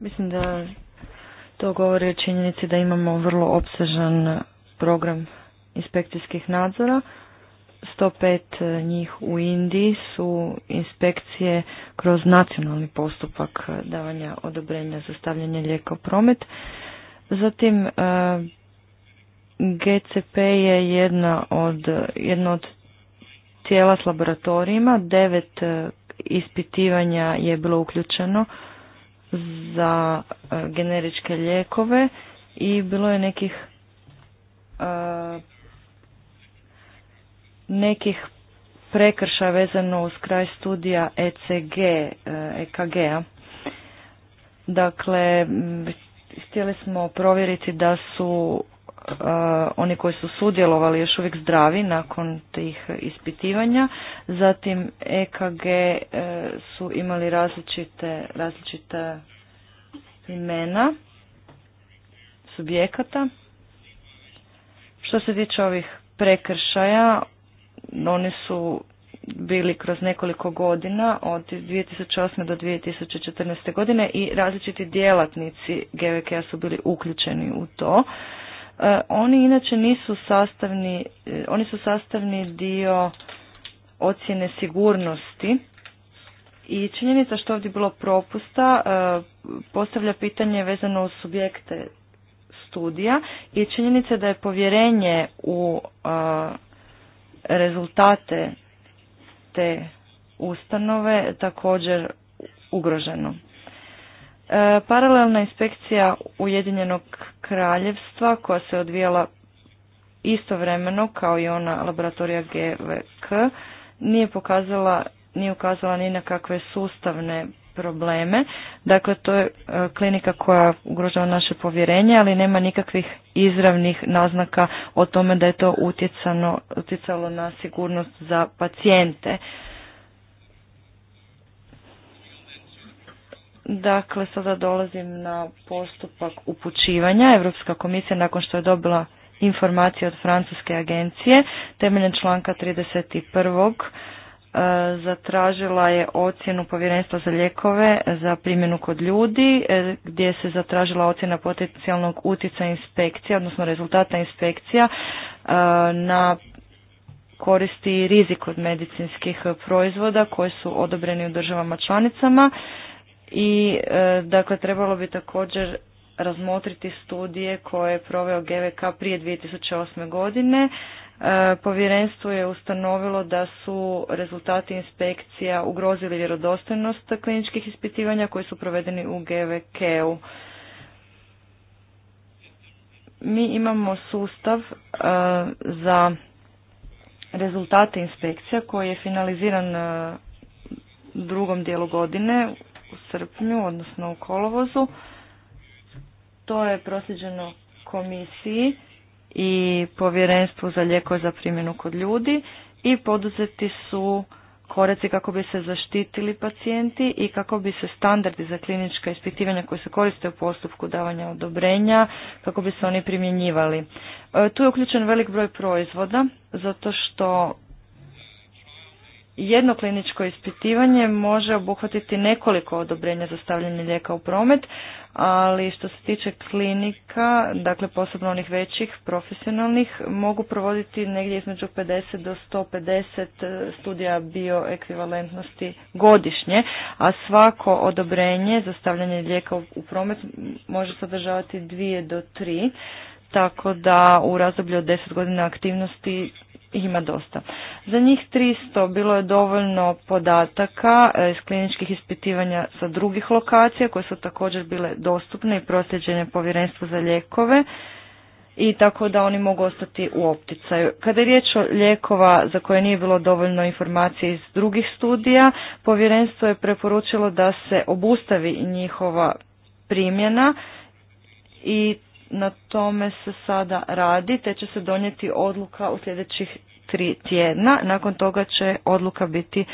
Mislim da to govori o činjenici da imamo vrlo opsežan program inspekcijskih nadzora. 105 e, njih u Indiji su inspekcije kroz nacionalni postupak e, davanja odobrenja za stavljanje lijeka u promet. Zatim e, GCP je jedna od, jedno od tijela s laboratorijima, devet ispitivanja je bilo uključeno za e, generičke lijekove i bilo je nekih e, nekih prekršaja vezano uz kraj studija ECG, EKG-a. E dakle, htjeli smo provjeriti da su E, oni koji su sudjelovali još uvijek zdravi nakon tih ispitivanja. Zatim EKG e, su imali različite, različite imena subjekata. Što se tiče ovih prekršaja, oni su bili kroz nekoliko godina od 2008. do 2014. godine i različiti djelatnici GVK-a su bili uključeni u to. E, oni inače nisu sastavni, e, oni su sastavni dio ocjene sigurnosti i činjenica što ovdje bilo propusta e, postavlja pitanje vezano uz subjekte studija i činjenica da je povjerenje u rezultate te ustanove također ugroženo. E, paralelna inspekcija Ujedinjenog kraljevstva koja se odvijala istovremeno kao i ona laboratorija GVK nije pokazala, nije ukazala ni na kakve sustavne probleme. Dakle, to je e, klinika koja ugrožava naše povjerenje, ali nema nikakvih izravnih naznaka o tome da je to utjecano, utjecalo na sigurnost za pacijente. Dakle, sada dolazim na postupak upućivanja. Europska komisija nakon što je dobila informacije od francuske agencije, temeljem članka 31. E, zatražila je ocjenu povjerenstva za lijekove za primjenu kod ljudi, e, gdje se zatražila ocjena potencijalnog utjecaja inspekcija, odnosno rezultata inspekcija e, na koristi rizik od medicinskih proizvoda koji su odobreni u državama članicama i e, dakle trebalo bi također razmotriti studije koje je proveo GVK prije 2008. godine. E, povjerenstvo je ustanovilo da su rezultati inspekcija ugrozili vjerodostojnost kliničkih ispitivanja koji su provedeni u GVK-u. Mi imamo sustav e, za rezultate inspekcija koji je finaliziran u drugom dijelu godine u srpnju, odnosno u kolovozu. To je proslijeđeno komisiji i povjerenstvu za lijekove za primjenu kod ljudi i poduzeti su koreci kako bi se zaštitili pacijenti i kako bi se standardi za klinička ispitivanja koji se koriste u postupku davanja odobrenja, kako bi se oni primjenjivali. E, tu je uključen velik broj proizvoda, zato što jedno kliničko ispitivanje može obuhvatiti nekoliko odobrenja za stavljanje lijeka u promet, ali što se tiče klinika, dakle posebno onih većih, profesionalnih, mogu provoditi negdje između 50 do 150 e, studija bioekvivalentnosti godišnje, a svako odobrenje za stavljanje lijeka u promet može sadržavati dvije do tri, tako da u razdoblju od 10 godina aktivnosti ima dosta. Za njih 300 bilo je dovoljno podataka e, iz kliničkih ispitivanja sa drugih lokacija koje su također bile dostupne i prosljeđene povjerenstvu za lijekove i tako da oni mogu ostati u opticaju. Kada je riječ o lijekova za koje nije bilo dovoljno informacije iz drugih studija, povjerenstvo je preporučilo da se obustavi njihova primjena i na tome se sada radi, te će se donijeti odluka u sljedećih tri tjedna. Nakon toga će odluka biti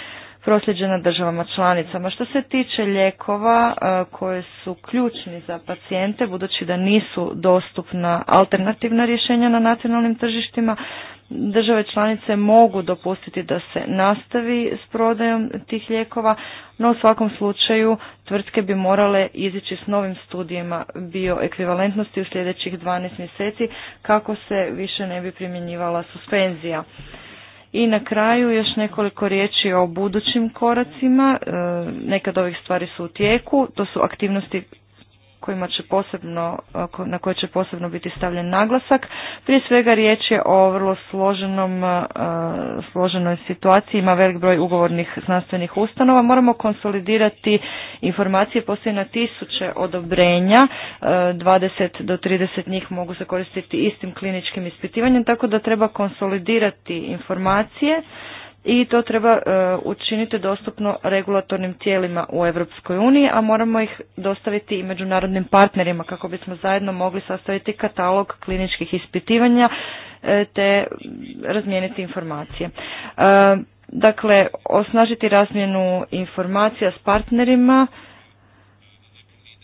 prosljeđena državama članicama. Što se tiče lijekova e, koje su ključni za pacijente, budući da nisu dostupna alternativna rješenja na nacionalnim tržištima, države članice mogu dopustiti da se nastavi s prodajom tih lijekova, no u svakom slučaju tvrtke bi morale izići s novim studijima bioekvivalentnosti u sljedećih 12 mjeseci kako se više ne bi primjenjivala suspenzija. I na kraju još nekoliko riječi o budućim koracima. E, Nekad ovih stvari su u tijeku. To su aktivnosti kojima će posebno, e, na koje će posebno biti stavljen naglasak. Prije svega riječ je o vrlo složenom, e, složenoj situaciji, ima velik broj ugovornih znanstvenih ustanova. Moramo konsolidirati informacije, postoji na tisuće odobrenja, 20 e, do 30 njih mogu se koristiti istim kliničkim ispitivanjem, tako da treba konsolidirati informacije i to treba e, učiniti dostupno regulatornim tijelima u Europskoj uniji, a moramo ih dostaviti i međunarodnim partnerima kako bismo zajedno mogli sastaviti katalog kliničkih ispitivanja e, te razmijeniti informacije. E, dakle, osnažiti razmjenu informacija s partnerima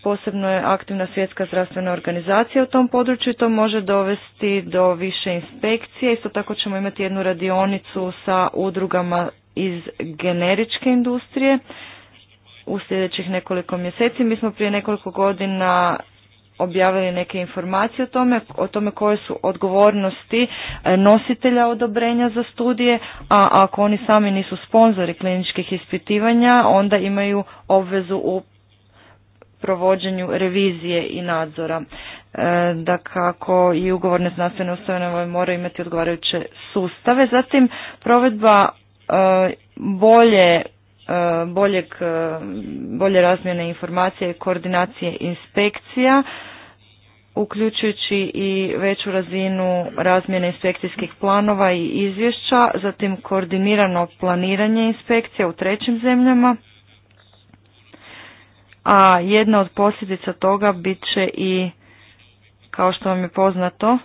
Posebno je aktivna svjetska zdravstvena organizacija u tom području i to može dovesti do više inspekcije. Isto tako ćemo imati jednu radionicu sa udrugama iz generičke industrije u sljedećih nekoliko mjeseci. Mi smo prije nekoliko godina objavili neke informacije o tome, o tome koje su odgovornosti e, nositelja odobrenja za studije, a ako oni sami nisu sponzori kliničkih ispitivanja, onda imaju obvezu u provođenju revizije i nadzora. E, da kako i ugovorne znanstvene ustanove moraju imati odgovarajuće sustave. Zatim provedba e, bolje e, boljeg, bolje razmjene informacija i koordinacije inspekcija, uključujući i veću razinu razmjene inspekcijskih planova i izvješća, zatim koordinirano planiranje inspekcija u trećim zemljama, a jedna od posljedica toga bit će i, kao što vam je poznato,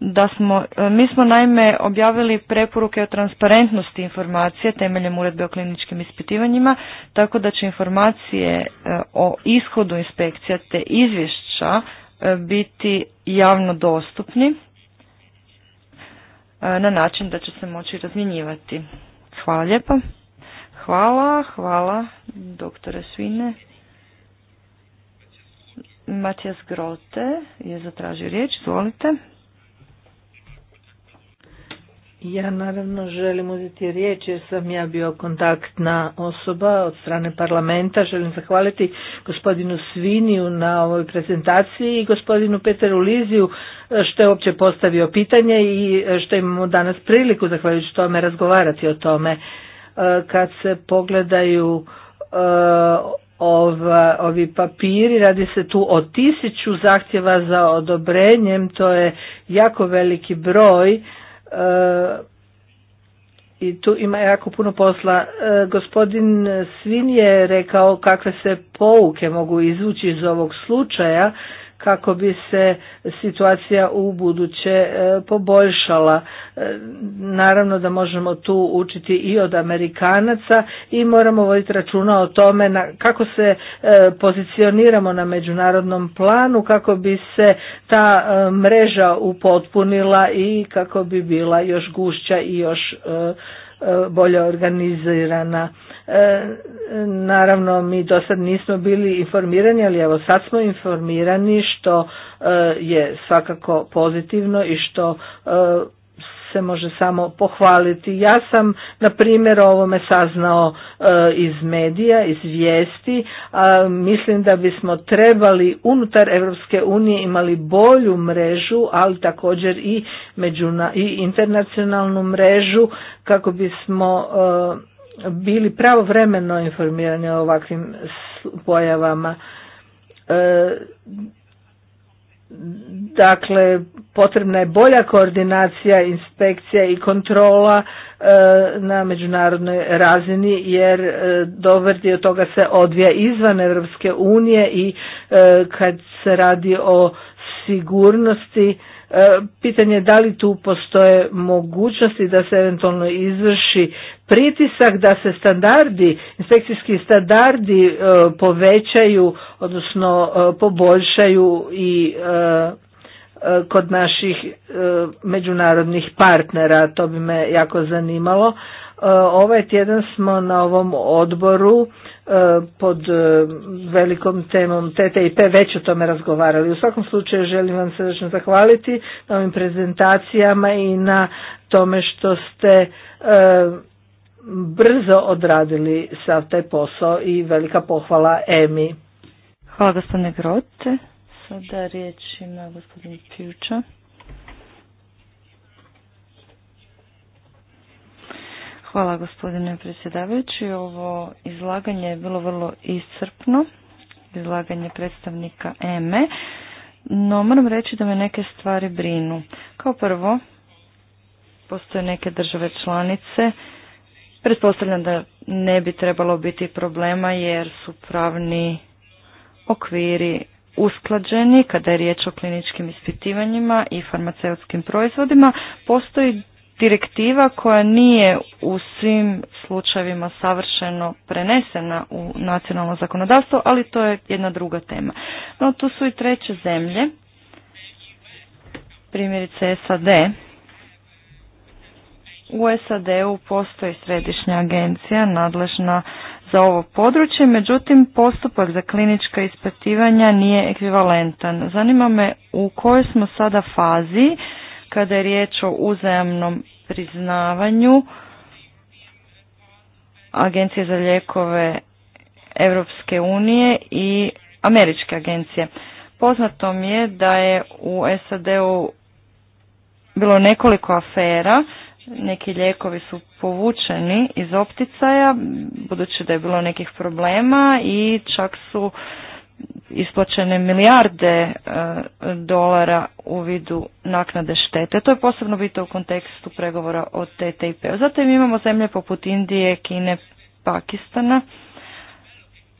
da smo, e, mi smo naime objavili preporuke o transparentnosti informacije temeljem uredbe o kliničkim ispitivanjima, tako da će informacije e, o ishodu inspekcija te izvješća e, biti javno dostupni na način da će se moći razmjenjivati. Hvala lijepa. Hvala, hvala doktore Svine. Matijas Grote je zatražio riječ, izvolite. Ja naravno želim uzeti riječ jer sam ja bio kontaktna osoba od strane parlamenta. Želim zahvaliti gospodinu Sviniju na ovoj prezentaciji i gospodinu Peteru Liziju što je uopće postavio pitanje i što imamo danas priliku zahvaljujući tome razgovarati o tome. E, kad se pogledaju e, ova, ovi papiri, radi se tu o tisuću zahtjeva za odobrenjem, to je jako veliki broj e, i tu ima jako puno posla. E, gospodin Svin je rekao kakve se pouke mogu izvući iz ovog slučaja kako bi se situacija u buduće e, poboljšala. E, naravno da možemo tu učiti i od Amerikanaca i moramo voditi računa o tome na, kako se e, pozicioniramo na međunarodnom planu, kako bi se ta mreža upotpunila i kako bi bila još gušća i još bolje organizirana. E, naravno, mi do sad nismo bili informirani, ali evo sad smo informirani što e, je svakako pozitivno i što e, se može samo pohvaliti. Ja sam, na primjer, o ovome saznao iz medija, iz vijesti. mislim da bismo trebali unutar Europske unije imali bolju mrežu, ali također i, međuna, i internacionalnu mrežu kako bismo bili pravovremeno informirani o ovakvim pojavama. E, dakle, potrebna je bolja koordinacija, inspekcija i kontrola e, na međunarodnoj razini jer dovrdi e, dobar toga se odvija izvan Europske unije i kad se radi o sigurnosti pitanje je da li tu postoje mogućnosti da se eventualno izvrši pritisak da se standardi, inspekcijski standardi e, povećaju, odnosno e, poboljšaju i e, kod naših međunarodnih partnera, to bi me jako zanimalo. Ovaj tjedan smo na ovom odboru pod velikom temom TTIP već o tome razgovarali. U svakom slučaju želim vam srdečno zahvaliti na ovim prezentacijama i na tome što ste brzo odradili sav taj posao i velika pohvala EMI. Hvala gospodine Grote. Sada riječ ima gospodin Pjuča. Hvala gospodine predsjedavajući. Ovo izlaganje je bilo vrlo iscrpno, izlaganje predstavnika EME, no moram reći da me neke stvari brinu. Kao prvo, postoje neke države članice Pretpostavljam da ne bi trebalo biti problema jer su pravni okviri usklađeni kada je riječ o kliničkim ispitivanjima i farmaceutskim proizvodima. Postoji direktiva koja nije u svim slučajevima savršeno prenesena u nacionalno zakonodavstvo, ali to je jedna druga tema. No tu su i treće zemlje, primjerice SAD, u SAD-u postoji središnja agencija nadležna za ovo područje, međutim postupak za klinička ispitivanja nije ekvivalentan. Zanima me u kojoj smo sada fazi kada je riječ o uzajamnom priznavanju Agencije za lijekove Europske unije i Američke agencije. Poznato mi je da je u SAD-u bilo nekoliko afera neki lijekovi su povučeni iz opticaja, budući da je bilo nekih problema i čak su isplaćene milijarde e, dolara u vidu naknade štete. To je posebno bito u kontekstu pregovora o TTIP-u. Zatim imamo zemlje poput Indije, Kine, Pakistana.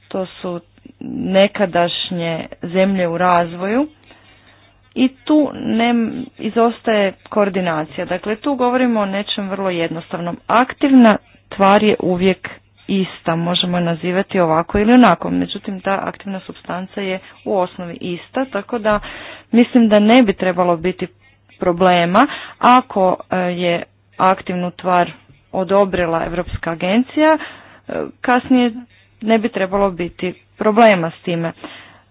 To su nekadašnje zemlje u razvoju i tu ne izostaje koordinacija. Dakle, tu govorimo o nečem vrlo jednostavnom. Aktivna tvar je uvijek ista, možemo nazivati ovako ili onako, međutim ta aktivna substanca je u osnovi ista, tako da mislim da ne bi trebalo biti problema ako e, je aktivnu tvar odobrila Europska agencija, e, kasnije ne bi trebalo biti problema s time.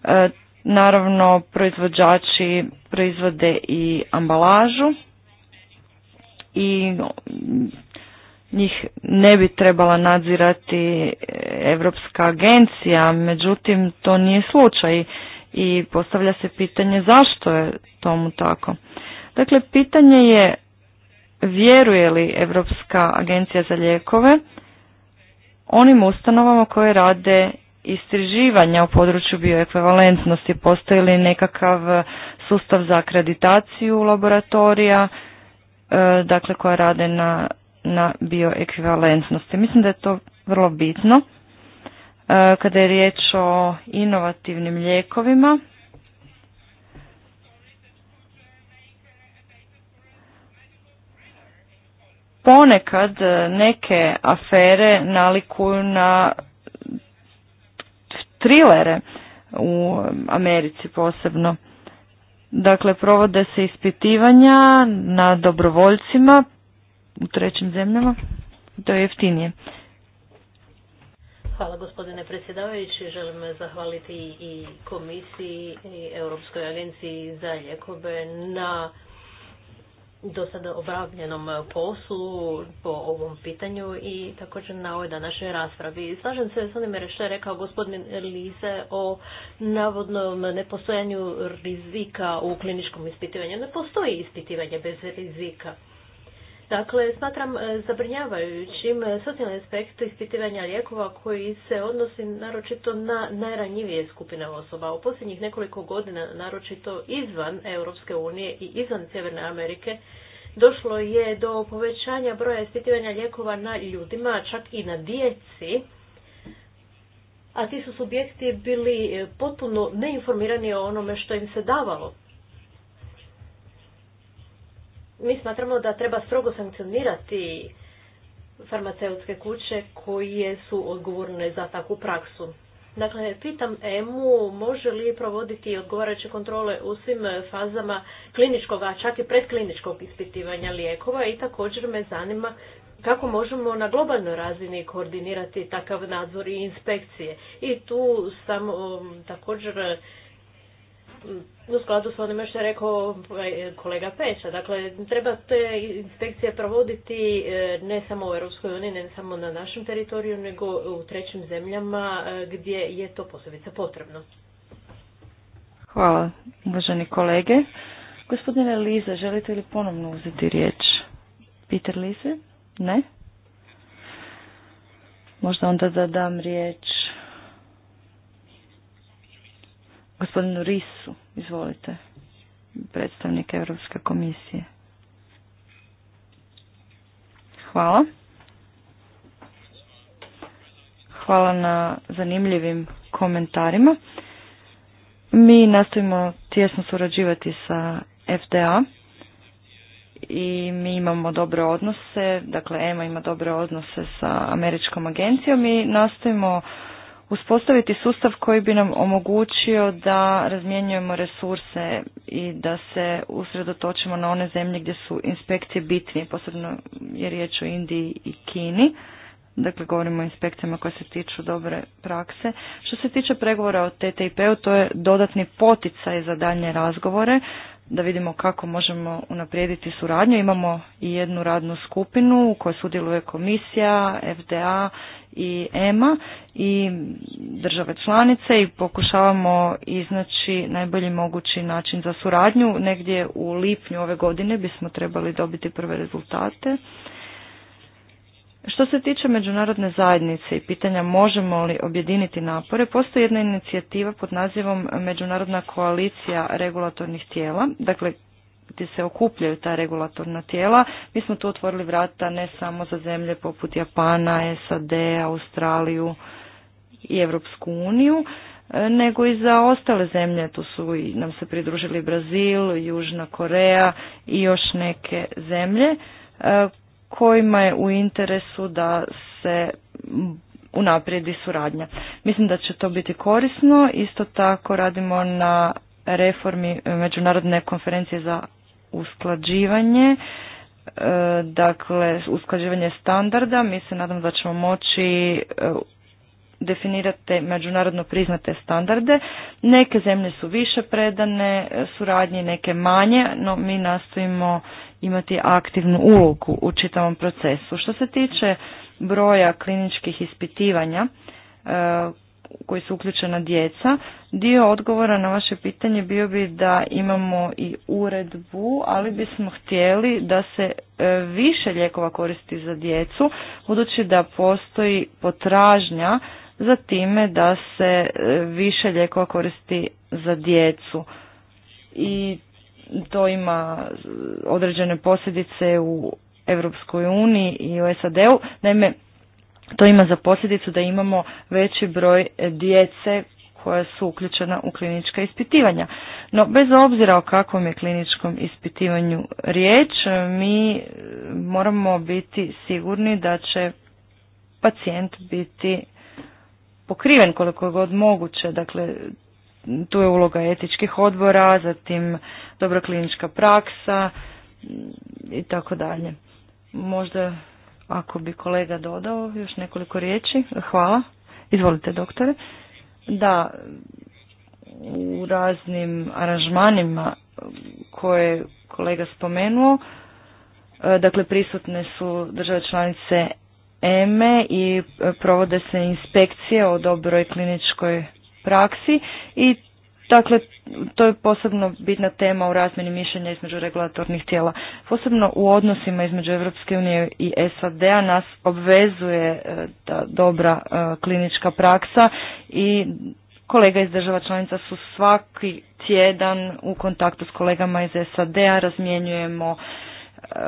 E, Naravno, proizvođači proizvode i ambalažu i mm, njih ne bi trebala nadzirati Europska agencija, međutim to nije slučaj i postavlja se pitanje zašto je tomu tako. Dakle, pitanje je vjeruje li Europska agencija za lijekove onim ustanovama koje rade istraživanja u području bioekvivalentnosti? Postoji li nekakav sustav za akreditaciju laboratorija e, dakle koja rade na, na bioekvivalentnosti? Mislim da je to vrlo bitno. E, kada je riječ o inovativnim lijekovima, ponekad neke afere nalikuju na trilere u Americi posebno. Dakle, provode se ispitivanja na dobrovoljcima u trećim zemljama. To je jeftinije. Hvala gospodine predsjedavajući. Želim zahvaliti i komisiji i Europskoj agenciji za ljekove na do sada obravljenom poslu po ovom pitanju i također na ovoj današnjoj raspravi. Slažem se s onime što je rekao gospodin Lize o navodnom nepostojanju rizika u kliničkom ispitivanju. Ne postoji ispitivanje bez rizika. Dakle, smatram e, zabrinjavajućim e, socijalni aspekt ispitivanja lijekova koji se odnosi naročito na najranjivije skupine osoba. U posljednjih nekoliko godina, naročito izvan Europske unije i izvan Sjeverne Amerike, došlo je do povećanja broja ispitivanja lijekova na ljudima, čak i na djeci, a ti su subjekti bili e, potpuno neinformirani o onome što im se davalo mi smatramo da treba strogo sankcionirati farmaceutske kuće koje su odgovorne za takvu praksu. Dakle, pitam EMU može li provoditi odgovarajuće kontrole u svim fazama kliničkog, a čak i predkliničkog ispitivanja lijekova i također me zanima kako možemo na globalnoj razini koordinirati takav nadzor i inspekcije. I tu sam um, također u skladu s onime što je rekao e, kolega Peša. Dakle, treba te inspekcije provoditi e, ne samo u Europskoj uniji, ne samo na našem teritoriju, nego u trećim zemljama e, gdje je to posebice potrebno. Hvala, uvaženi kolege. Gospodine Liza, želite li ponovno uzeti riječ? Peter Lize? Ne? Možda onda da dam riječ gospodinu Risu. Izvolite, predstavnik Europske komisije. Hvala. Hvala na zanimljivim komentarima. Mi nastojimo tjesno surađivati sa FDA i mi imamo dobre odnose, dakle EMA ima dobre odnose sa američkom agencijom i nastojimo uspostaviti sustav koji bi nam omogućio da razmjenjujemo resurse i da se usredotočimo na one zemlje gdje su inspekcije bitnije, posebno je riječ o Indiji i Kini. Dakle, govorimo o inspekcijama koje se tiču dobre prakse. Što se tiče pregovora o TTIP-u, to je dodatni poticaj za daljnje razgovore da vidimo kako možemo unaprijediti suradnju. Imamo i jednu radnu skupinu u kojoj sudjeluje komisija, FDA i EMA i države članice i pokušavamo iznaći najbolji mogući način za suradnju. Negdje u lipnju ove godine bismo trebali dobiti prve rezultate. Što se tiče međunarodne zajednice i pitanja možemo li objediniti napore, postoji jedna inicijativa pod nazivom Međunarodna koalicija regulatornih tijela, dakle gdje se okupljaju ta regulatorna tijela. Mi smo tu otvorili vrata ne samo za zemlje poput Japana, SAD, Australiju i Europsku uniju, nego i za ostale zemlje. Tu su nam se pridružili Brazil, Južna Koreja i još neke zemlje kojima je u interesu da se unaprijedi suradnja. Mislim da će to biti korisno. Isto tako radimo na reformi Međunarodne konferencije za usklađivanje, e, dakle usklađivanje standarda. Mi se nadam da ćemo moći e, definirate međunarodno priznate standarde. Neke zemlje su više predane suradnji, neke manje, no mi nastojimo imati aktivnu ulogu u čitavom procesu. Što se tiče broja kliničkih ispitivanja e, koji su uključena djeca, dio odgovora na vaše pitanje bio bi da imamo i uredbu, ali bismo htjeli da se e, više lijekova koristi za djecu, budući da postoji potražnja za time da se e, više lijekova koristi za djecu. I to ima određene posljedice u Europskoj uniji i u SAD-u. Naime, to ima za posljedicu da imamo veći broj djece koja su uključena u klinička ispitivanja. No, bez obzira o kakvom je kliničkom ispitivanju riječ, mi moramo biti sigurni da će pacijent biti pokriven koliko je god moguće. Dakle, tu je uloga etičkih odbora, zatim dobra klinička praksa i tako dalje. Možda ako bi kolega dodao još nekoliko riječi. Hvala. Izvolite doktore. Da, u raznim aranžmanima koje je kolega spomenuo, e, dakle prisutne su države članice EME e i provode se inspekcije o dobroj kliničkoj praksi i Dakle, to je posebno bitna tema u razmjeni mišljenja između regulatornih tijela. Posebno u odnosima između Europske unije i SAD-a nas obvezuje ta e, dobra e, klinička praksa i kolega iz država članica su svaki tjedan u kontaktu s kolegama iz SAD-a, razmjenjujemo e,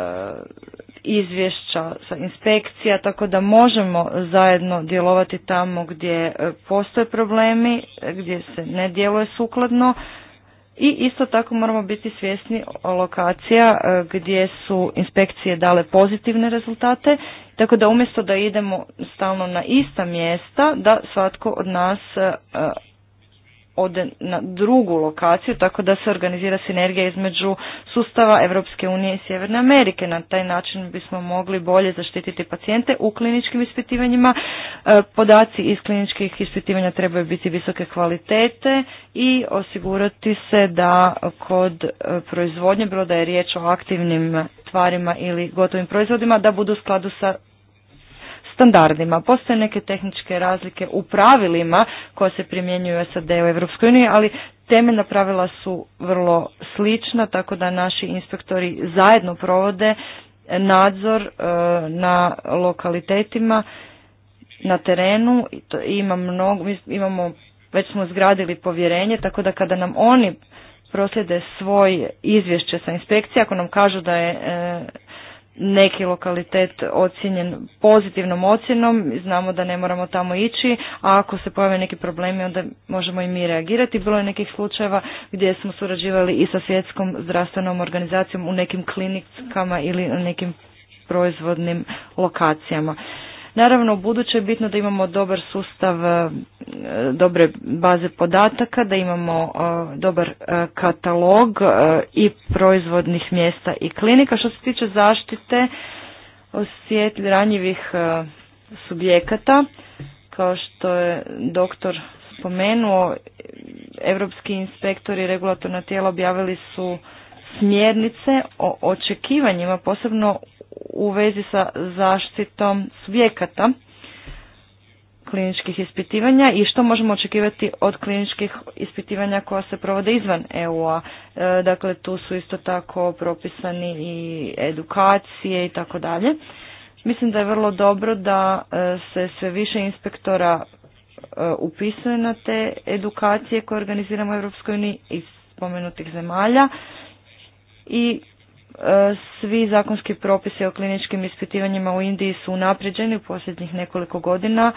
izvješća sa inspekcija, tako da možemo zajedno djelovati tamo gdje e, postoje problemi, gdje se ne djeluje sukladno i isto tako moramo biti svjesni lokacija e, gdje su inspekcije dale pozitivne rezultate, tako da umjesto da idemo stalno na ista mjesta, da svatko od nas e, ode na drugu lokaciju, tako da se organizira sinergija između sustava Europske unije i Sjeverne Amerike. Na taj način bismo mogli bolje zaštititi pacijente u kliničkim ispitivanjima. E, podaci iz kliničkih ispitivanja trebaju biti visoke kvalitete i osigurati se da kod e, proizvodnje, bilo da je riječ o aktivnim tvarima ili gotovim proizvodima, da budu u skladu sa standardima. Postoje neke tehničke razlike u pravilima koja se primjenjuju u SAD u EU, ali temeljna pravila su vrlo slična, tako da naši inspektori zajedno provode nadzor e, na lokalitetima, na terenu. Ima mnogo, imamo, već smo zgradili povjerenje, tako da kada nam oni proslijede svoj izvješće sa inspekcije, ako nam kažu da je e, neki lokalitet ocjenjen pozitivnom ocjenom, znamo da ne moramo tamo ići, a ako se pojave neki problemi onda možemo i mi reagirati. Bilo je nekih slučajeva gdje smo surađivali i sa svjetskom zdravstvenom organizacijom u nekim klinikama ili u nekim proizvodnim lokacijama. Naravno, u buduće je bitno da imamo dobar sustav, e, dobre baze podataka, da imamo e, dobar e, katalog i proizvodnih mjesta i klinika. Što se tiče zaštite osjetljivih ranjivih subjekata, kao što je doktor spomenuo, evropski inspektori i regulatorna tijela objavili su smjernice o očekivanjima, posebno u vezi sa zaštitom svijekata kliničkih ispitivanja i što možemo očekivati od kliničkih ispitivanja koja se provode izvan EU-a. E, dakle, tu su isto tako propisani i edukacije i tako dalje. Mislim da je vrlo dobro da e, se sve više inspektora e, upisuje na te edukacije koje organiziramo u EU iz spomenutih zemalja i svi zakonski propisi o kliničkim ispitivanjima u Indiji su unapređeni u posljednjih nekoliko godina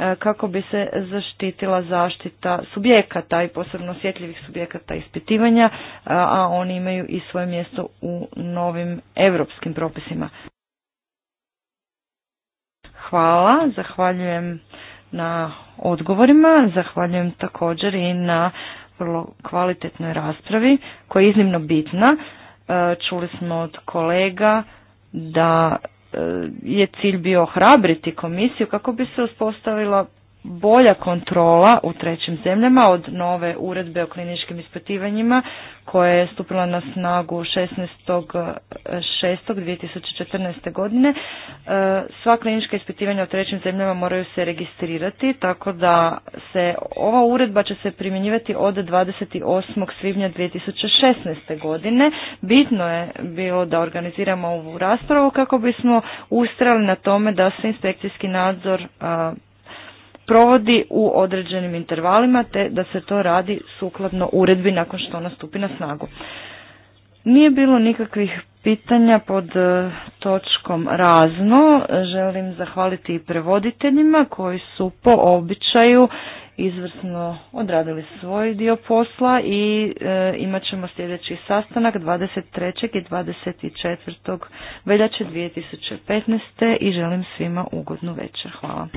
e, kako bi se zaštitila zaštita subjekata i posebno osjetljivih subjekata ispitivanja, e, a oni imaju i svoje mjesto u novim europskim propisima. Hvala, zahvaljujem na odgovorima, zahvaljujem također i na vrlo kvalitetnoj raspravi koja je iznimno bitna. E, čuli smo od kolega da e, je cilj bio ohrabriti komisiju kako bi se uspostavila bolja kontrola u trećim zemljama od nove uredbe o kliničkim ispitivanjima koja je stupila na snagu 16.6.2014. godine. E, sva klinička ispitivanja u trećim zemljama moraju se registrirati, tako da se ova uredba će se primjenjivati od 28. svibnja 2016. godine. Bitno je bilo da organiziramo ovu raspravu kako bismo ustrali na tome da se inspekcijski nadzor provodi u određenim intervalima te da se to radi sukladno uredbi nakon što ona stupi na snagu. Nije bilo nikakvih pitanja pod e, točkom razno. Želim zahvaliti i prevoditeljima koji su po običaju izvrsno odradili svoj dio posla i e, imat ćemo sljedeći sastanak 23. i 24. veljače 2015. i želim svima ugodnu večer. Hvala.